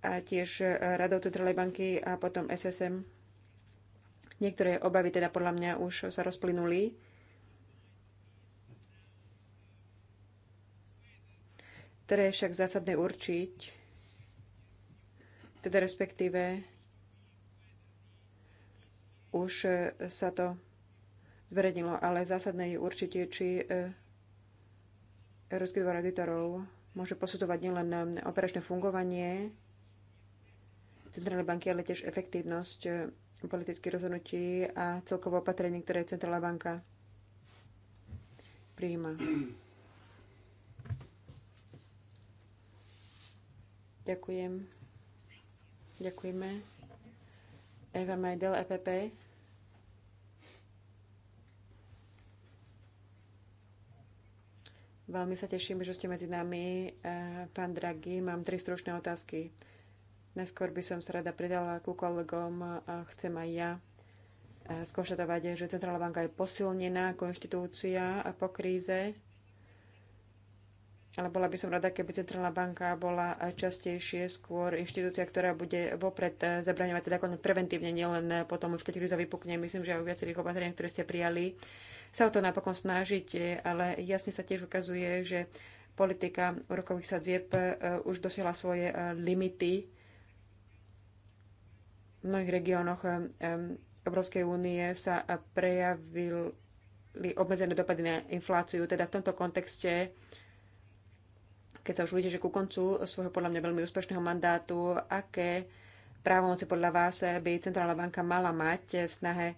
a tiež eh, Radou Centrálnej banky a potom SSM. Niektoré obavy teda podľa mňa už sa rozplynuli. Teda je však zásadné určiť, teda respektíve už eh, sa to zverejnilo, ale zásadné je určite, či e, Európsky dvor auditorov môže posudzovať nielen e, operačné fungovanie centrálnej banky, ale tiež efektívnosť e, politických rozhodnutí a celkové opatrenie, ktoré centrálna banka prijíma. Ďakujem. Ďakujeme. Eva Majdel, EPP. Veľmi sa teším, že ste medzi nami. Eh, pán Draghi, mám tri stručné otázky. Najskôr by som sa rada pridala ku kolegom a chcem aj ja eh, skonštatovať, že Centrálna banka je posilnená ako inštitúcia po kríze. Ale bola by som rada, keby Centrálna banka bola častejšie skôr inštitúcia, ktorá bude vopred eh, zabraňovať teda preventívne, nielen potom už keď kríza vypukne. Myslím, že aj o viacerých opatreniach, ktoré ste prijali, sa o to napokon snažiť, ale jasne sa tiež ukazuje, že politika úrokových sadzieb e, už dosiela svoje e, limity v mnohých regiónoch e, Európskej únie sa prejavili obmedzené dopady na infláciu. Teda v tomto kontexte, keď sa už vidíte, že ku koncu svojho podľa mňa veľmi úspešného mandátu, aké právomoci podľa vás by Centrálna banka mala mať v snahe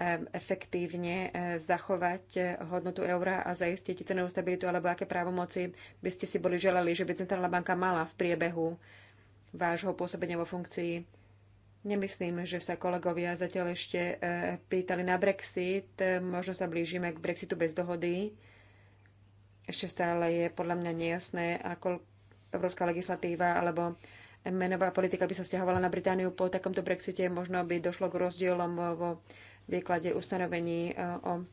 Um, efektívne uh, zachovať uh, hodnotu eura a zaistiť cenovú stabilitu, alebo aké právomoci by ste si boli želali, že by Centrálna banka mala v priebehu vášho pôsobenia vo funkcii. Nemyslím, že sa kolegovia zatiaľ ešte uh, pýtali na Brexit. Možno sa blížime k Brexitu bez dohody. Ešte stále je podľa mňa nejasné, ako európska legislatíva alebo menová politika by sa stiahovala na Britániu po takomto Brexite. Možno by došlo k rozdielom vo výklade ustanovení e, o e,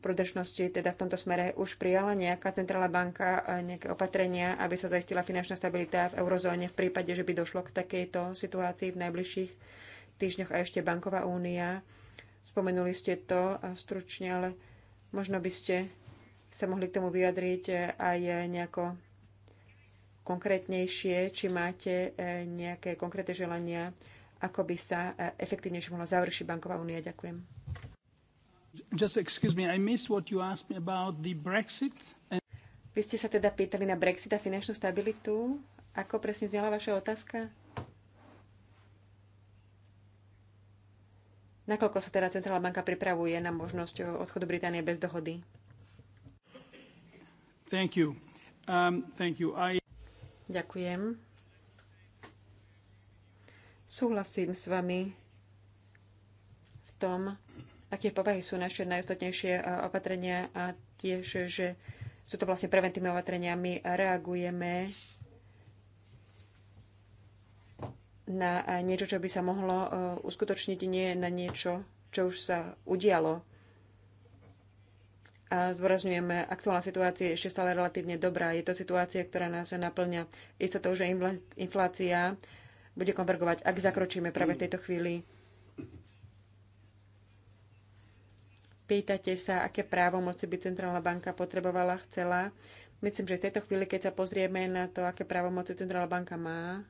prudenčnosti, teda v tomto smere už prijala nejaká centrálna banka e, nejaké opatrenia, aby sa zaistila finančná stabilita v eurozóne v prípade, že by došlo k takejto situácii v najbližších týždňoch a ešte banková únia. Spomenuli ste to stručne, ale možno by ste sa mohli k tomu vyjadriť aj nejako konkrétnejšie, či máte nejaké konkrétne želania ako by sa e, efektívnejšie mohla završiť banková únia. Ďakujem. Just excuse me, I missed what you asked me about the Brexit. And... Vy ste sa teda pýtali na Brexit a finančnú stabilitu. Ako presne zniela vaša otázka? Nakoľko sa teda Centrálna banka pripravuje na možnosť odchodu Británie bez dohody? Thank you. Um, thank you. I... Ďakujem. Súhlasím s vami v tom, aké povahy sú naše najostatnejšie e, opatrenia a tiež, že sú to vlastne preventívne opatrenia. My reagujeme na niečo, čo by sa mohlo e, uskutočniť, nie na niečo, čo už sa udialo. A zvorazňujeme, aktuálna situácia je ešte stále relatívne dobrá. Je to situácia, ktorá nás naplňa istotou, že inflácia bude konvergovať, ak zakročíme práve v tejto chvíli. Pýtate sa, aké moci by Centrálna banka potrebovala, chcela. Myslím, že v tejto chvíli, keď sa pozrieme na to, aké moci Centrálna banka má,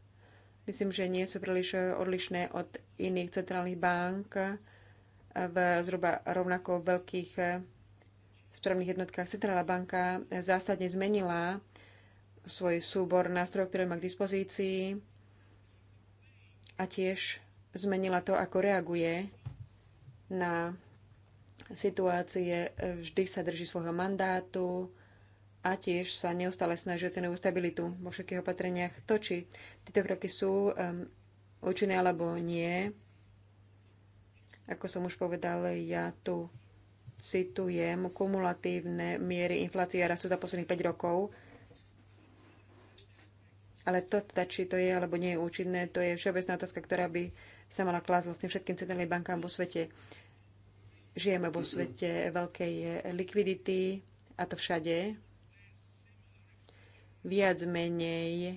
myslím, že nie sú príliš odlišné od iných centrálnych bank v zhruba rovnako veľkých správnych jednotkách. Centrálna banka zásadne zmenila svoj súbor nástrojov, ktoré má k dispozícii a tiež zmenila to, ako reaguje na situácie, vždy sa drží svojho mandátu a tiež sa neustále snaží o cenovú stabilitu vo všetkých opatreniach. To, či tieto kroky sú um, účinné alebo nie, ako som už povedal, ja tu citujem kumulatívne miery inflácie a rastu za posledných 5 rokov ale to, teda, či to je alebo nie je účinné, to je všeobecná otázka, ktorá by sa mala klásť vlastne všetkým centrálnym bankám vo svete. Žijeme vo svete veľkej likvidity a to všade. Viac menej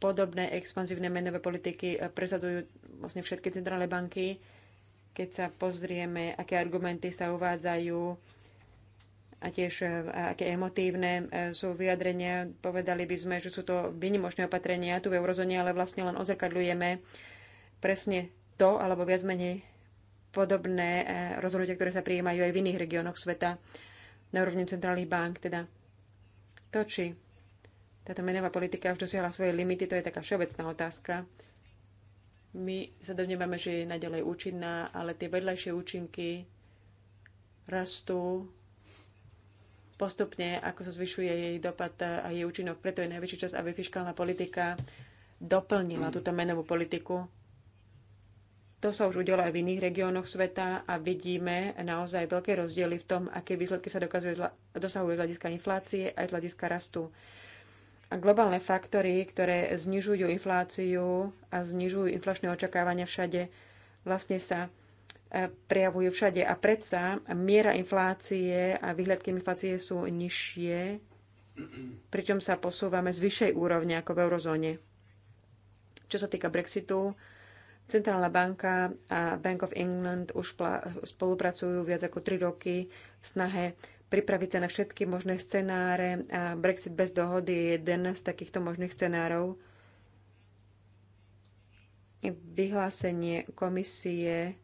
podobné expanzívne menové politiky presadzujú vlastne všetky centrálne banky. Keď sa pozrieme, aké argumenty sa uvádzajú, a tiež e, aké emotívne e, sú vyjadrenia. Povedali by sme, že sú to vynimočné opatrenia tu v eurozóne, ale vlastne len ozrkadľujeme presne to, alebo viac menej podobné e, rozhodnutia, ktoré sa prijímajú aj v iných regiónoch sveta na úrovni centrálnych bank. Teda to, či táto menová politika už dosiahla svoje limity, to je taká všeobecná otázka. My sa domnievame, že je naďalej účinná, ale tie vedľajšie účinky rastú postupne, ako sa zvyšuje jej dopad a jej účinok. Preto je najväčší čas, aby fiskálna politika doplnila hmm. túto menovú politiku. To sa už udialo aj v iných regiónoch sveta a vidíme naozaj veľké rozdiely v tom, aké výsledky sa dokazuje, dosahuje z hľadiska inflácie aj z hľadiska rastu. A globálne faktory, ktoré znižujú infláciu a znižujú inflačné očakávania všade, vlastne sa E, prejavujú všade. A predsa miera inflácie a výhľadky inflácie sú nižšie, pričom sa posúvame z vyššej úrovne ako v eurozóne. Čo sa týka Brexitu, Centrálna banka a Bank of England už spolupracujú viac ako 3 roky v snahe pripraviť sa na všetky možné scenáre a Brexit bez dohody je jeden z takýchto možných scenárov. Vyhlásenie komisie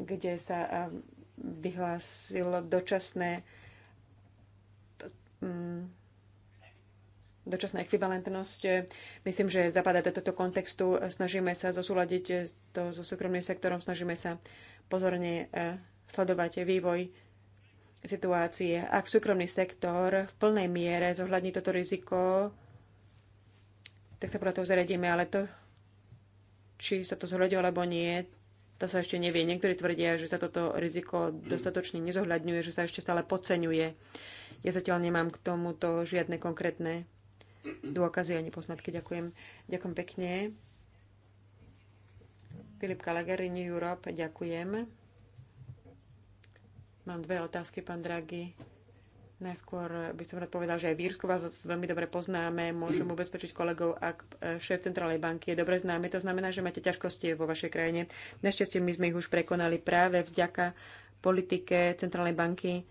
kde sa vyhlásilo dočasné mm, dočasná ekvivalentnosť. Myslím, že zapadá do tohto kontextu. Snažíme sa zosúľadiť to so súkromným sektorom, snažíme sa pozorne e, sledovať vývoj situácie. Ak súkromný sektor v plnej miere zohľadní toto riziko, tak sa podľa toho zariadíme, ale to, či sa to zhľadí alebo nie, to sa ešte nevie. Niektorí tvrdia, že sa toto riziko dostatočne nezohľadňuje, že sa ešte stále podceňuje. Ja zatiaľ nemám k tomuto žiadne konkrétne dôkazy ani poznatky. Ďakujem. Ďakujem pekne. Filip Kalagari, New Europe, ďakujem. Mám dve otázky, pán Draghi Najskôr by som rád povedal, že aj Vírsku vás veľmi dobre poznáme, môžem ubezpečiť kolegov, ak e, šéf Centrálnej banky je dobre známy, to znamená, že máte ťažkosti vo vašej krajine. Našťastie my sme ich už prekonali práve vďaka politike Centrálnej banky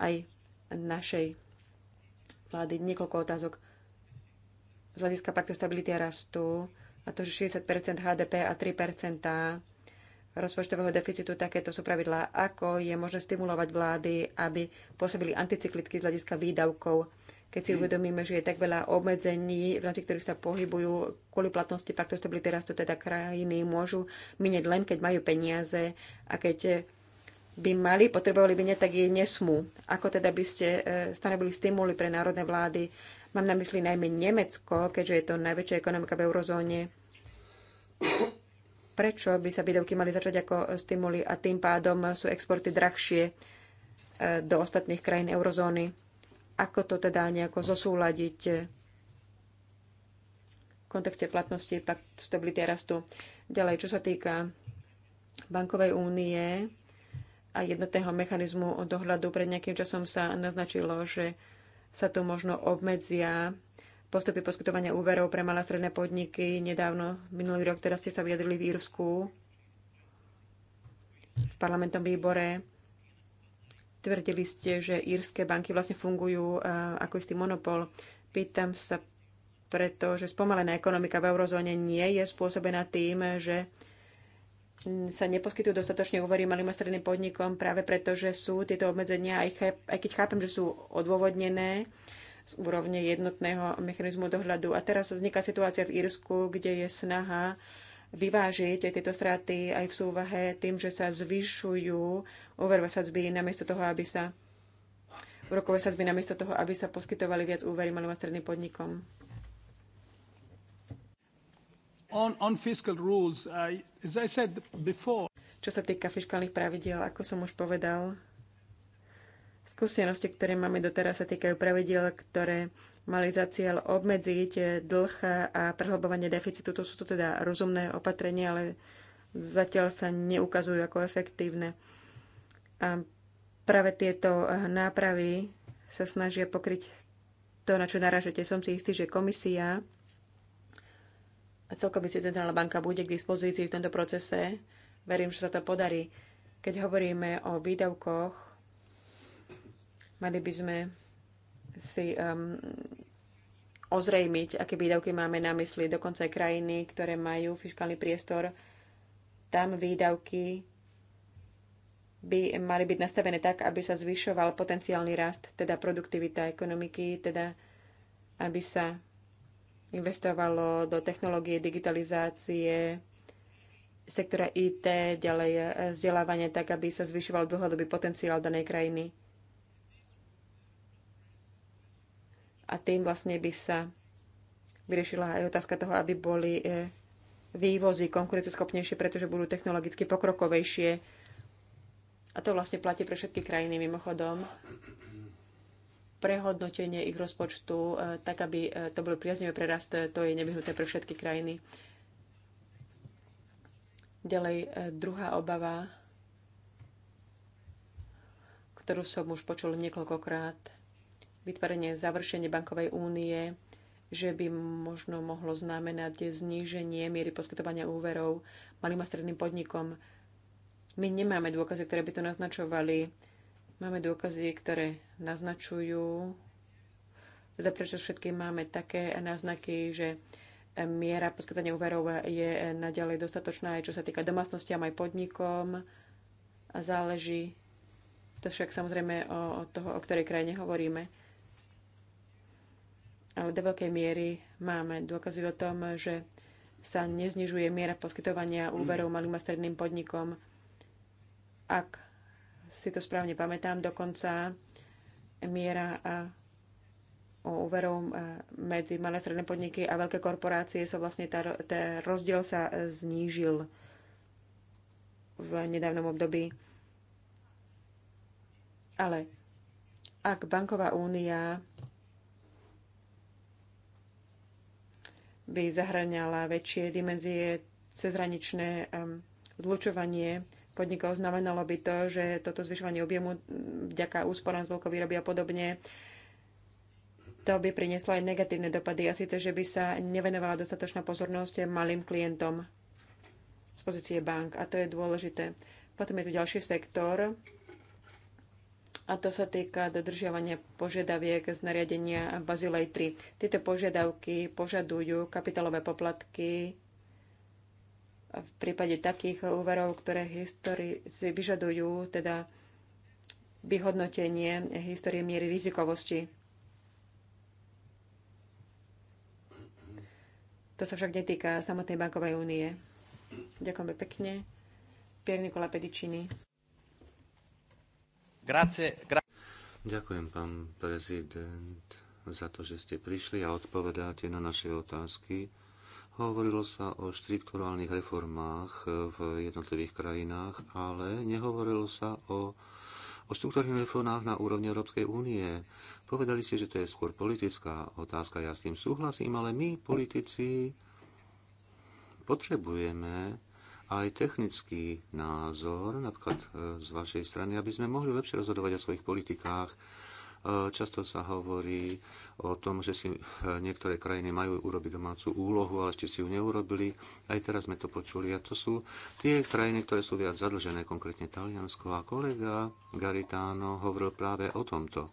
aj našej vlády. Niekoľko otázok. Z hľadiska paktu stability a rastu a to, že 60 HDP a 3 rozpočtového deficitu takéto sú pravidlá, ako je možné stimulovať vlády, aby pôsobili anticyklicky z hľadiska výdavkov. Keď si uvedomíme, že je tak veľa obmedzení, v rámci ktorých sa pohybujú kvôli platnosti paktu stability rastu, teda krajiny môžu minieť len, keď majú peniaze a keď by mali, potrebovali by nie, tak je nesmú. Ako teda by ste e, stanovili stimuly pre národné vlády? Mám na mysli najmä Nemecko, keďže je to najväčšia ekonomika v eurozóne prečo by sa výdavky mali začať ako stimuli a tým pádom sú exporty drahšie e, do ostatných krajín eurozóny. Ako to teda nejako zosúľadiť v kontexte platnosti paktu stability a rastu. Ďalej, čo sa týka bankovej únie a jednotného mechanizmu dohľadu, pred nejakým časom sa naznačilo, že sa tu možno obmedzia postupy poskytovania úverov pre malé a stredné podniky. Nedávno, minulý rok, teda ste sa vyjadrili v Írsku v parlamentom výbore. Tvrdili ste, že írske banky vlastne fungujú eh, ako istý monopol. Pýtam sa preto, že spomalená ekonomika v eurozóne nie je spôsobená tým, že sa neposkytujú dostatočne úvery malým a stredným podnikom práve preto, že sú tieto obmedzenia, aj, aj keď chápem, že sú odôvodnené, z úrovne jednotného mechanizmu dohľadu. A teraz vzniká situácia v Írsku, kde je snaha vyvážiť tieto straty aj v súvahe tým, že sa zvyšujú úverové sadzby namiesto toho, aby sa úrokové sadzby namiesto toho, aby sa poskytovali viac úvery malým a stredným podnikom. On, on fiscal rules, I, as I said before, čo sa týka fiskálnych pravidiel, ako som už povedal, Skúsenosti, ktoré máme doteraz, sa týkajú pravidiel, ktoré mali za cieľ obmedziť dlh a prehlbovanie deficitu. To sú to teda rozumné opatrenia, ale zatiaľ sa neukazujú ako efektívne. A práve tieto nápravy sa snažia pokryť to, na čo naražete. Som si istý, že komisia a celkom si centrálna banka bude k dispozícii v tomto procese. Verím, že sa to podarí. Keď hovoríme o výdavkoch Mali by sme si um, ozrejmiť, aké výdavky máme na mysli, dokonca aj krajiny, ktoré majú fiskálny priestor. Tam výdavky by mali byť nastavené tak, aby sa zvyšoval potenciálny rast, teda produktivita ekonomiky, teda aby sa investovalo do technológie, digitalizácie, sektora IT, ďalej eh, vzdelávanie tak aby sa zvyšoval dlhodobý potenciál danej krajiny. a tým vlastne by sa vyriešila aj otázka toho, aby boli e, vývozy konkurenceschopnejšie, pretože budú technologicky pokrokovejšie. A to vlastne platí pre všetky krajiny mimochodom. Prehodnotenie ich rozpočtu, e, tak aby e, to bolo priaznivé prerast, to je nevyhnuté pre všetky krajiny. Ďalej, druhá obava, ktorú som už počul niekoľkokrát, vytvorenie, završenie bankovej únie, že by možno mohlo znamenať zníženie miery poskytovania úverov malým a stredným podnikom. My nemáme dôkazy, ktoré by to naznačovali. Máme dôkazy, ktoré naznačujú, teda prečo všetky máme také náznaky, že miera poskytovania úverov je naďalej dostatočná, aj čo sa týka domácnostiam, aj podnikom. A záleží to však samozrejme od toho, o ktorej krajine hovoríme do veľkej miery máme dôkazy o tom, že sa neznižuje miera poskytovania úverov malým a stredným podnikom. Ak si to správne pamätám, dokonca miera úverov medzi malé a stredné podniky a veľké korporácie sa vlastne tá, tá rozdiel sa e, znížil v nedávnom období. Ale ak banková únia by zahraňala väčšie dimenzie cezhraničné zlučovanie podnikov. Znamenalo by to, že toto zvyšovanie objemu vďaka úsporám z výroby a podobne to by prinieslo aj negatívne dopady a síce, že by sa nevenovala dostatočná pozornosť malým klientom z pozície bank a to je dôležité. Potom je tu ďalší sektor, a to sa týka dodržiavania požiadaviek z nariadenia Bazilej 3. Tieto požiadavky požadujú kapitálové poplatky v prípade takých úverov, ktoré historici vyžadujú, teda vyhodnotenie histórie miery rizikovosti. To sa však netýka samotnej bankovej únie. Ďakujem pekne. Pier Nikola Pedičiny. Grazie, gra... Ďakujem, pán prezident, za to, že ste prišli a odpovedáte na naše otázky. Hovorilo sa o štrukturálnych reformách v jednotlivých krajinách, ale nehovorilo sa o, o štruktúrnych reformách na úrovni Európskej únie. Povedali ste, že to je skôr politická otázka, ja s tým súhlasím, ale my, politici, potrebujeme aj technický názor, napríklad e, z vašej strany, aby sme mohli lepšie rozhodovať o svojich politikách. E, často sa hovorí o tom, že si e, niektoré krajiny majú urobiť domácu úlohu, ale ešte si ju neurobili. Aj teraz sme to počuli. A to sú tie krajiny, ktoré sú viac zadlžené, konkrétne Taliansko. A kolega Garitano hovoril práve o tomto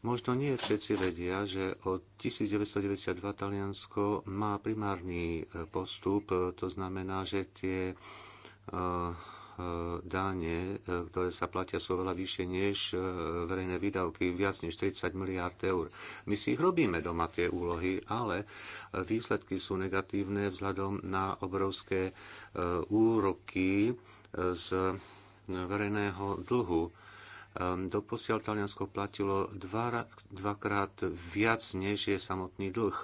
Možno nie všetci vedia, že od 1992 Taliansko má primárny e, postup, e, to znamená, že tie e, dáne, ktoré sa platia, sú veľa vyššie než verejné výdavky, viac než 30 miliard eur. My si ich robíme doma tie úlohy, ale výsledky sú negatívne vzhľadom na obrovské úroky z verejného dlhu Ehm, doposiaľ Taliansko platilo dva, dvakrát viac, než je samotný dlh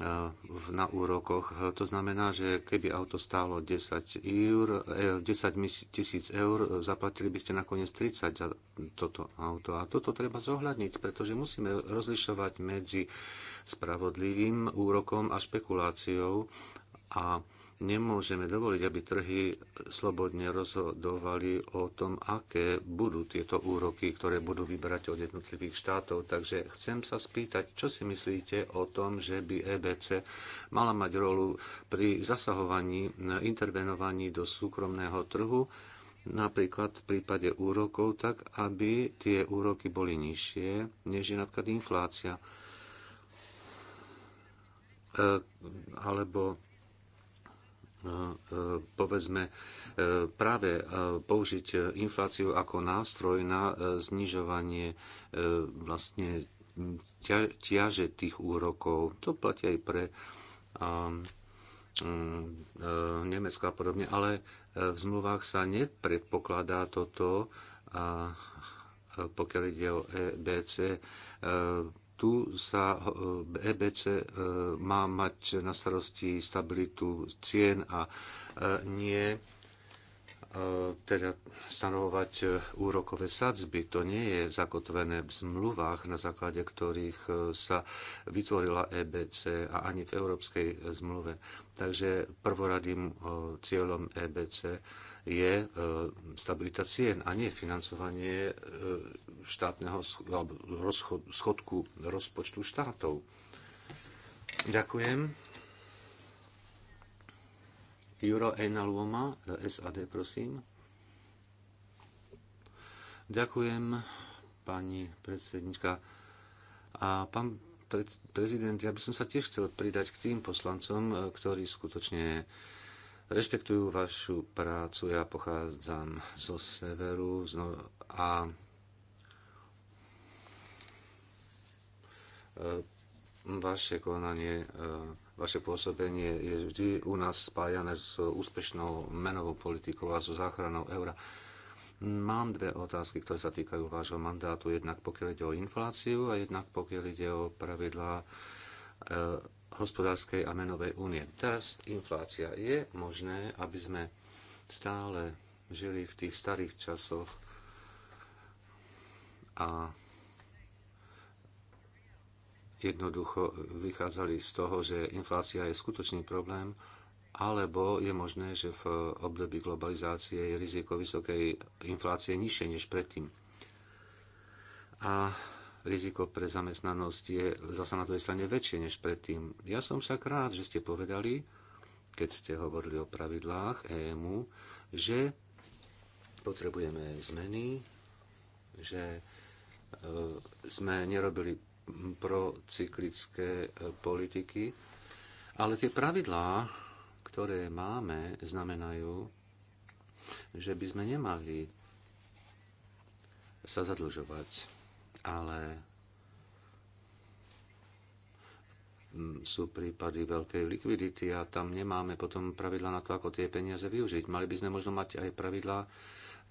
ehm, na úrokoch. Ehm, to znamená, že keby auto stálo 10, eur, 10 e, tisíc eur, zaplatili by ste nakoniec 30 za toto auto. A toto treba zohľadniť, pretože musíme rozlišovať medzi spravodlivým úrokom a špekuláciou a Nemôžeme dovoliť, aby trhy slobodne rozhodovali o tom, aké budú tieto úroky, ktoré budú vybrať od jednotlivých štátov. Takže chcem sa spýtať, čo si myslíte o tom, že by EBC mala mať rolu pri zasahovaní, intervenovaní do súkromného trhu, napríklad v prípade úrokov, tak aby tie úroky boli nižšie, než je napríklad inflácia. E, alebo E, povedzme, e, práve e, použiť infláciu ako nástroj na znižovanie vlastne ťaže tých úrokov. To platí aj pre mm, Nemecko a podobne, ale v zmluvách sa nepredpokladá toto, a pokiaľ ide o EBC, tu sa EBC eh, e eh, má mať na starosti stabilitu cien a eh, nie teda stanovovať úrokové sadzby. To nie je zakotvené v zmluvách, na základe ktorých sa vytvorila EBC a ani v Európskej zmluve. Takže prvoradým cieľom EBC je e, stabilita cien a nie financovanie e, štátneho alebo schodku rozpočtu štátov. Ďakujem. Juro Einaluoma, e, SAD, prosím. Ďakujem, pani predsednička. A pán prezident, ja by som sa tiež chcel pridať k tým poslancom, ktorí skutočne Rešpektujú vašu prácu. Ja pochádzam zo severu a e, vaše konanie, e, vaše pôsobenie je vždy u nás spájane s úspešnou menovou politikou a so záchranou eura. Mám dve otázky, ktoré sa týkajú vášho mandátu. Jednak pokiaľ ide o infláciu a jednak pokiaľ ide o pravidlá e, hospodárskej a menovej únie. Teraz inflácia. Je možné, aby sme stále žili v tých starých časoch a jednoducho vychádzali z toho, že inflácia je skutočný problém, alebo je možné, že v období globalizácie je riziko vysokej inflácie nižšie než predtým. A riziko pre zamestnanosť je zasa na druhej strane väčšie než predtým. Ja som však rád, že ste povedali, keď ste hovorili o pravidlách EMU, že potrebujeme zmeny, že e, sme nerobili procyklické e, politiky, ale tie pravidlá, ktoré máme, znamenajú, že by sme nemali sa zadlžovať ale sú prípady veľkej likvidity a tam nemáme potom pravidla na to, ako tie peniaze využiť. Mali by sme možno mať aj pravidla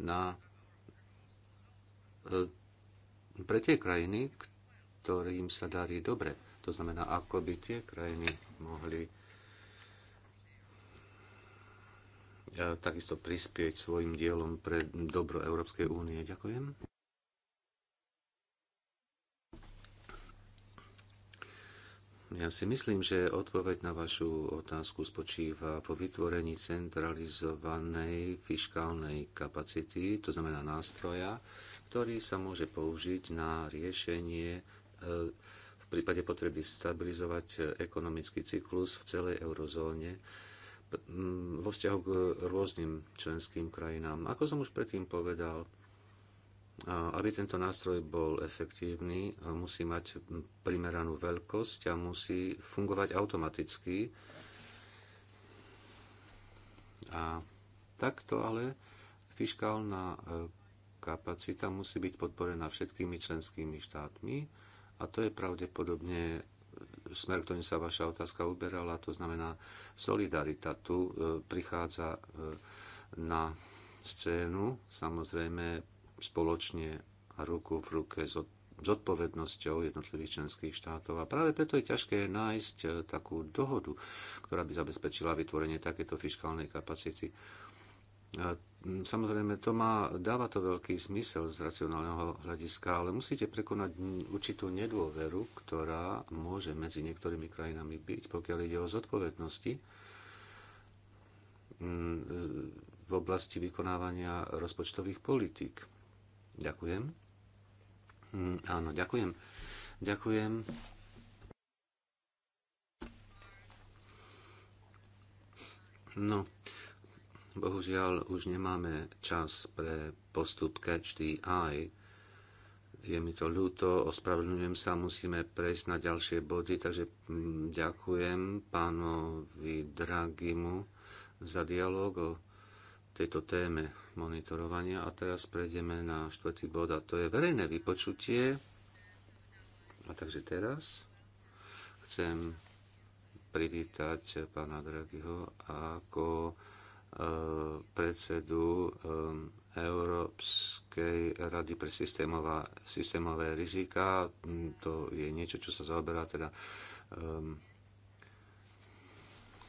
na e, pre tie krajiny, ktorým sa darí dobre. To znamená, ako by tie krajiny mohli e, takisto prispieť svojim dielom pre dobro Európskej únie. Ďakujem. Ja si myslím, že odpoveď na vašu otázku spočíva vo vytvorení centralizovanej fiskálnej kapacity, to znamená nástroja, ktorý sa môže použiť na riešenie e, v prípade potreby stabilizovať ekonomický cyklus v celej eurozóne vo vzťahu k rôznym členským krajinám. Ako som už predtým povedal, aby tento nástroj bol efektívny, musí mať primeranú veľkosť a musí fungovať automaticky. A takto ale fiskálna e, kapacita musí byť podporená všetkými členskými štátmi a to je pravdepodobne e, smer, ktorým sa vaša otázka uberala, to znamená solidarita. Tu e, prichádza na scénu samozrejme spoločne a ruku v ruke s zodpovednosťou jednotlivých členských štátov. A práve preto je ťažké nájsť eh, takú dohodu, ktorá by zabezpečila vytvorenie takéto fiskálnej kapacity. A eh, samozrejme, to má, dáva to veľký zmysel z racionálneho hľadiska, ale musíte prekonať určitú nedôveru, ktorá môže medzi niektorými krajinami byť, pokiaľ ide o zodpovednosti mm, eh, v oblasti vykonávania rozpočtových politík. Ďakujem. Hm, áno, ďakujem. Ďakujem. No, bohužiaľ už nemáme čas pre postup Catch the Eye. Je mi to ľúto, ospravedlňujem sa, musíme prejsť na ďalšie body, takže hm, ďakujem pánovi Dragimu za dialog o tejto téme monitorovania. A teraz prejdeme na štvrtý bod a to je verejné vypočutie. A takže teraz chcem privítať pána Dragiho ako e, predsedu e, Európskej rady pre systémová, systémové rizika. To je niečo, čo sa zaoberá teda e,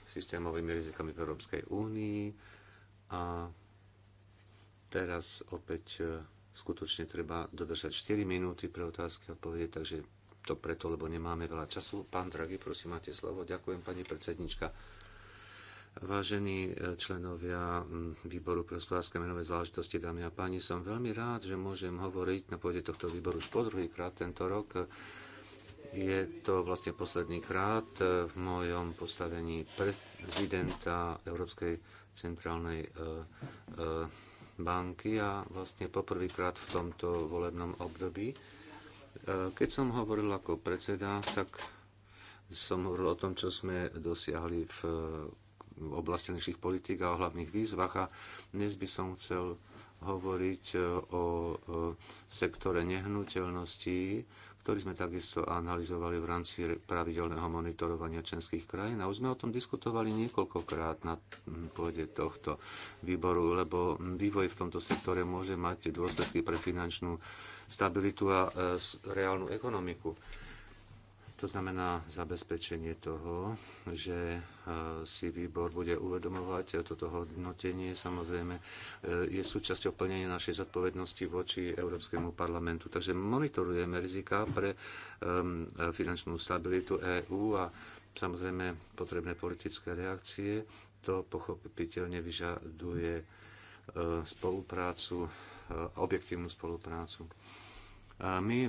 systémovými rizikami v Európskej únii a teraz opäť e, skutočne treba dodržať 4 minúty pre otázky a odpovede, takže to preto, lebo nemáme veľa času. Pán Dragi, prosím, máte slovo. Ďakujem, pani predsednička. Vážení e, členovia výboru pre hospodárske menové záležitosti, dámy a páni, som veľmi rád, že môžem hovoriť na pôde tohto výboru už po druhýkrát tento rok. Je to vlastne posledný krát e, v mojom postavení prezidenta Európskej centrálnej e, e, banky a vlastne poprvýkrát v tomto volebnom období. E, keď som hovoril ako predseda, tak som hovoril o tom, čo sme dosiahli v oblasti našich politik a o hlavných výzvach a dnes by som chcel hovoriť o sektore nehnuteľností ktorý sme takisto analyzovali v rámci pravidelného monitorovania členských krajín. A už sme o tom diskutovali niekoľkokrát na pôde tohto výboru, lebo vývoj v tomto sektore môže mať dôsledky pre finančnú stabilitu a e, reálnu ekonomiku. To znamená zabezpečenie toho, že e, si výbor bude uvedomovať toto hodnotenie. Samozrejme, e, je súčasťou plnenia našej zodpovednosti voči Európskemu parlamentu. Takže monitorujeme rizika pre e, finančnú stabilitu EÚ a samozrejme potrebné politické reakcie. To pochopiteľne vyžaduje spoluprácu, objektívnu spoluprácu. A my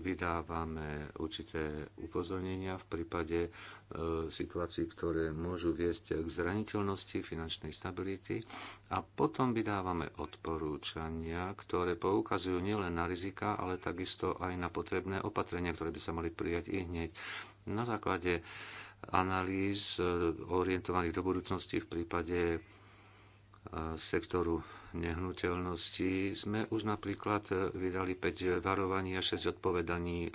vydávame určité upozornenia v prípade e, situácií, ktoré môžu viesť k zraniteľnosti finančnej stability a potom vydávame odporúčania, ktoré poukazujú nielen na rizika, ale takisto aj na potrebné opatrenia, ktoré by sa mali prijať i hneď. Na základe analýz e, orientovaných do budúcnosti v prípade sektoru nehnuteľnosti. sme už napríklad e, vydali 5 varovaní a 6 odpovedaní e,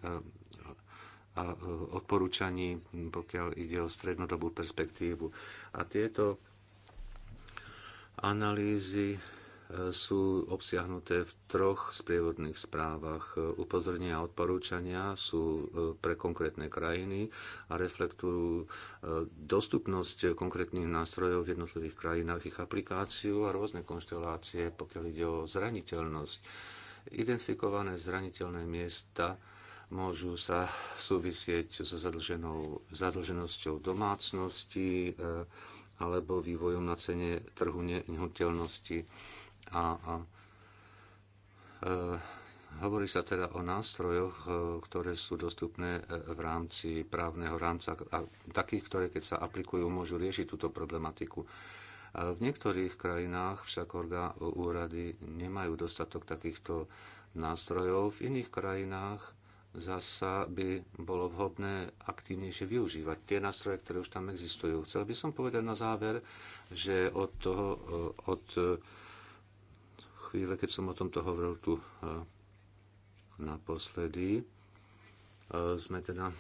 a e, odporúčaní, pokiaľ ide o strednodobú perspektívu. A tieto analýzy sú obsiahnuté v troch sprievodných správach. Upozornenia a odporúčania sú e, pre konkrétne krajiny a reflektujú e, dostupnosť konkrétnych nástrojov v jednotlivých krajinách, ich aplikáciu a rôzne konštelácie, pokiaľ ide o zraniteľnosť. Identifikované zraniteľné miesta môžu sa súvisieť so zadlženosťou domácnosti e, alebo vývojom na cene trhu nehnuteľnosti a, a e, Hovorí sa teda o nástrojoch, e, ktoré sú dostupné e, v rámci právneho rámca a takých, ktoré keď sa aplikujú, môžu riešiť túto problematiku. V niektorých krajinách však orgá, úrady nemajú dostatok takýchto nástrojov, v iných krajinách zasa by bolo vhodné aktívnejšie využívať tie nástroje, ktoré už tam existujú. Chcel by som povedať na záver, že od toho, od chvíle, keď som o tomto hovoril tu e, naposledy, e, sme teda e,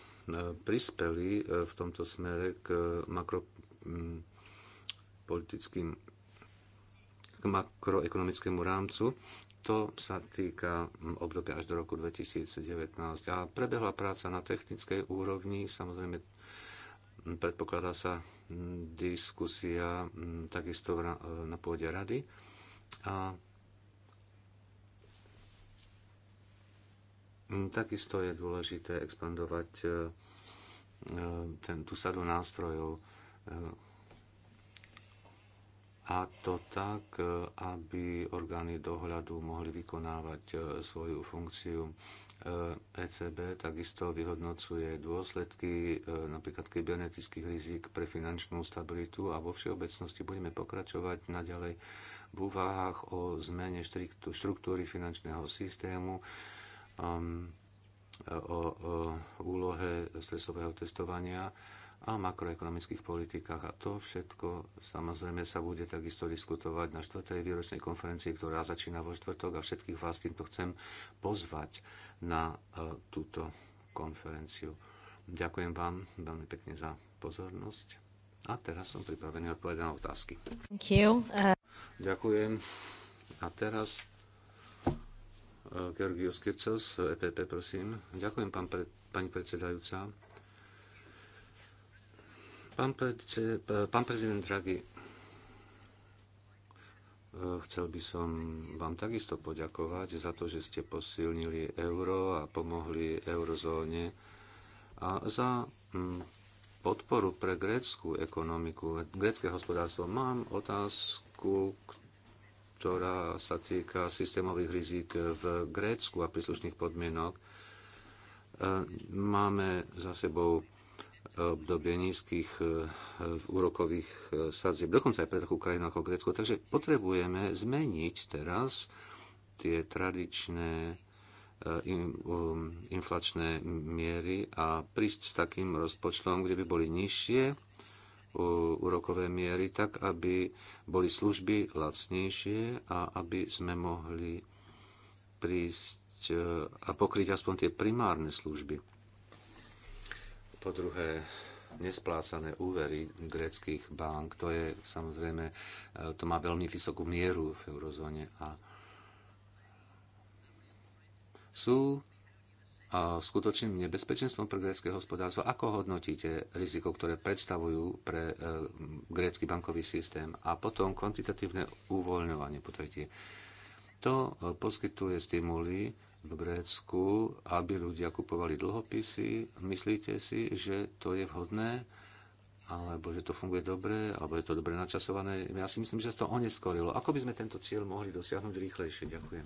prispeli v tomto smere k makropolitickým k makroekonomickému rámcu. To sa týka obdobia až do roku 2019. A prebehla práca na technickej úrovni. Samozrejme, predpokladá sa diskusia takisto na pôde rady. A Mm, takisto je dôležité expandovať e, e, ten, tú sadu nástrojov e, a to tak, aby orgány dohľadu mohli vykonávať svoju funkciu. ECB takisto vyhodnocuje dôsledky napríklad kybernetických rizik pre finančnú stabilitu a vo všeobecnosti budeme pokračovať naďalej v úvahách o zmene štruktúry finančného systému Um, o úlohe stresového testovania a makroekonomických politikách. A to všetko samozrejme sa bude takisto diskutovať na 4. výročnej konferencii, ktorá začína vo štvrtok a všetkých vás týmto chcem pozvať na e, túto konferenciu. Ďakujem vám veľmi pekne za pozornosť. A teraz som pripravený odpovedať na otázky. Uh, Ďakujem. A teraz Georgios Kircos, EPP, prosím. Ďakujem, pán pre, pani predsedajúca. Pán, predse, pán prezident Draghi, eh, chcel by som vám takisto poďakovať za to, že ste posilnili euro a pomohli eurozóne a za mm, podporu pre grécku ekonomiku, grécké hospodárstvo. Mám otázku, ktorá sa týka systémových rizik v Grécku a príslušných podmienok. E, máme za sebou obdobie nízkych e, úrokových e, sadzieb, dokonca aj pre takú krajinu ako Grécko. Takže potrebujeme zmeniť teraz tie tradičné inflačné miery a prísť s takým rozpočtom, kde by boli nižšie úrokové miery, tak aby boli služby lacnejšie a aby sme mohli prísť e, a pokryť aspoň tie primárne služby. Po druhé, nesplácané úvery gréckých bank, to je samozrejme, e, to má veľmi vysokú mieru v eurozóne a sú skutočným nebezpečenstvom pre grécké hospodárstvo. Ako hodnotíte riziko, ktoré predstavujú pre e, grécky bankový systém a potom kvantitatívne uvoľňovanie po tretie? To e, poskytuje stimuly v Grécku, aby ľudia kupovali dlhopisy. Myslíte si, že to je vhodné? alebo že to funguje dobre, alebo je to dobre načasované. Ja si myslím, že sa to oneskorilo. Ako by sme tento cieľ mohli dosiahnuť rýchlejšie? Ďakujem.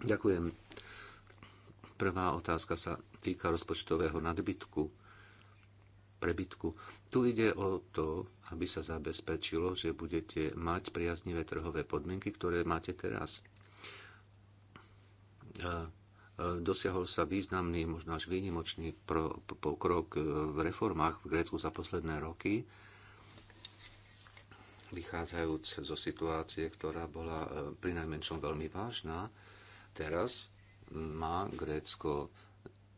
Ďakujem. Prvá otázka sa týka rozpočtového nadbytku, prebytku. Tu ide o to, aby sa zabezpečilo, že budete mať priaznivé trhové podmienky, ktoré máte teraz. Dosiahol sa významný, možno až výnimočný pokrok v reformách v Grécku za posledné roky vychádzajúc zo situácie, ktorá bola e, pri najmenšom veľmi vážna, Teraz má Grécko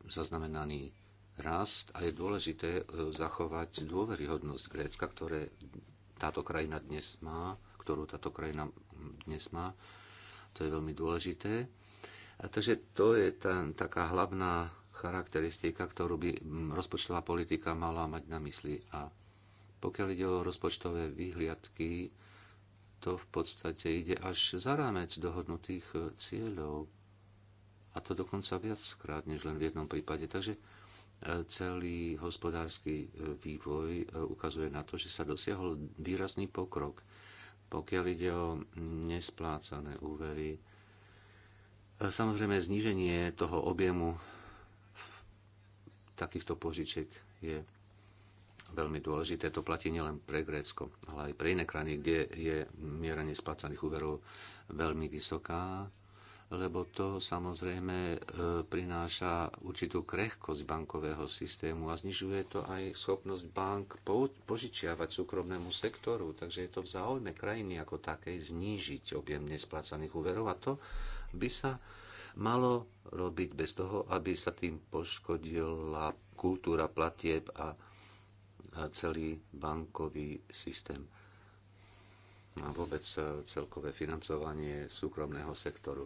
zaznamenaný rast a je dôležité e, zachovať dôveryhodnosť Grécka, ktoré táto krajina dnes má, ktorú táto krajina dnes má. To je veľmi dôležité. A takže to je tá, taká hlavná charakteristika, ktorú by rozpočtová politika mala mať na mysli. A pokiaľ ide o rozpočtové vyhliadky, to v podstate ide až za rámec dohodnutých e, cieľov. A to dokonca viackrát, než len v jednom prípade. Takže e, celý hospodársky e, vývoj ukazuje na to, že sa dosiahol výrazný pokrok. Pokiaľ ide o nesplácané úvery, samozrejme zníženie toho objemu takýchto požičiek je veľmi dôležité. To platí nielen pre Grécko, ale aj pre iné krajiny, kde je miera nesplácaných úverov veľmi vysoká, lebo to samozrejme e, prináša určitú krehkosť bankového systému a znižuje to aj schopnosť bank požičiavať súkromnému sektoru. Takže je to v záujme krajiny ako takej znížiť objem nesplácaných úverov a to by sa malo robiť bez toho, aby sa tým poškodila kultúra platieb a celý bankový systém a vôbec e, celkové financovanie súkromného sektoru.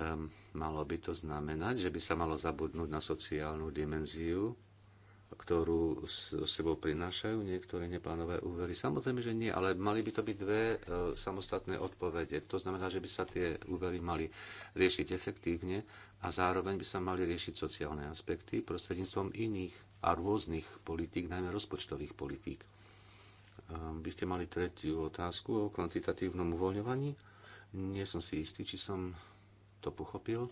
Ehm, malo by to znamenať, že by sa malo zabudnúť na sociálnu dimenziu, ktorú s sebou prinášajú niektoré neplánové úvery. Samozrejme, že nie, ale mali by to byť dve e, samostatné odpovede. To znamená, že by sa tie úvery mali riešiť efektívne a zároveň by sa mali riešiť sociálne aspekty prostredníctvom iných a rôznych politík, najmä rozpočtových politík. By ehm, ste mali tretiu otázku o kvantitatívnom uvoľňovaní. Nie som si istý, či som to pochopil.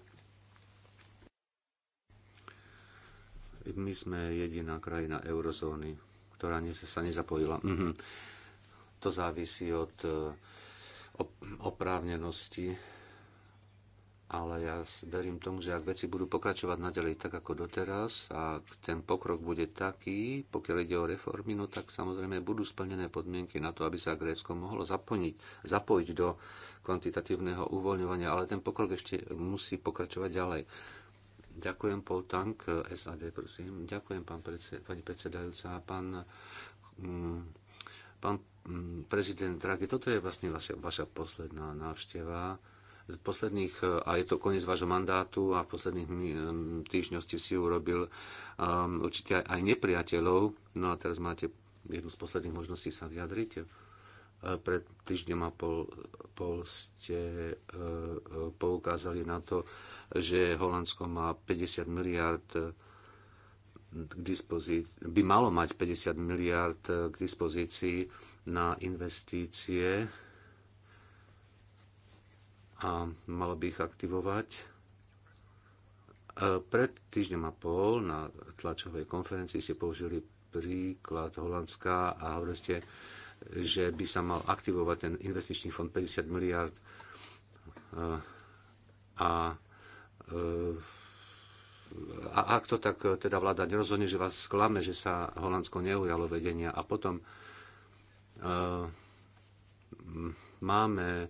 My sme jediná krajina eurozóny, ktorá sa nezapojila. Mhm. To závisí od eh, oprávnenosti ale ja verím tomu, že ak veci budú pokračovať naďalej tak ako doteraz a ten pokrok bude taký, pokiaľ ide o reformy, no tak samozrejme budú splnené podmienky na to, aby sa Grécko mohlo zaplniť, zapojiť do kvantitatívneho uvoľňovania, ale ten pokrok ešte musí pokračovať ďalej. Ďakujem, Paul Tank, SAD, prosím. Ďakujem, pán predsed, pani predsedajúca. Pán, mm, pán mm, prezident Draghi, toto je vlastne vaša, vaša posledná návšteva posledných, a je to koniec vášho mandátu a posledných mm, týždňoch ste si urobil um, určite aj nepriateľov. No a teraz máte jednu z posledných možností sa vyjadriť. E, pred týždňom a pol, pol ste e, poukázali na to, že Holandsko má 50 miliard e, k dispozícii, by malo mať 50 miliard k dispozícii na investície a malo by ich aktivovať. E, pred týždňom a pol na tlačovej konferencii ste použili príklad Holandska a hovorili ste, že by sa mal aktivovať ten investičný fond 50 miliard e, e, a, a ak to tak teda vláda nerozhodne, že vás sklame, že sa Holandsko neujalo vedenia a potom máme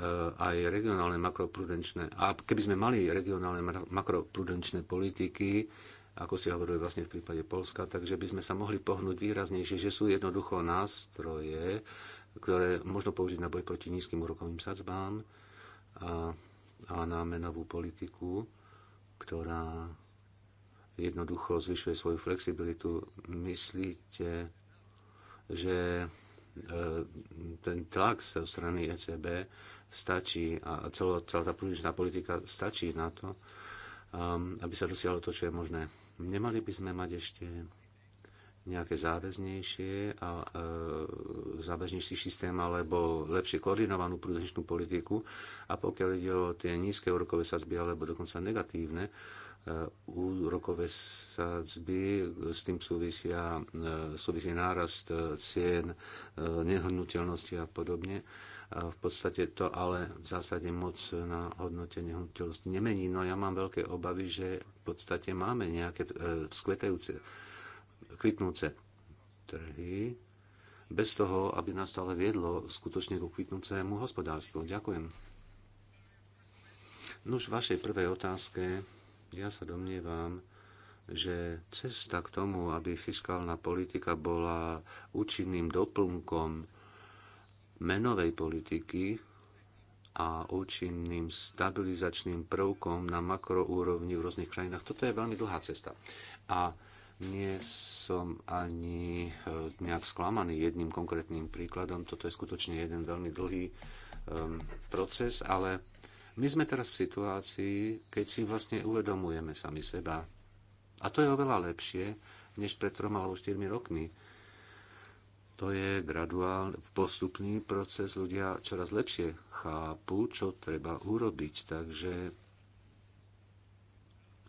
Eh, aj regionálne makroprudenčné. A keby sme mali regionálne makroprudenčné politiky, ako si hovorili vlastne v prípade Polska, takže by sme sa mohli pohnúť výraznejšie, že sú jednoducho nástroje, ktoré možno použiť na boj proti nízkym úrokovým sadzbám a, a na menovú politiku, ktorá jednoducho zvyšuje svoju flexibilitu. Myslíte, že eh, ten tlak zo strany ECB stačí a celá, celá tá prúžičná politika stačí na to, um, aby sa dosiahlo to, čo je možné. Nemali by sme mať ešte nejaké záväznejšie a e, záväznejší systém alebo lepšie koordinovanú prudenčnú politiku a pokiaľ ide o tie nízke úrokové sadzby alebo dokonca negatívne e, úrokové sadzby, s tým súvisia, e, súvisia nárast e, cien e, nehnuteľnosti a podobne. E, v podstate to ale v zásade moc na hodnote nehnuteľnosti nemení. No ja mám veľké obavy, že v podstate máme nejaké skvetajúce, e, kvitnúce trhy, bez toho, aby nás to ale viedlo skutočne ku kvitnúcemu hospodárstvu. Ďakujem. No už v vašej prvej otázke ja sa domnievam, že cesta k tomu, aby fiskálna politika bola účinným doplnkom menovej politiky a účinným stabilizačným prvkom na makroúrovni v rôznych krajinách. Toto je veľmi dlhá cesta. A nie som ani eh, nejak sklamaný jedným konkrétnym príkladom. Toto je skutočne jeden veľmi dlhý um, proces, ale my sme teraz v situácii, keď si vlastne uvedomujeme sami seba. A to je oveľa lepšie, než pred troma alebo štyrmi rokmi to je graduál, postupný proces. Ľudia čoraz lepšie chápu, čo treba urobiť. Takže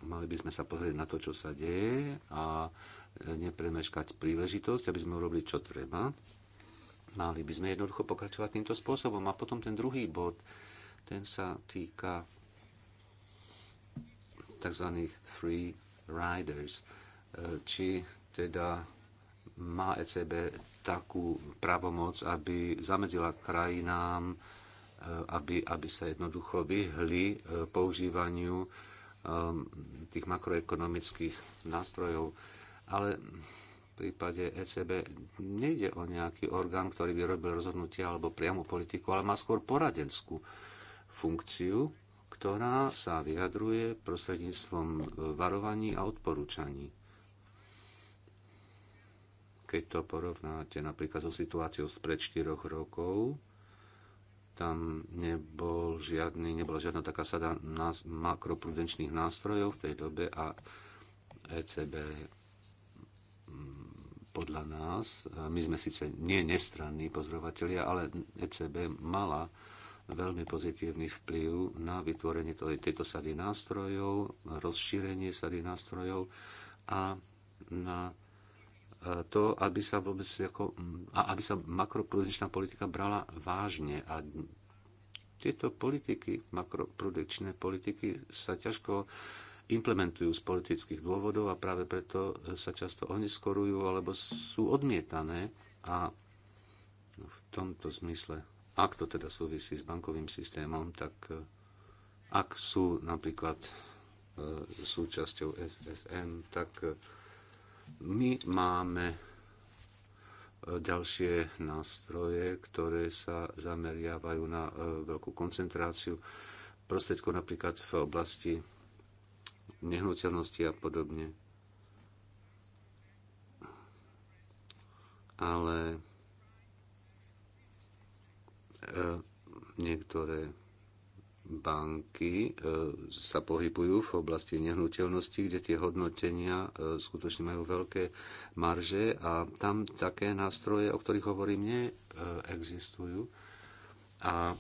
mali by sme sa pozrieť na to, čo sa deje a nepremeškať príležitosť, aby sme urobili, čo treba. Mali by sme jednoducho pokračovať týmto spôsobom. A potom ten druhý bod, ten sa týka tzv. free riders, či teda má ECB takú právomoc, aby zamedzila krajinám, e, aby, aby sa jednoducho vyhli e, používaniu e, tých makroekonomických nástrojov. Ale v prípade ECB nejde o nejaký orgán, ktorý by robil rozhodnutia alebo priamu politiku, ale má skôr poradenskú funkciu, ktorá sa vyjadruje prostredníctvom varovaní a odporúčaní keď to porovnáte napríklad so situáciou spred 4 rokov, tam nebol žiadny, nebola žiadna taká sada nás, makroprudenčných nástrojov v tej dobe a ECB mm, podľa nás, my sme síce nie nestranní pozorovatelia, ale ECB mala veľmi pozitívny vplyv na vytvorenie tejto sady nástrojov, rozšírenie sady nástrojov a na to, aby sa vôbec ako, aby sa makroprudenčná politika brala vážne a tieto politiky, makroprudenčné politiky sa ťažko implementujú z politických dôvodov a práve preto sa často oneskorujú alebo sú odmietané a v tomto zmysle, ak to teda súvisí s bankovým systémom, tak e, ak sú napríklad e, súčasťou SSM, tak e, my máme e, ďalšie nástroje, ktoré sa zameriavajú na e, veľkú koncentráciu prostriedkov napríklad v oblasti nehnuteľnosti a podobne. Ale e, niektoré banky e, sa pohybujú v oblasti nehnuteľnosti, kde tie hodnotenia e, skutočne majú veľké marže a tam také nástroje, o ktorých hovorím, neexistujú. A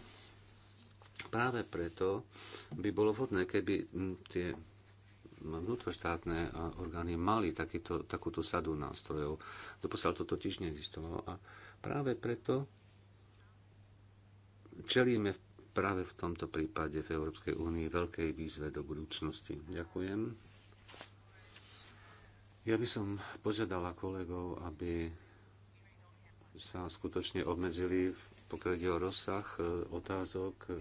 práve preto by bolo vhodné, keby tie vnútroštátne e, orgány mali takýto, takúto sadu nástrojov. Doposiaľ to totiž neexistovalo a práve preto čelíme v práve v tomto prípade v Európskej únii veľkej výzve do budúcnosti. Ďakujem. Ja by som požiadala kolegov, aby sa skutočne obmedzili v pokiaľ o rozsah e, otázok.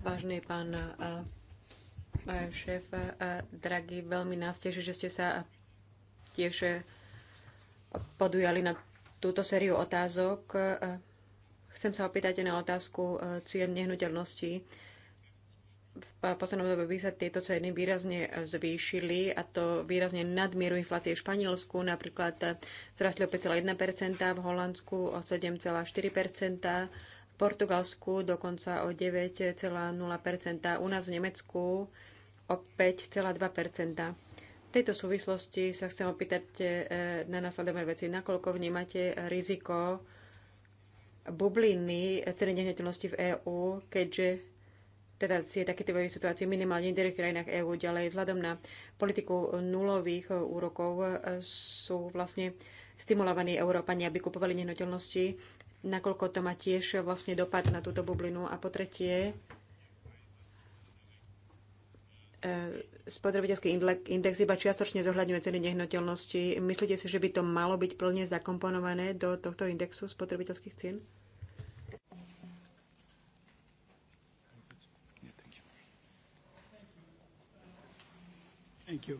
Vážny pán e, šéf e, Draghi, veľmi nás teší, že ste sa tiež podujali na túto sériu otázok. E, chcem sa opýtať na otázku e, cien nehnuteľností. V poslednom dobe by sa tieto ceny výrazne e, zvýšili a to výrazne nad mieru inflácie v Španielsku. Napríklad zrastli o 5,1%, v Holandsku o 7,4%, v Portugalsku dokonca o 9,0%, u nás v Nemecku o 5,2% tejto súvislosti sa chcem opýtať e, na následové veci. Nakoľko vnímate riziko bubliny ceny nehnuteľnosti v EÚ, keďže teda je takéto situácie minimálne v niektorých krajinách EÚ ďalej vzhľadom na politiku nulových úrokov e, sú vlastne stimulovaní Európani, aby kupovali nehnuteľnosti, nakoľko to má tiež vlastne dopad na túto bublinu. A po tretie, e, spotrebiteľský index iba čiastočne zohľadňuje ceny nehnuteľnosti. Myslíte si, že by to malo byť plne zakomponované do tohto indexu spotrebiteľských cien? Thank you.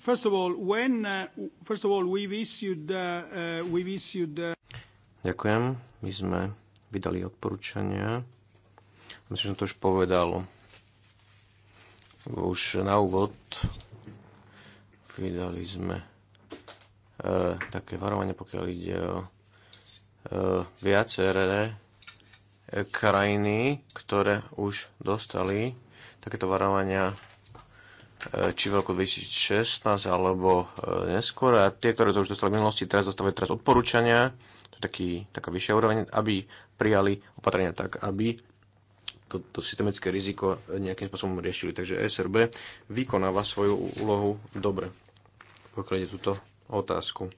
First of all, when, uh, first of all, we've issued, uh, uh we've issued, uh... Ďakujem. My sme vydali odporúčania. Myslím, že som to už povedal už na úvod vydali sme e, také varovanie, pokiaľ ide o e, viaceré e, krajiny, ktoré už dostali takéto varovania e, či v roku 2016 alebo e, neskôr. A tie, ktoré to už dostali v minulosti, teraz dostávajú teraz odporúčania, to je taký, taká vyššia úroveň, aby prijali opatrenia tak, aby to, to systemické riziko nejakým spôsobom riešili. Takže SRB vykonáva svoju úlohu dobre, pokiaľ je túto otázku.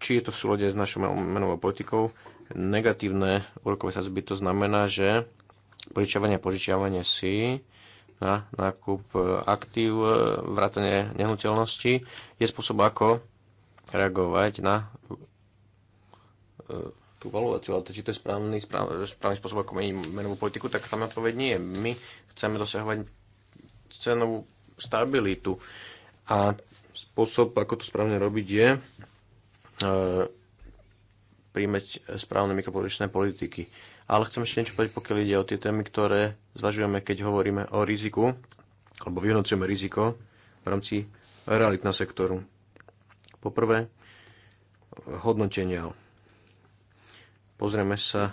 Či je to v súlade s našou menovou politikou? Negatívne úrokové sazby to znamená, že požičiavanie a požičiavanie si na nákup e, aktív, e, vrátanie nehnuteľnosti je spôsob, ako reagovať na e, tú valuáciu, ale to, či to je správny, správny, správny spôsob, ako meniť menovú politiku, tak tam odpoveď nie je. My chceme dosahovať cenovú stabilitu a spôsob, ako to správne robiť, je e, príjmeť správne mikropoličné politiky. Ale chcem ešte niečo povedať, pokiaľ ide o tie témy, ktoré zvažujeme, keď hovoríme o riziku, alebo vyhodnocujeme riziko v rámci realitného sektoru. Poprvé, hodnotenia pozrieme sa e,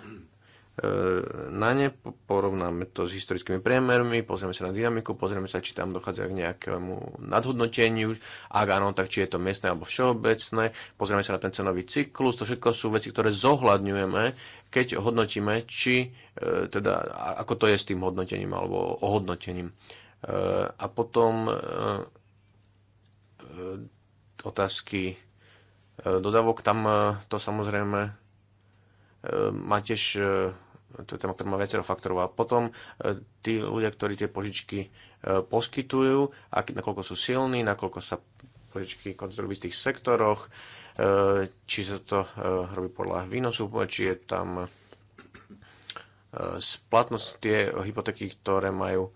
na ne, porovnáme to s historickými priemermi, pozrieme sa na dynamiku, pozrieme sa, či tam dochádza k nejakému nadhodnoteniu, ak áno, tak či je to miestne alebo všeobecné, pozrieme sa na ten cenový cyklus, to všetko sú veci, ktoré zohľadňujeme, keď hodnotíme, či e, teda, ako to je s tým hodnotením alebo ohodnotením. E, a potom otázky dodavok, tam to samozrejme Ehm, má tiež, e, to je téma, ktorá má viacero faktorov. A potom e, tí ľudia, ktorí tie požičky e, poskytujú, ak, nakoľko sú silní, nakoľko sa požičky koncentrujú v istých sektoroch, či sa to robí podľa výnosu, či je tam splatnosť tie hypotéky, ktoré majú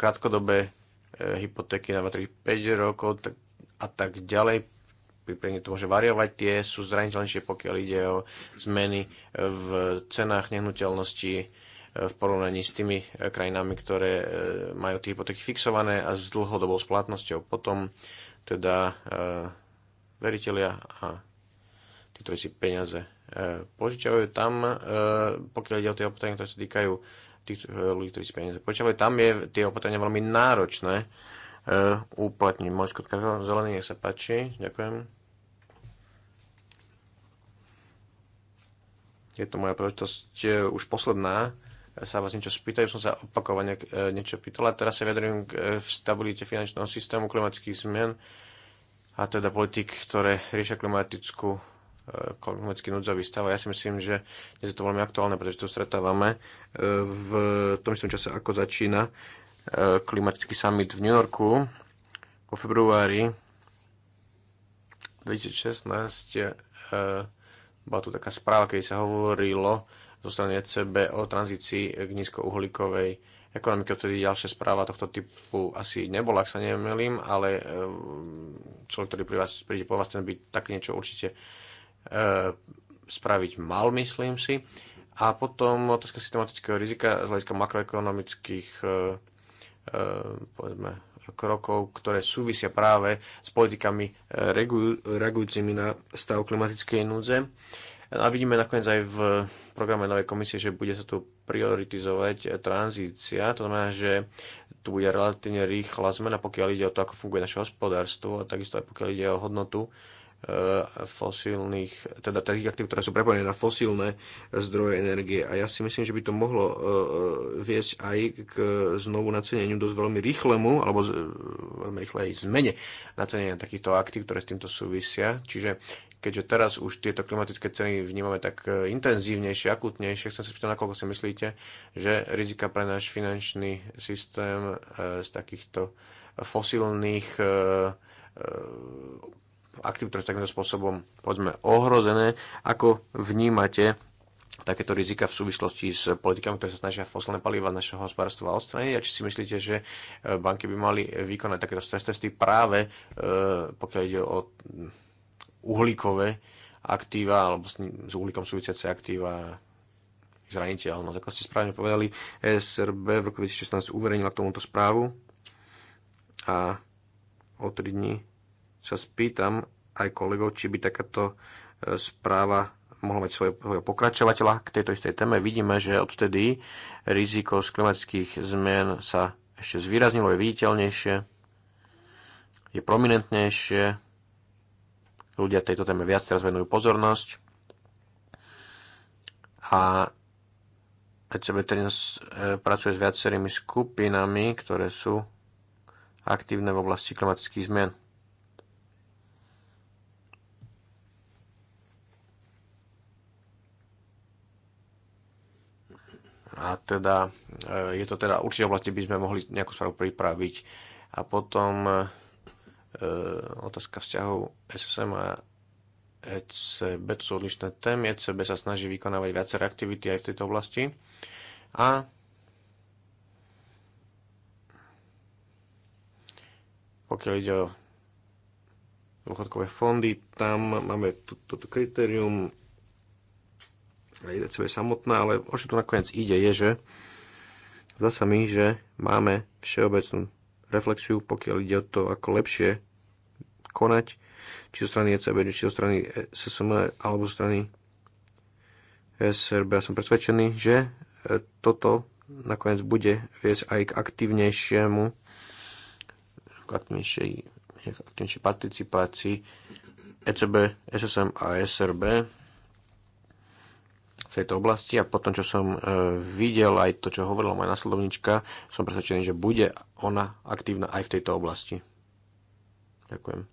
krátkodobé hypotéky na 3-5 rokov a tak ďalej prípadne to môže variovať, tie sú zraniteľnejšie, pokiaľ ide o zmeny v cenách nehnuteľnosti e, v porovnaní s tými e, krajinami, ktoré e, majú tie hypotéky fixované a s dlhodobou splatnosťou. Potom teda veriteľia a tí, ktorí si peniaze požičajú, tam, pokiaľ ide o tie opatrenia, ktoré sa týkajú tých ľudí, ktorí si peniaze požičajú, tam je tie opatrenia veľmi náročné E, uplatniť. Mojsko Tkarko, zelený, nech sa páči. Ďakujem. Je to moja príležitosť e, už posledná e, sa vás niečo spýtajú, som sa opakovane niečo pýtala. Teraz sa vyjadrujem k stabilite finančného systému, klimatických zmien a teda politik, ktoré riešia klimatickú klimatický núdzový stav. ja si myslím, že dnes je to veľmi aktuálne, pretože to stretávame v tom istom čase, ako začína Eh, klimatický summit v New Yorku vo februári 2016 eh, bola tu taká správa, keď sa hovorilo zo strany ECB o tranzícii k nízkouhlíkovej ekonomike. Vtedy ďalšia správa tohto typu asi nebola, ak sa nemelím, ale eh, človek, ktorý pri vás, príde po vás, ten by také niečo určite spraviť mal, myslím si. A potom otázka systematického rizika z hľadiska makroekonomických Eh, povedzme, krokov, ktoré súvisia práve s politikami eh, reagujúcimi na stav klimatickej núdze. No a vidíme nakoniec aj v programe novej komisie, že bude sa tu prioritizovať eh, tranzícia. To znamená, že tu bude relatívne rýchla zmena, pokiaľ ide o to, ako funguje naše hospodárstvo a takisto aj pokiaľ ide o hodnotu E, fosílnych, teda takých aktív, ktoré sú prepojené na fosílne zdroje energie. A ja si myslím, že by to mohlo e, e, viesť aj k znovu naceneniu dosť veľmi rýchlemu, alebo veľmi rýchlej zmene nacenenia takýchto aktív, ktoré s týmto súvisia. Čiže keďže teraz už tieto klimatické ceny vnímame tak intenzívnejšie, akutnejšie, chcem sa spýtať, nakoľko si myslíte, že rizika pre náš finančný systém z takýchto fosílnych aktív, ktoré sú takýmto spôsobom povedzme, ohrozené. Ako vnímate takéto rizika v súvislosti s politikami, ktoré sa snažia fosilné paliva našeho hospodárstva odstrániť a či si myslíte, že e, banky by mali vykonať takéto stres testy práve e, pokiaľ ide o mm, uhlíkové aktíva alebo s uhlíkom súvisiace aktíva zraniteľnosť. Ako ste správne povedali, SRB v roku 2016 uverejnila k tomuto správu a o 3 dní sa spýtam aj kolegov, či by takáto e, správa mohla mať svojho pokračovateľa k tejto istej téme. Vidíme, že odtedy riziko z klimatických zmien sa ešte zvýraznilo, je viditeľnejšie, je prominentnejšie, ľudia tejto téme viac teraz venujú pozornosť a ECB e, pracuje s viacerými skupinami, ktoré sú aktívne v oblasti klimatických zmien. A teda e, je to teda určite oblasti, by sme mohli nejakú správu pripraviť. A potom e, otázka vzťahov SSM a ECB, to sú odlišné témy. ECB sa snaží vykonávať viaceré aktivity aj v tejto oblasti. A pokiaľ ide o dôchodkové fondy, tam máme toto kritérium aj ECB samotná, ale o čo tu nakoniec ide, je, že zasa sa že máme všeobecnú reflexiu, pokiaľ ide o to, ako lepšie konať, či zo strany ECB, či zo strany SSM, alebo zo strany SRB. Ja som presvedčený, že e, toto nakoniec bude viesť aj k aktívnejšiemu k aktívnejšej, aktívnejšej participácii ECB, SSM a SRB v tejto oblasti a potom, čo som e, videl aj to, čo hovorila moja nasledovnička, som presvedčený, že bude ona aktívna aj v tejto oblasti. Ďakujem.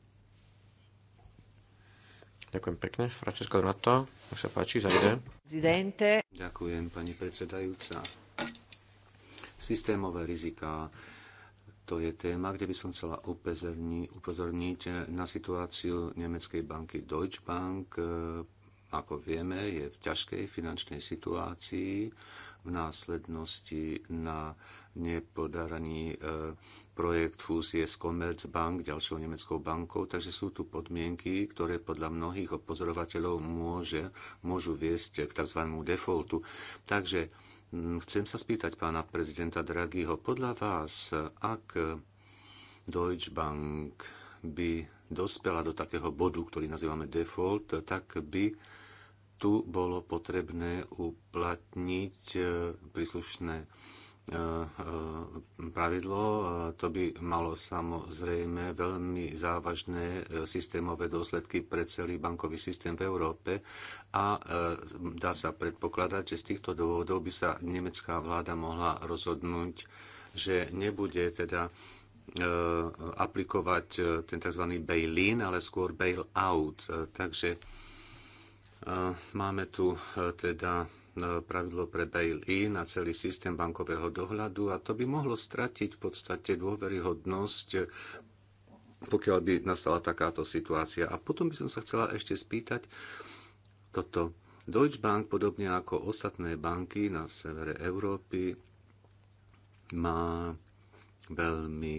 Ďakujem pekne. Francesco Donato, nech sa páči, zajde. Zidente. Ďakujem, pani predsedajúca. Systémové riziká. To je téma, kde by som chcela upozorniť na situáciu nemeckej banky Deutsche Bank ako vieme, je v ťažkej finančnej situácii v následnosti na nepodaraný e, projekt fúzie s Commerzbank, ďalšou nemeckou bankou, takže sú tu podmienky, ktoré podľa mnohých pozorovateľov môže, môžu viesť k tzv. defaultu. Takže chcem sa spýtať pána prezidenta Draghiho, podľa vás, ak Deutsche Bank by dospela do takého bodu, ktorý nazývame default, tak by tu bolo potrebné uplatniť e, príslušné e, e, pravidlo. To by malo samozrejme veľmi závažné systémové dôsledky pre celý bankový systém v Európe a dá sa predpokladať, že z týchto dôvodov by sa nemecká vláda mohla rozhodnúť, že nebude teda aplikovať ten tzv. bail-in, ale skôr bail-out. Takže Máme tu e, teda e, pravidlo pre bail-in na celý systém bankového dohľadu a to by mohlo stratiť v podstate dôveryhodnosť e, pokiaľ by nastala takáto situácia. A potom by som sa chcela ešte spýtať toto. Deutsche Bank, podobne ako ostatné banky na severe Európy, má veľmi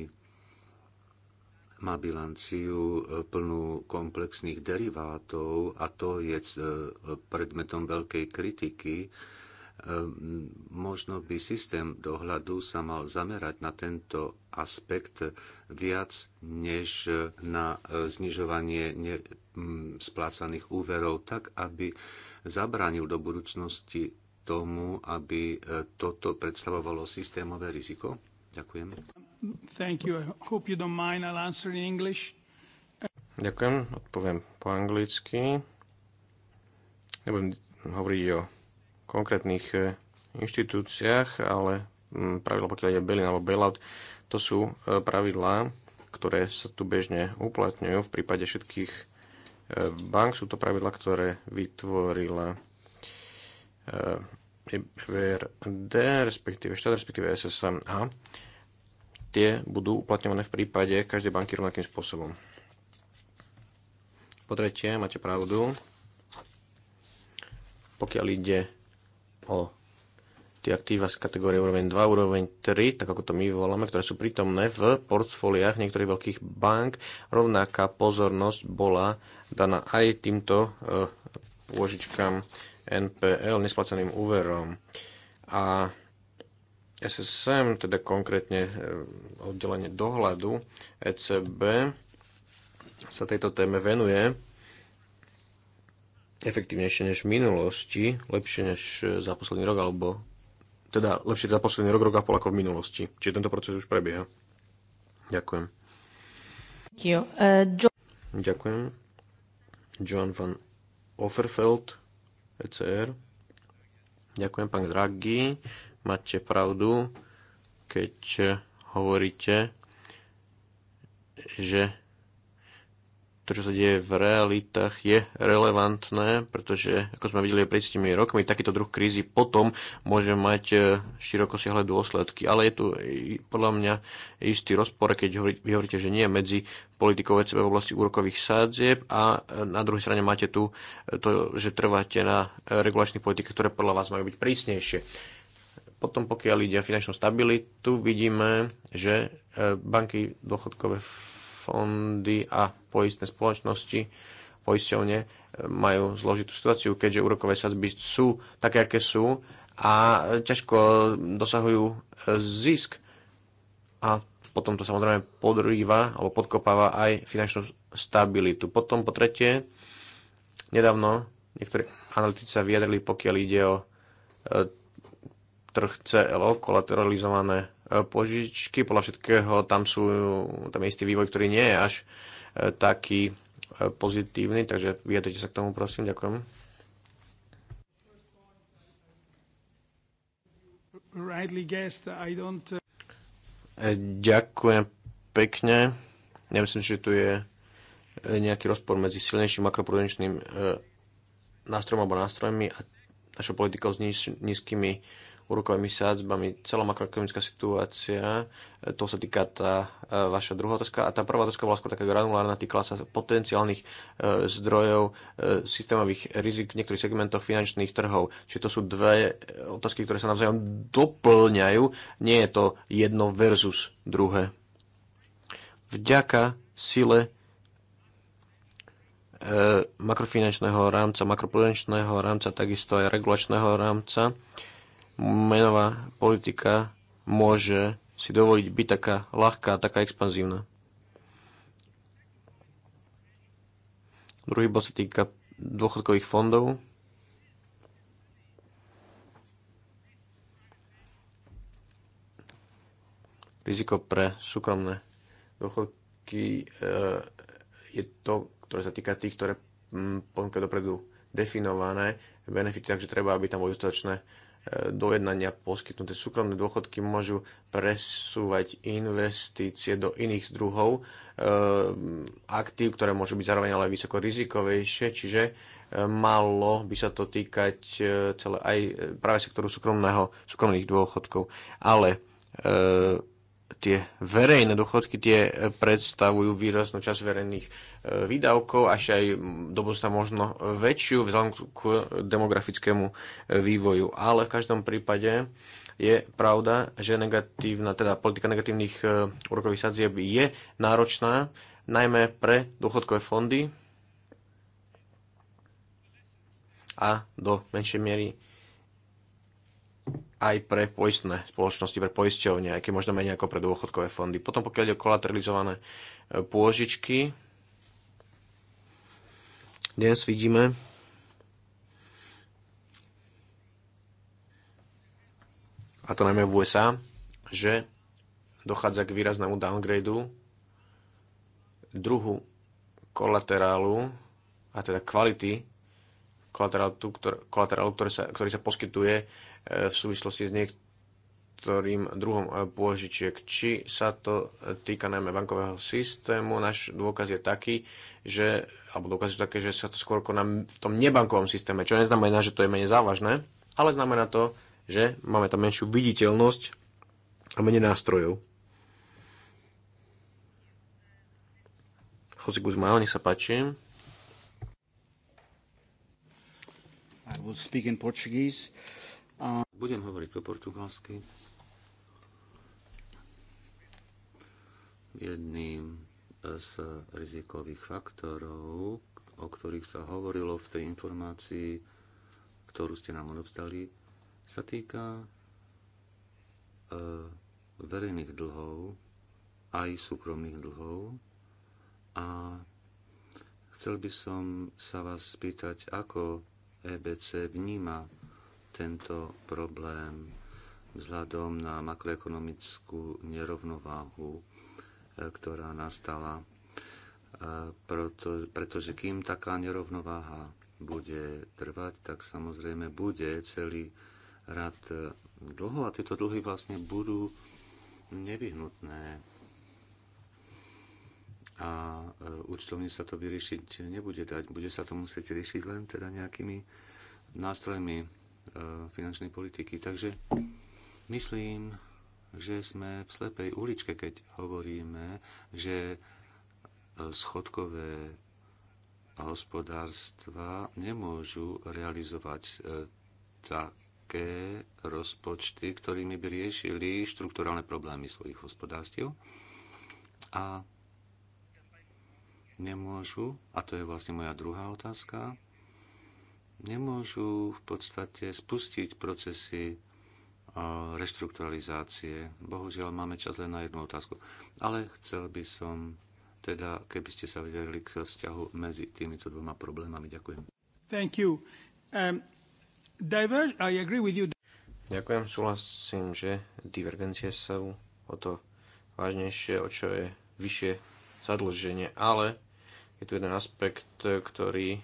má bilanciu e, plnú komplexných derivátov a to je e, predmetom veľkej kritiky. E, možno by systém dohľadu sa mal zamerať na tento aspekt viac než na znižovanie splácaných úverov, tak aby zabránil do budúcnosti tomu, aby toto predstavovalo systémové riziko? Ďakujem. Thank you. I hope you don't mind. I'll answer in English. Ďakujem, odpoviem po anglicky. Nebudem hovoriť o konkrétnych e, inštitúciách, ale mm, pravidla, pokiaľ je Belin alebo bailout, to sú e, pravidlá, ktoré sa tu bežne uplatňujú. V prípade všetkých e, bank sú to pravidlá, ktoré vytvorila EBRD, respektíve štát, respektíve SSMA tie budú uplatňované v prípade každej banky rovnakým spôsobom. Po tretie, máte pravdu, pokiaľ ide o tie aktíva z kategórie úroveň 2, úroveň 3, tak ako to my voláme, ktoré sú prítomné v portfóliách niektorých veľkých bank. Rovnaká pozornosť bola daná aj týmto e, pôžičkám NPL, nesplaceným úverom. A SSM, teda konkrétne e, oddelenie dohľadu ECB, sa tejto téme venuje efektívnejšie než v minulosti, lepšie než e, za posledný rok, alebo teda lepšie za posledný rok, rok a pol ako v minulosti. Čiže tento proces už prebieha. Ďakujem. E, John... Ďakujem. John van Offerfeld, ECR. Ďakujem, pán Draghi máte pravdu, keď hovoríte, že to, čo sa deje v realitách, je relevantné, pretože, ako sme videli pred 30 rokmi, takýto druh krízy potom môže mať e, široko dôsledky. Ale je tu podľa mňa istý rozpor, keď vy hovoríte, že nie medzi politikou ECB v oblasti úrokových sádzieb a e, na druhej strane máte tu e, to, že trváte na regulačných politikách, ktoré podľa vás majú byť prísnejšie. Potom pokiaľ ide o finančnú stabilitu, vidíme, že e, banky, dôchodkové fondy a poistné spoločnosti, poisťovne e, majú zložitú situáciu, keďže úrokové sadzby sú také, aké sú a ťažko dosahujú e, zisk. A potom to samozrejme podrýva alebo podkopáva aj finančnú stabilitu. Potom po tretie, nedávno niektorí analytici sa vyjadrili, pokiaľ ide o trh CLO, kolateralizované e, požičky. Podľa všetkého tam, sú, tam je istý vývoj, ktorý nie je až e, taký e, pozitívny, takže vyjadrite sa k tomu, prosím. Ďakujem. Uh, ďakujem pekne. Nemyslím, že tu je nejaký rozpor medzi silnejším makroprudenčným nástrojom alebo nástrojmi a našou politikou s nízkymi úrokovými sádzbami, celá makroekonomická situácia, e, to sa týka tá e, vaša druhá otázka. A tá prvá otázka bola skôr taká granulárna, týkala sa potenciálnych e, zdrojov systémových rizik v niektorých segmentoch finančných trhov. Čiže to sú dve otázky, ktoré sa navzájom doplňajú. Nie je to jedno versus druhé. Vďaka sile makrofinančného rámca, makroprudenčného rámca, takisto aj regulačného rámca, menová politika môže si dovoliť byť taká ľahká, taká expanzívna. Druhý bod sa týka dôchodkových fondov. Riziko pre súkromné dôchodky eh, je to, ktoré sa týka tých, ktoré mm, ponúka dopredu definované benefity, takže treba, aby tam boli dostatočné E, dojednania poskytnuté súkromné dôchodky môžu presúvať investície do iných druhov e, aktív, ktoré môžu byť zároveň ale vysoko rizikovejšie, čiže e, malo by sa to týkať celé aj práve sektoru súkromného, súkromných dôchodkov. Ale tie verejné dôchodky tie e, predstavujú výraznú časť verejných e, výdavkov, až aj do budúcna možno väčšiu vzhľadom k demografickému e, vývoju. Ale v každom prípade je pravda, že negatívna, teda politika negatívnych úrokových sadzieb je náročná, najmä pre dôchodkové fondy a do menšej miery aj pre poistné spoločnosti, pre poisťovne, aj keď možno menej ako pre dôchodkové fondy. Potom pokiaľ je kolateralizované e, pôžičky, dnes vidíme, a to najmä v USA, že dochádza k výraznému downgradu druhu kolaterálu, a teda kvality kolaterálu, ktoré, sa, ktorý sa poskytuje E, v súvislosti s niektorým druhom e, pôžičiek. Či sa to týka najmä bankového systému, náš dôkaz je taký, že, alebo dôkaz je také, že sa to skôr koná v tom nebankovom systéme, čo neznamená, že to je menej závažné, ale znamená to, že máme tam menšiu viditeľnosť a menej nástrojov. Jose Guzmán, nech sa páči. I will speak in Portuguese. Uh, budem hovoriť po portugalsky. Jedným z rizikových faktorov, o ktorých sa hovorilo v tej informácii, ktorú ste nám odovzdali, sa týka e, verejných dlhov, aj súkromných dlhov. A chcel by som sa vás spýtať, ako EBC vníma tento problém vzhľadom na makroekonomickú nerovnováhu, e, ktorá nastala, e, preto, pretože kým taká nerovnováha bude trvať, tak samozrejme bude celý rad dlhov a tieto dlhy vlastne budú nevyhnutné. A e, účtovne sa to vyriešiť nebude dať. Bude sa to musieť riešiť len teda nejakými nástrojmi E, finančnej politiky. Takže myslím, že sme v slepej uličke, keď hovoríme, že e, schodkové hospodárstva nemôžu realizovať e, také rozpočty, ktorými by riešili štruktúralne problémy svojich hospodárstiev a nemôžu, a to je vlastne moja druhá otázka, nemôžu v podstate spustiť procesy e, reštrukturalizácie. Bohužiaľ, máme čas len na jednu otázku. Ale chcel by som, teda, keby ste sa vedeli k vzťahu medzi týmito dvoma problémami. Ďakujem. Thank you. Um, diver- I agree with you. Ďakujem, súhlasím, že divergencie sú o to vážnejšie, o čo je vyššie zadlženie, ale je tu jeden aspekt, ktorý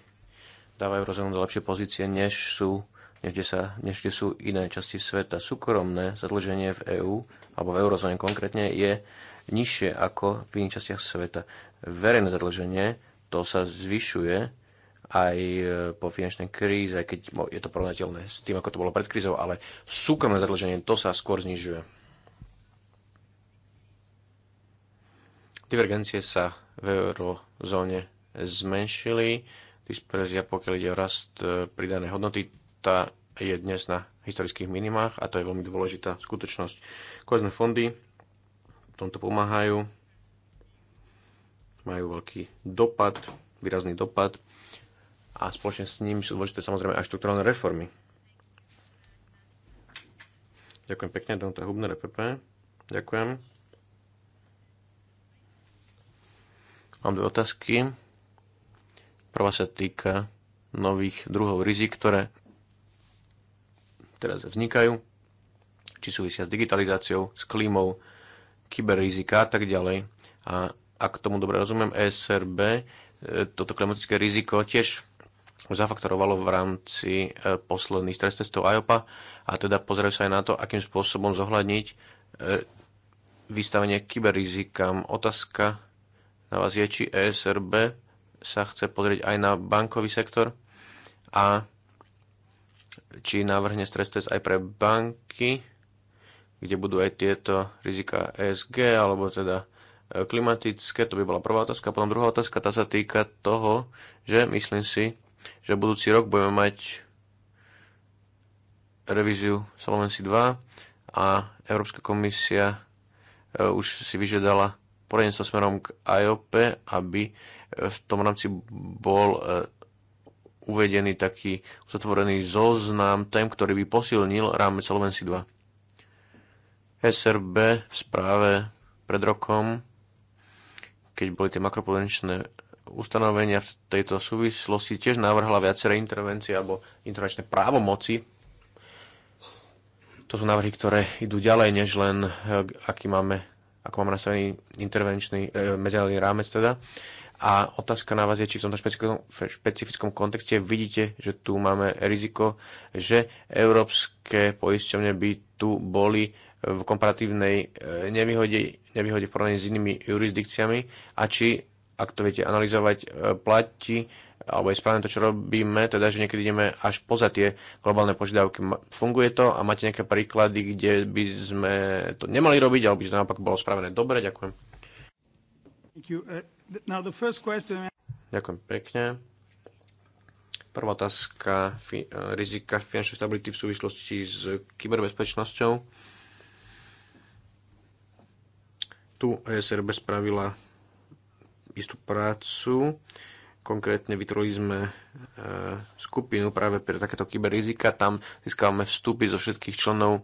dáva eurozónu do lepšie pozície, než sú než kde, sa, než kde sú iné časti sveta. Súkromné zadlženie v EÚ, alebo v eurozóne konkrétne, je nižšie ako v iných častiach sveta. Verejné zadlženie, to sa zvyšuje aj e, po finančnej kríze, aj keď no, je to porovnateľné s tým, ako to bolo pred krízou, ale súkromné zadlženie, to sa skôr znižuje. Divergencie sa v eurozóne zmenšili disperzia, pokiaľ ide o rast e, pridanej hodnoty, tá je dnes na historických minimách a to je veľmi dôležitá skutočnosť. Kohezné fondy v tomto pomáhajú, majú veľký dopad, výrazný dopad a spoločne s ním sú dôležité samozrejme aj štruktúrálne reformy. Ďakujem pekne, Donta Hubner, EPP. Ďakujem. Mám dve otázky. Prvá sa týka nových druhov rizik, ktoré teraz vznikajú, či súvisia s digitalizáciou, s klímou, kyberrizika a tak ďalej. A ak tomu dobre rozumiem, ESRB e, toto klimatické riziko tiež zafaktorovalo v rámci e, posledných stres testov IOPA a teda pozerajú sa aj na to, akým spôsobom zohľadniť e, vystavenie kyberrizikám. Otázka na vás je, či ESRB sa chce pozrieť aj na bankový sektor a či navrhne stres test aj pre banky, kde budú aj tieto rizika ESG alebo teda e, klimatické, to by bola prvá otázka. Potom druhá otázka, tá sa týka toho, že myslím si, že budúci rok budeme mať revíziu Solvency 2 a Európska komisia e, už si vyžiadala poradenstvo smerom k IOP, aby e, v tom rámci bol e, uvedený taký zatvorený zoznam tém, ktorý by posilnil rámec Solvency 2. SRB v správe pred rokom, keď boli tie makroprudenčné ustanovenia v tejto súvislosti, tiež navrhla viaceré intervencie alebo intervenčné právomoci. To sú návrhy, ktoré idú ďalej, než len e, aký máme ako mám nastavený intervenčný e, medzinárodný rámec teda. A otázka na vás je, či v tomto špecifickom, špecifickom kontexte vidíte, že tu máme riziko, že európske poisťovne by tu boli v komparatívnej e, nevýhode, nevýhode v porovnaní s inými jurisdikciami a či, ak to viete analyzovať, e, platí alebo je správne to, čo robíme, teda, že niekedy ideme až poza tie globálne požiadavky. Funguje to a máte nejaké príklady, kde by sme to nemali robiť, alebo by to naopak bolo spravené dobre? Ďakujem. Uh, question... Ďakujem pekne. Prvá otázka fi, uh, rizika finančnej stability v súvislosti s kyberbezpečnosťou. Tu ESRB spravila istú prácu Konkrétne vytvorili sme e, skupinu práve pre takéto kyberrizika. Tam získavame vstupy zo všetkých členov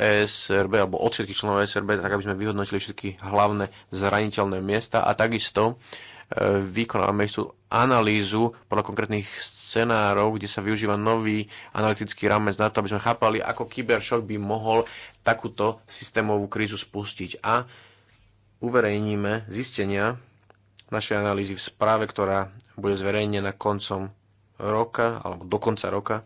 ESRB alebo od všetkých členov ESRB, tak aby sme vyhodnotili všetky hlavné zraniteľné miesta a takisto e, vykonávame istú analýzu podľa konkrétnych scenárov, kde sa využíva nový analytický rámec na to, aby sme chápali, ako kyberšok by mohol takúto systémovú krízu spustiť. A uverejníme zistenia našej analýzy v správe, ktorá bude zverejnená koncom roka alebo do konca roka.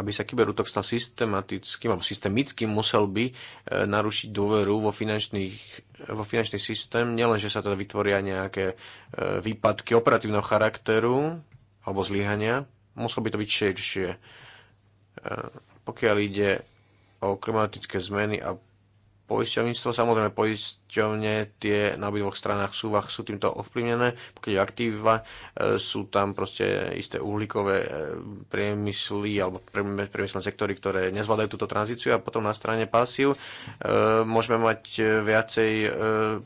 Aby sa kyberútok stal systematickým alebo systemickým, musel by e, narušiť dôveru vo, vo finančný systém. Nielen, že sa teda vytvoria nejaké e, výpadky operatívneho charakteru alebo zlyhania, muselo by to byť širšie. E, pokiaľ ide o klimatické zmeny a poisťovníctvo. Samozrejme, poisťovne tie na obidvoch stranách súvach sú týmto ovplyvnené, pokiaľ aktíva e, sú tam proste isté uhlíkové e, priemysly alebo priemyselné sektory, ktoré nezvládajú túto tranzíciu a potom na strane pasív e, môžeme mať viacej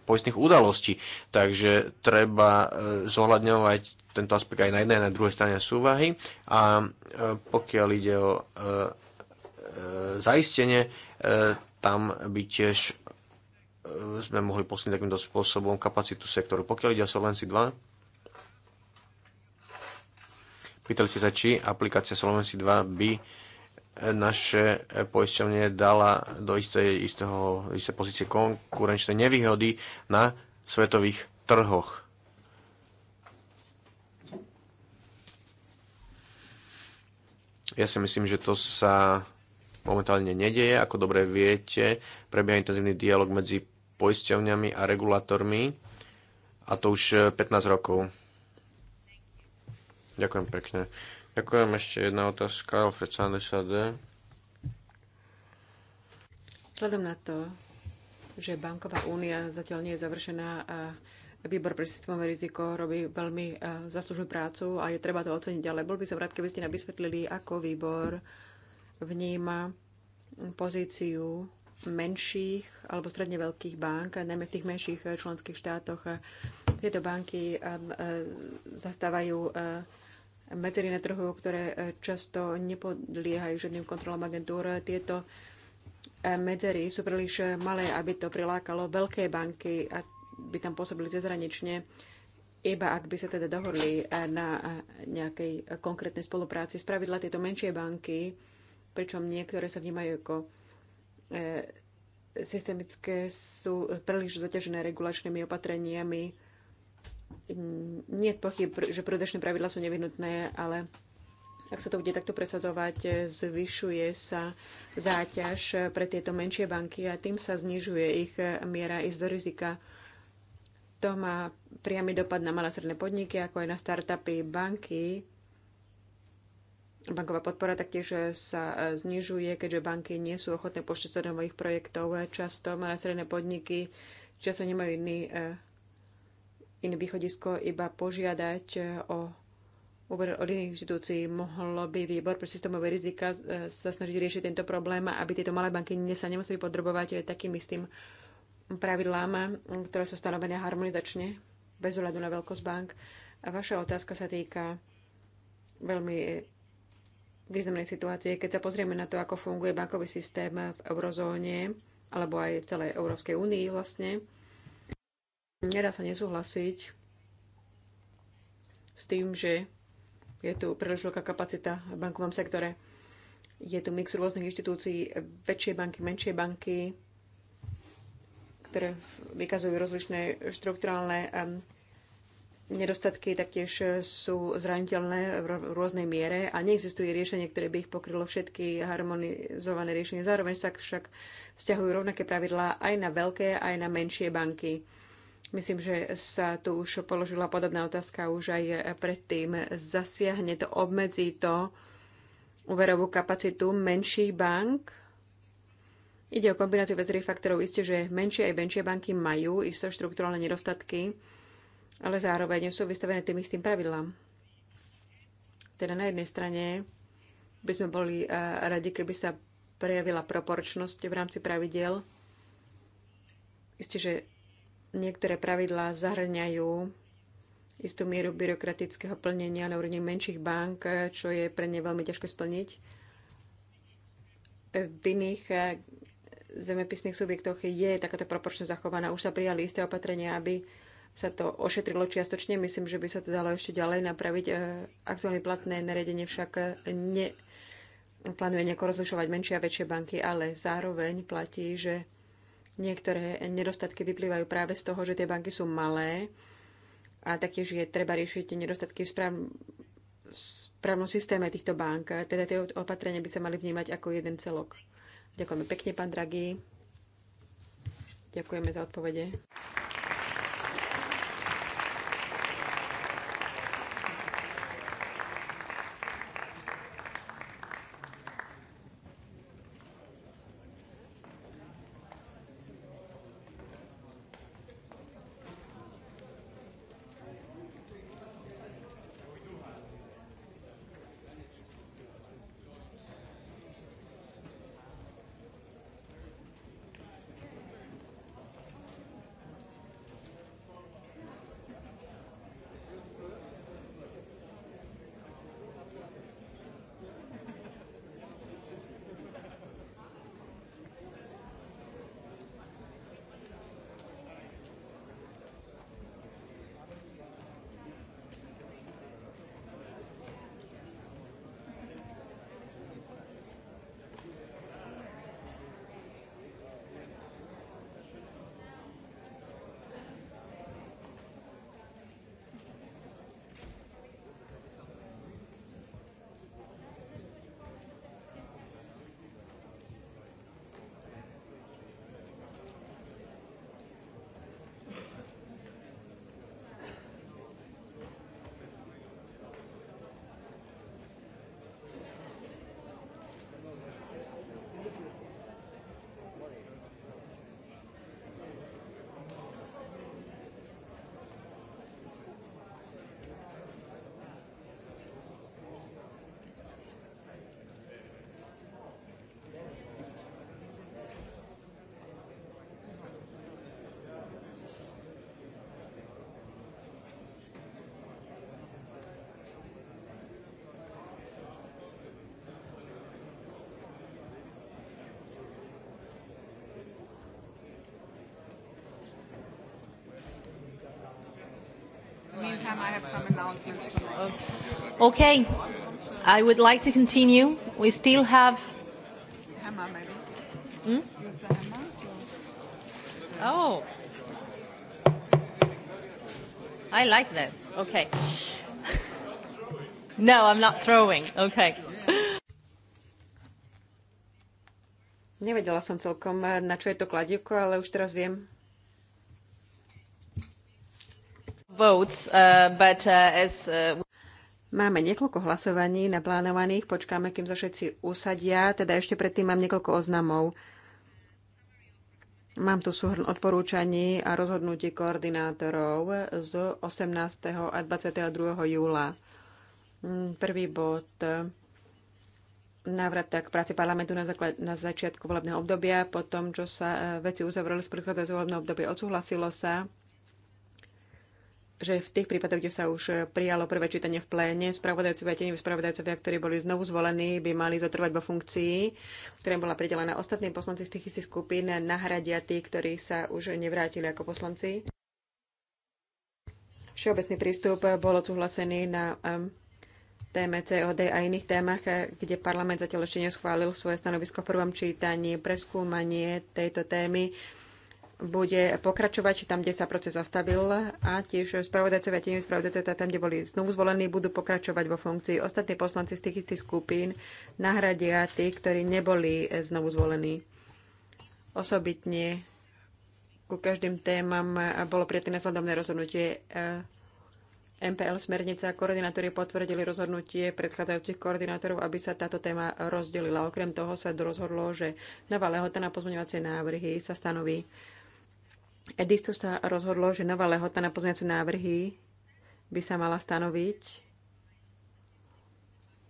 poistných udalostí. Takže treba zohľadňovať tento aspekt aj na jednej, aj na druhej strane súvahy. A pokiaľ ide o E, zaistenie, e, tam by tiež e, sme mohli posunúť takýmto spôsobom kapacitu sektoru. Pokiaľ ide o Solvency 2, pýtali ste sa, či aplikácia Solvency 2 by naše poisťovne dala do istej, istého, istej pozície konkurenčné nevýhody na svetových trhoch. Ja si myslím, že to sa momentálne nedeje. Ako dobre viete, prebieha intenzívny dialog medzi poisťovňami a regulátormi a to už 15 e, rokov. Ďakujem pekne. Ďakujem ešte jedna otázka, Alfred Sandesade. Vzhľadom na to, že banková únia zatiaľ nie je završená a výbor pre systémové riziko robí veľmi e, zaslúžnú prácu a je treba to oceniť, ale bol by som rád, keby ste nám vysvetlili, ako výbor vníma pozíciu menších alebo stredne veľkých bank, najmä v tých menších eh, členských štátoch. Eh, tieto banky eh, zastávajú medzery na trhu, ktoré často nepodliehajú žiadnym kontrolom agentúr. Tieto medzery sú príliš malé, aby to prilákalo veľké banky, a by tam pôsobili cezhranične, iba ak by sa teda dohodli na nejakej konkrétnej spolupráci. Spravidla tieto menšie banky pričom niektoré sa vnímajú ako e, systemické, sú príliš zaťažené regulačnými opatreniami. Nie je pochyb, že prodačné pravidla sú nevyhnutné, ale ak sa to bude takto presadovať, zvyšuje sa záťaž pre tieto menšie banky a tým sa znižuje ich miera ísť do rizika. To má priamy dopad na malé stredné podniky, ako aj na startupy banky Banková podpora taktiež e, sa e, znižuje, keďže banky nie sú ochotné pošťať do mojich projektov. E, často malé stredné podniky často nemajú iný, iné východisko, iba požiadať o úver od iných inštitúcií. Mohlo by výbor pre systémové rizika sa snažiť riešiť tento problém, aby tieto malé banky sa nemuseli podrobovať takým istým pravidlám, ktoré sú stanovené harmonizačne, bez ohľadu na veľkosť bank. A vaša otázka sa týka veľmi významnej situácie. Keď sa pozrieme na to, ako funguje bankový systém v eurozóne, alebo aj v celej Európskej únii vlastne, nedá sa nesúhlasiť s tým, že je tu príliš veľká kapacita v bankovom sektore. Je tu mix rôznych inštitúcií, väčšie banky, menšie banky, ktoré vykazujú rozličné štrukturálne Nedostatky taktiež sú zraniteľné v rôznej miere a neexistuje riešenie, ktoré by ich pokrylo všetky harmonizované riešenie. Zároveň sa však vzťahujú rovnaké pravidlá aj na veľké, aj na menšie banky. Myslím, že sa tu už položila podobná otázka už aj predtým. Zasiahne to, obmedzí to úverovú kapacitu menších bank? Ide o kombináciu viacerých faktorov. Isté, že menšie aj menšie banky majú isté štruktúrálne nedostatky, ale zároveň sú vystavené tým istým pravidlám. Teda na jednej strane by sme boli eh, radi, keby sa prejavila proporčnosť v rámci pravidiel. Isté, že niektoré pravidlá zahrňajú istú mieru byrokratického plnenia na úrovni menších bank, čo je pre ne veľmi ťažko splniť. V iných eh, zemepisných subjektoch je takáto proporčnosť zachovaná. Už sa prijali isté opatrenia, aby sa to ošetrilo čiastočne. Myslím, že by sa to dalo ešte ďalej napraviť. E, aktuálne platné nariadenie však e, ne, plánuje nejako rozlišovať menšie a väčšie banky, ale zároveň platí, že niektoré nedostatky vyplývajú práve z toho, že tie banky sú malé a taktiež je treba riešiť nedostatky v správ, správnom systéme týchto bank. Teda tie opatrenia by sa mali vnímať ako jeden celok. Ďakujeme pekne, pán dragý. Ďakujeme za odpovede. time I have some announcements to make. Okay. I would like to continue. We still have... Hammer, maybe. Hmm? Use the hammer. Oh. I like this. Okay. No, I'm not throwing. Okay. Nevedela som celkom, eh, na čo je to kladivko, ale už teraz viem. votes, uh, but uh, as uh... Máme niekoľko hlasovaní naplánovaných, počkáme, kým sa všetci usadia, teda ešte predtým mám niekoľko oznamov. Mám tu súhrn odporúčaní a rozhodnutí koordinátorov z 18. a 22. júla. Mm, prvý bod návrat k práci parlamentu na, základ, na začiatku volebného obdobia, potom, čo sa eh, veci uzavreli z prichádzajúceho volebného obdobia, odsúhlasilo sa že v tých prípadoch, kde sa už eh, prijalo prvé čítanie v pléne, spravodajcovia a tieňoví spravodajcovia, ktorí boli znovu zvolení, by mali zotrvať vo funkcii, ktorá bola pridelená ostatným poslanci z tých istých skupín, nahradia tí, ktorí sa už nevrátili ako poslanci. Všeobecný prístup bol odsúhlasený na téme COD a iných témach, kde parlament zatiaľ ešte neschválil svoje stanovisko v prvom čítaní, preskúmanie tejto témy bude pokračovať tam, kde sa proces zastavil a tiež spravodajcovia, tým spravodajcovia teda tam, kde boli znovu zvolení, budú pokračovať vo funkcii. Ostatní poslanci z tých istých skupín nahradia tí, ktorí neboli znovu zvolení. Osobitne ku každým témam bolo prijaté nasledovné rozhodnutie eh, MPL smernica koordinátori potvrdili rozhodnutie predchádzajúcich koordinátorov, aby sa táto téma rozdelila. Okrem toho sa rozhodlo, že nová lehota na pozmeňovacie návrhy sa stanoví Edisto sa rozhodlo, že nová lehota na pozmeňujúce návrhy by sa mala stanoviť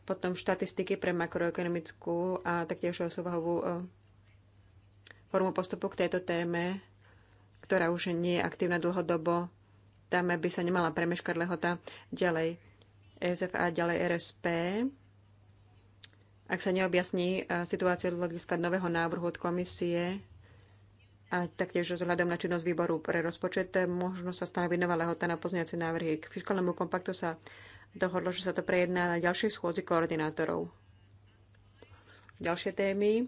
potom štatistiky pre makroekonomickú a taktiež súvahovú e, formu postupu k tejto téme, ktorá už nie je aktívna dlhodobo. Tam by sa nemala premeškať lehota ďalej SFA, e ďalej RSP. Ak sa neobjasní e, situácia z hľadiska nového návrhu od komisie, a taktiež vzhľadom na činnosť výboru pre rozpočet eh, možno sa stanoví nová lehota na pozniacie návrhy. K fiskálnemu kompaktu sa dohodlo, že sa to prejedná na ďalšej schôdzi koordinátorov. Ďalšie témy.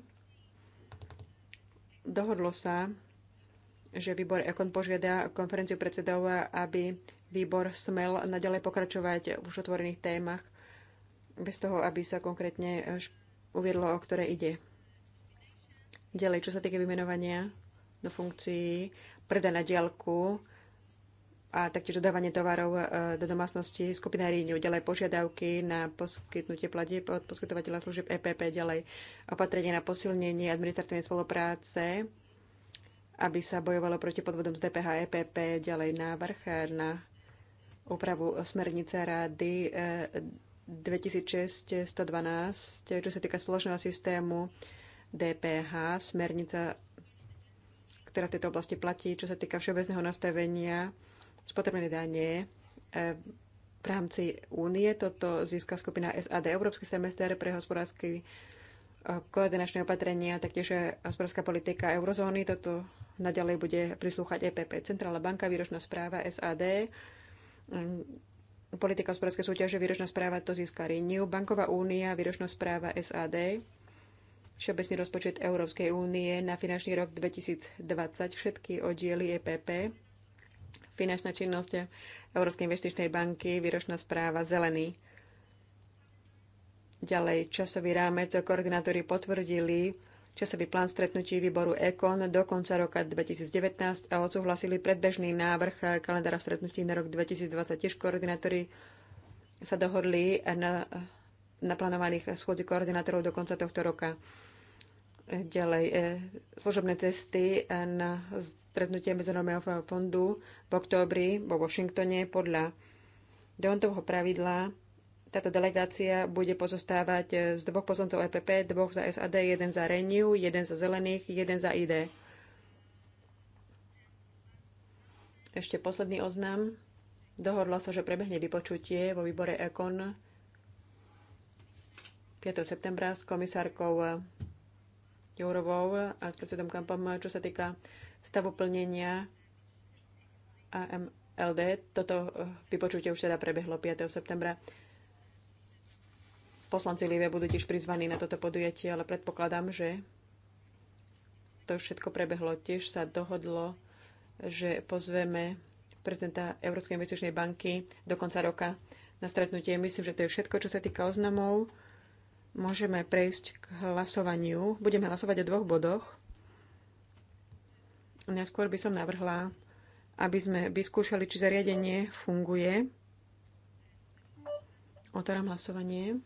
Dohodlo sa, že výbor Ekon požiada konferenciu predsedov, aby výbor smel naďalej pokračovať v už otvorených témach, bez toho, aby sa konkrétne uviedlo, o ktoré ide. Ďalej, čo sa týka vymenovania do funkcií, predaj na diaľku a taktiež dodávanie tovarov e, do domácnosti, skupina Ríňu, ďalej požiadavky na poskytnutie platieb od poskytovateľa služieb EPP, ďalej opatrenie na posilnenie administratívnej spolupráce, aby sa bojovalo proti podvodom z DPH EPP, ďalej návrh na úpravu smernice rády 2006-112, e, čo sa týka spoločného systému DPH, smernica ktorá v tejto oblasti platí, čo sa týka všeobecného nastavenia spotrebné danie e, v rámci únie. Toto získa skupina SAD, Európsky semester pre hospodársky e, koordinačné opatrenia, taktiež e, hospodárska politika eurozóny. Toto naďalej bude prislúchať EPP, Centrálna banka, výročná správa SAD, politika hospodárskej súťaže, výročná správa to získa Renew, Banková únia, výročná správa SAD, Všeobecný rozpočet Európskej únie na finančný rok 2020 všetky oddiely EPP, finančná činnosť Európskej investičnej banky, výročná správa Zelený. Ďalej, časový rámec koordinátori potvrdili časový plán stretnutí výboru EKON do konca roka 2019 a odsúhlasili predbežný návrh kalendára stretnutí na rok 2020. Tiež koordinátori sa dohodli na naplánovaných schôdzi koordinátorov do konca tohto roka. Ďalej, e, služobné cesty e, na stretnutie Medzinárodného fondu v októbri vo Washingtone podľa Deontovho pravidla táto delegácia bude pozostávať e, z dvoch poslancov EPP, dvoch za SAD, jeden za Renew, jeden za Zelených, jeden za ID. Ešte posledný oznam. Dohodlo sa, že prebehne vypočutie vo výbore EKON 5. septembra s komisárkou Jourovou a s predsedom Kampom, čo sa týka stavu plnenia AMLD. Toto eh, vypočutie už teda prebehlo 5. septembra. Poslanci Lívia budú tiež prizvaní na toto podujatie, ale predpokladám, že to všetko prebehlo. Tiež sa dohodlo, že pozveme prezidenta Európskej investičnej banky do konca roka na stretnutie. Myslím, že to je všetko, čo sa týka oznamov. Môžeme prejsť k hlasovaniu. Budeme hlasovať o dvoch bodoch. Najskôr by som navrhla, aby sme vyskúšali, či zariadenie funguje. Otváram hlasovanie.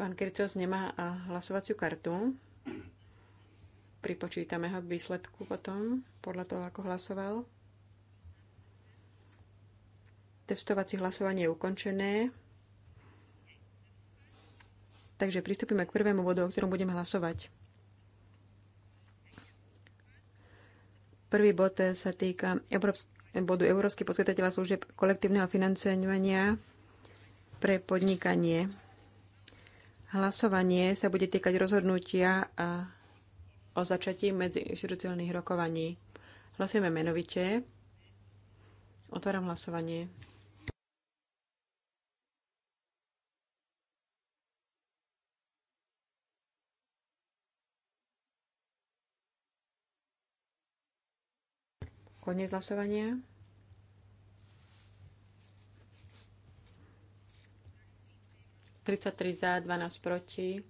Pán Kircos nemá hlasovaciu kartu pripočítame ho k výsledku potom, podľa toho, ako hlasoval. Testovacie hlasovanie je ukončené. Takže pristúpime k prvému bodu, o ktorom budeme hlasovať. Prvý bod sa týka bodu Európsky poskytateľa služieb kolektívneho financovania pre podnikanie. Hlasovanie sa bude týkať rozhodnutia a o začatí medziinstitucionálnych rokovaní. Hlasujeme menovite. Otváram hlasovanie. Koniec hlasovania. 33 za, 12 proti.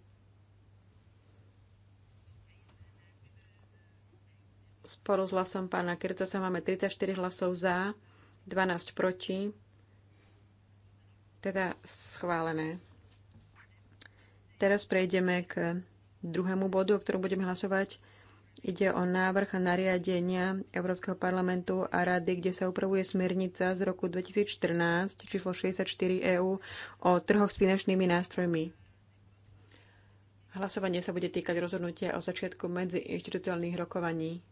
Spolu s hlasom pána Kircosa máme 34 hlasov za, 12 proti, teda schválené. Teraz prejdeme k druhému bodu, o ktorom budeme hlasovať. Ide o návrh nariadenia Európskeho parlamentu a rady, kde sa upravuje smernica z roku 2014 číslo 64 EÚ o trhoch s finančnými nástrojmi. Hlasovanie sa bude týkať rozhodnutia o začiatku medziinstitucionálnych rokovaní.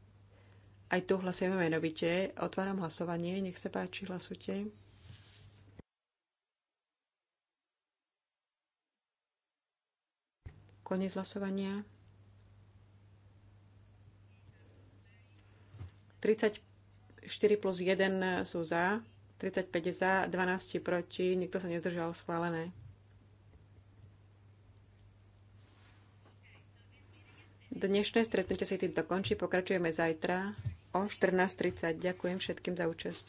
Aj tu hlasujeme menovite. Otváram hlasovanie. Nech sa páči, hlasujte. Koniec hlasovania. 34 plus 1 sú za, 35 je za, 12 proti, nikto sa nezdržal schválené. Dnešné stretnutie si týmto končí, pokračujeme zajtra o 14.30. Ďakujem všetkým za účasť.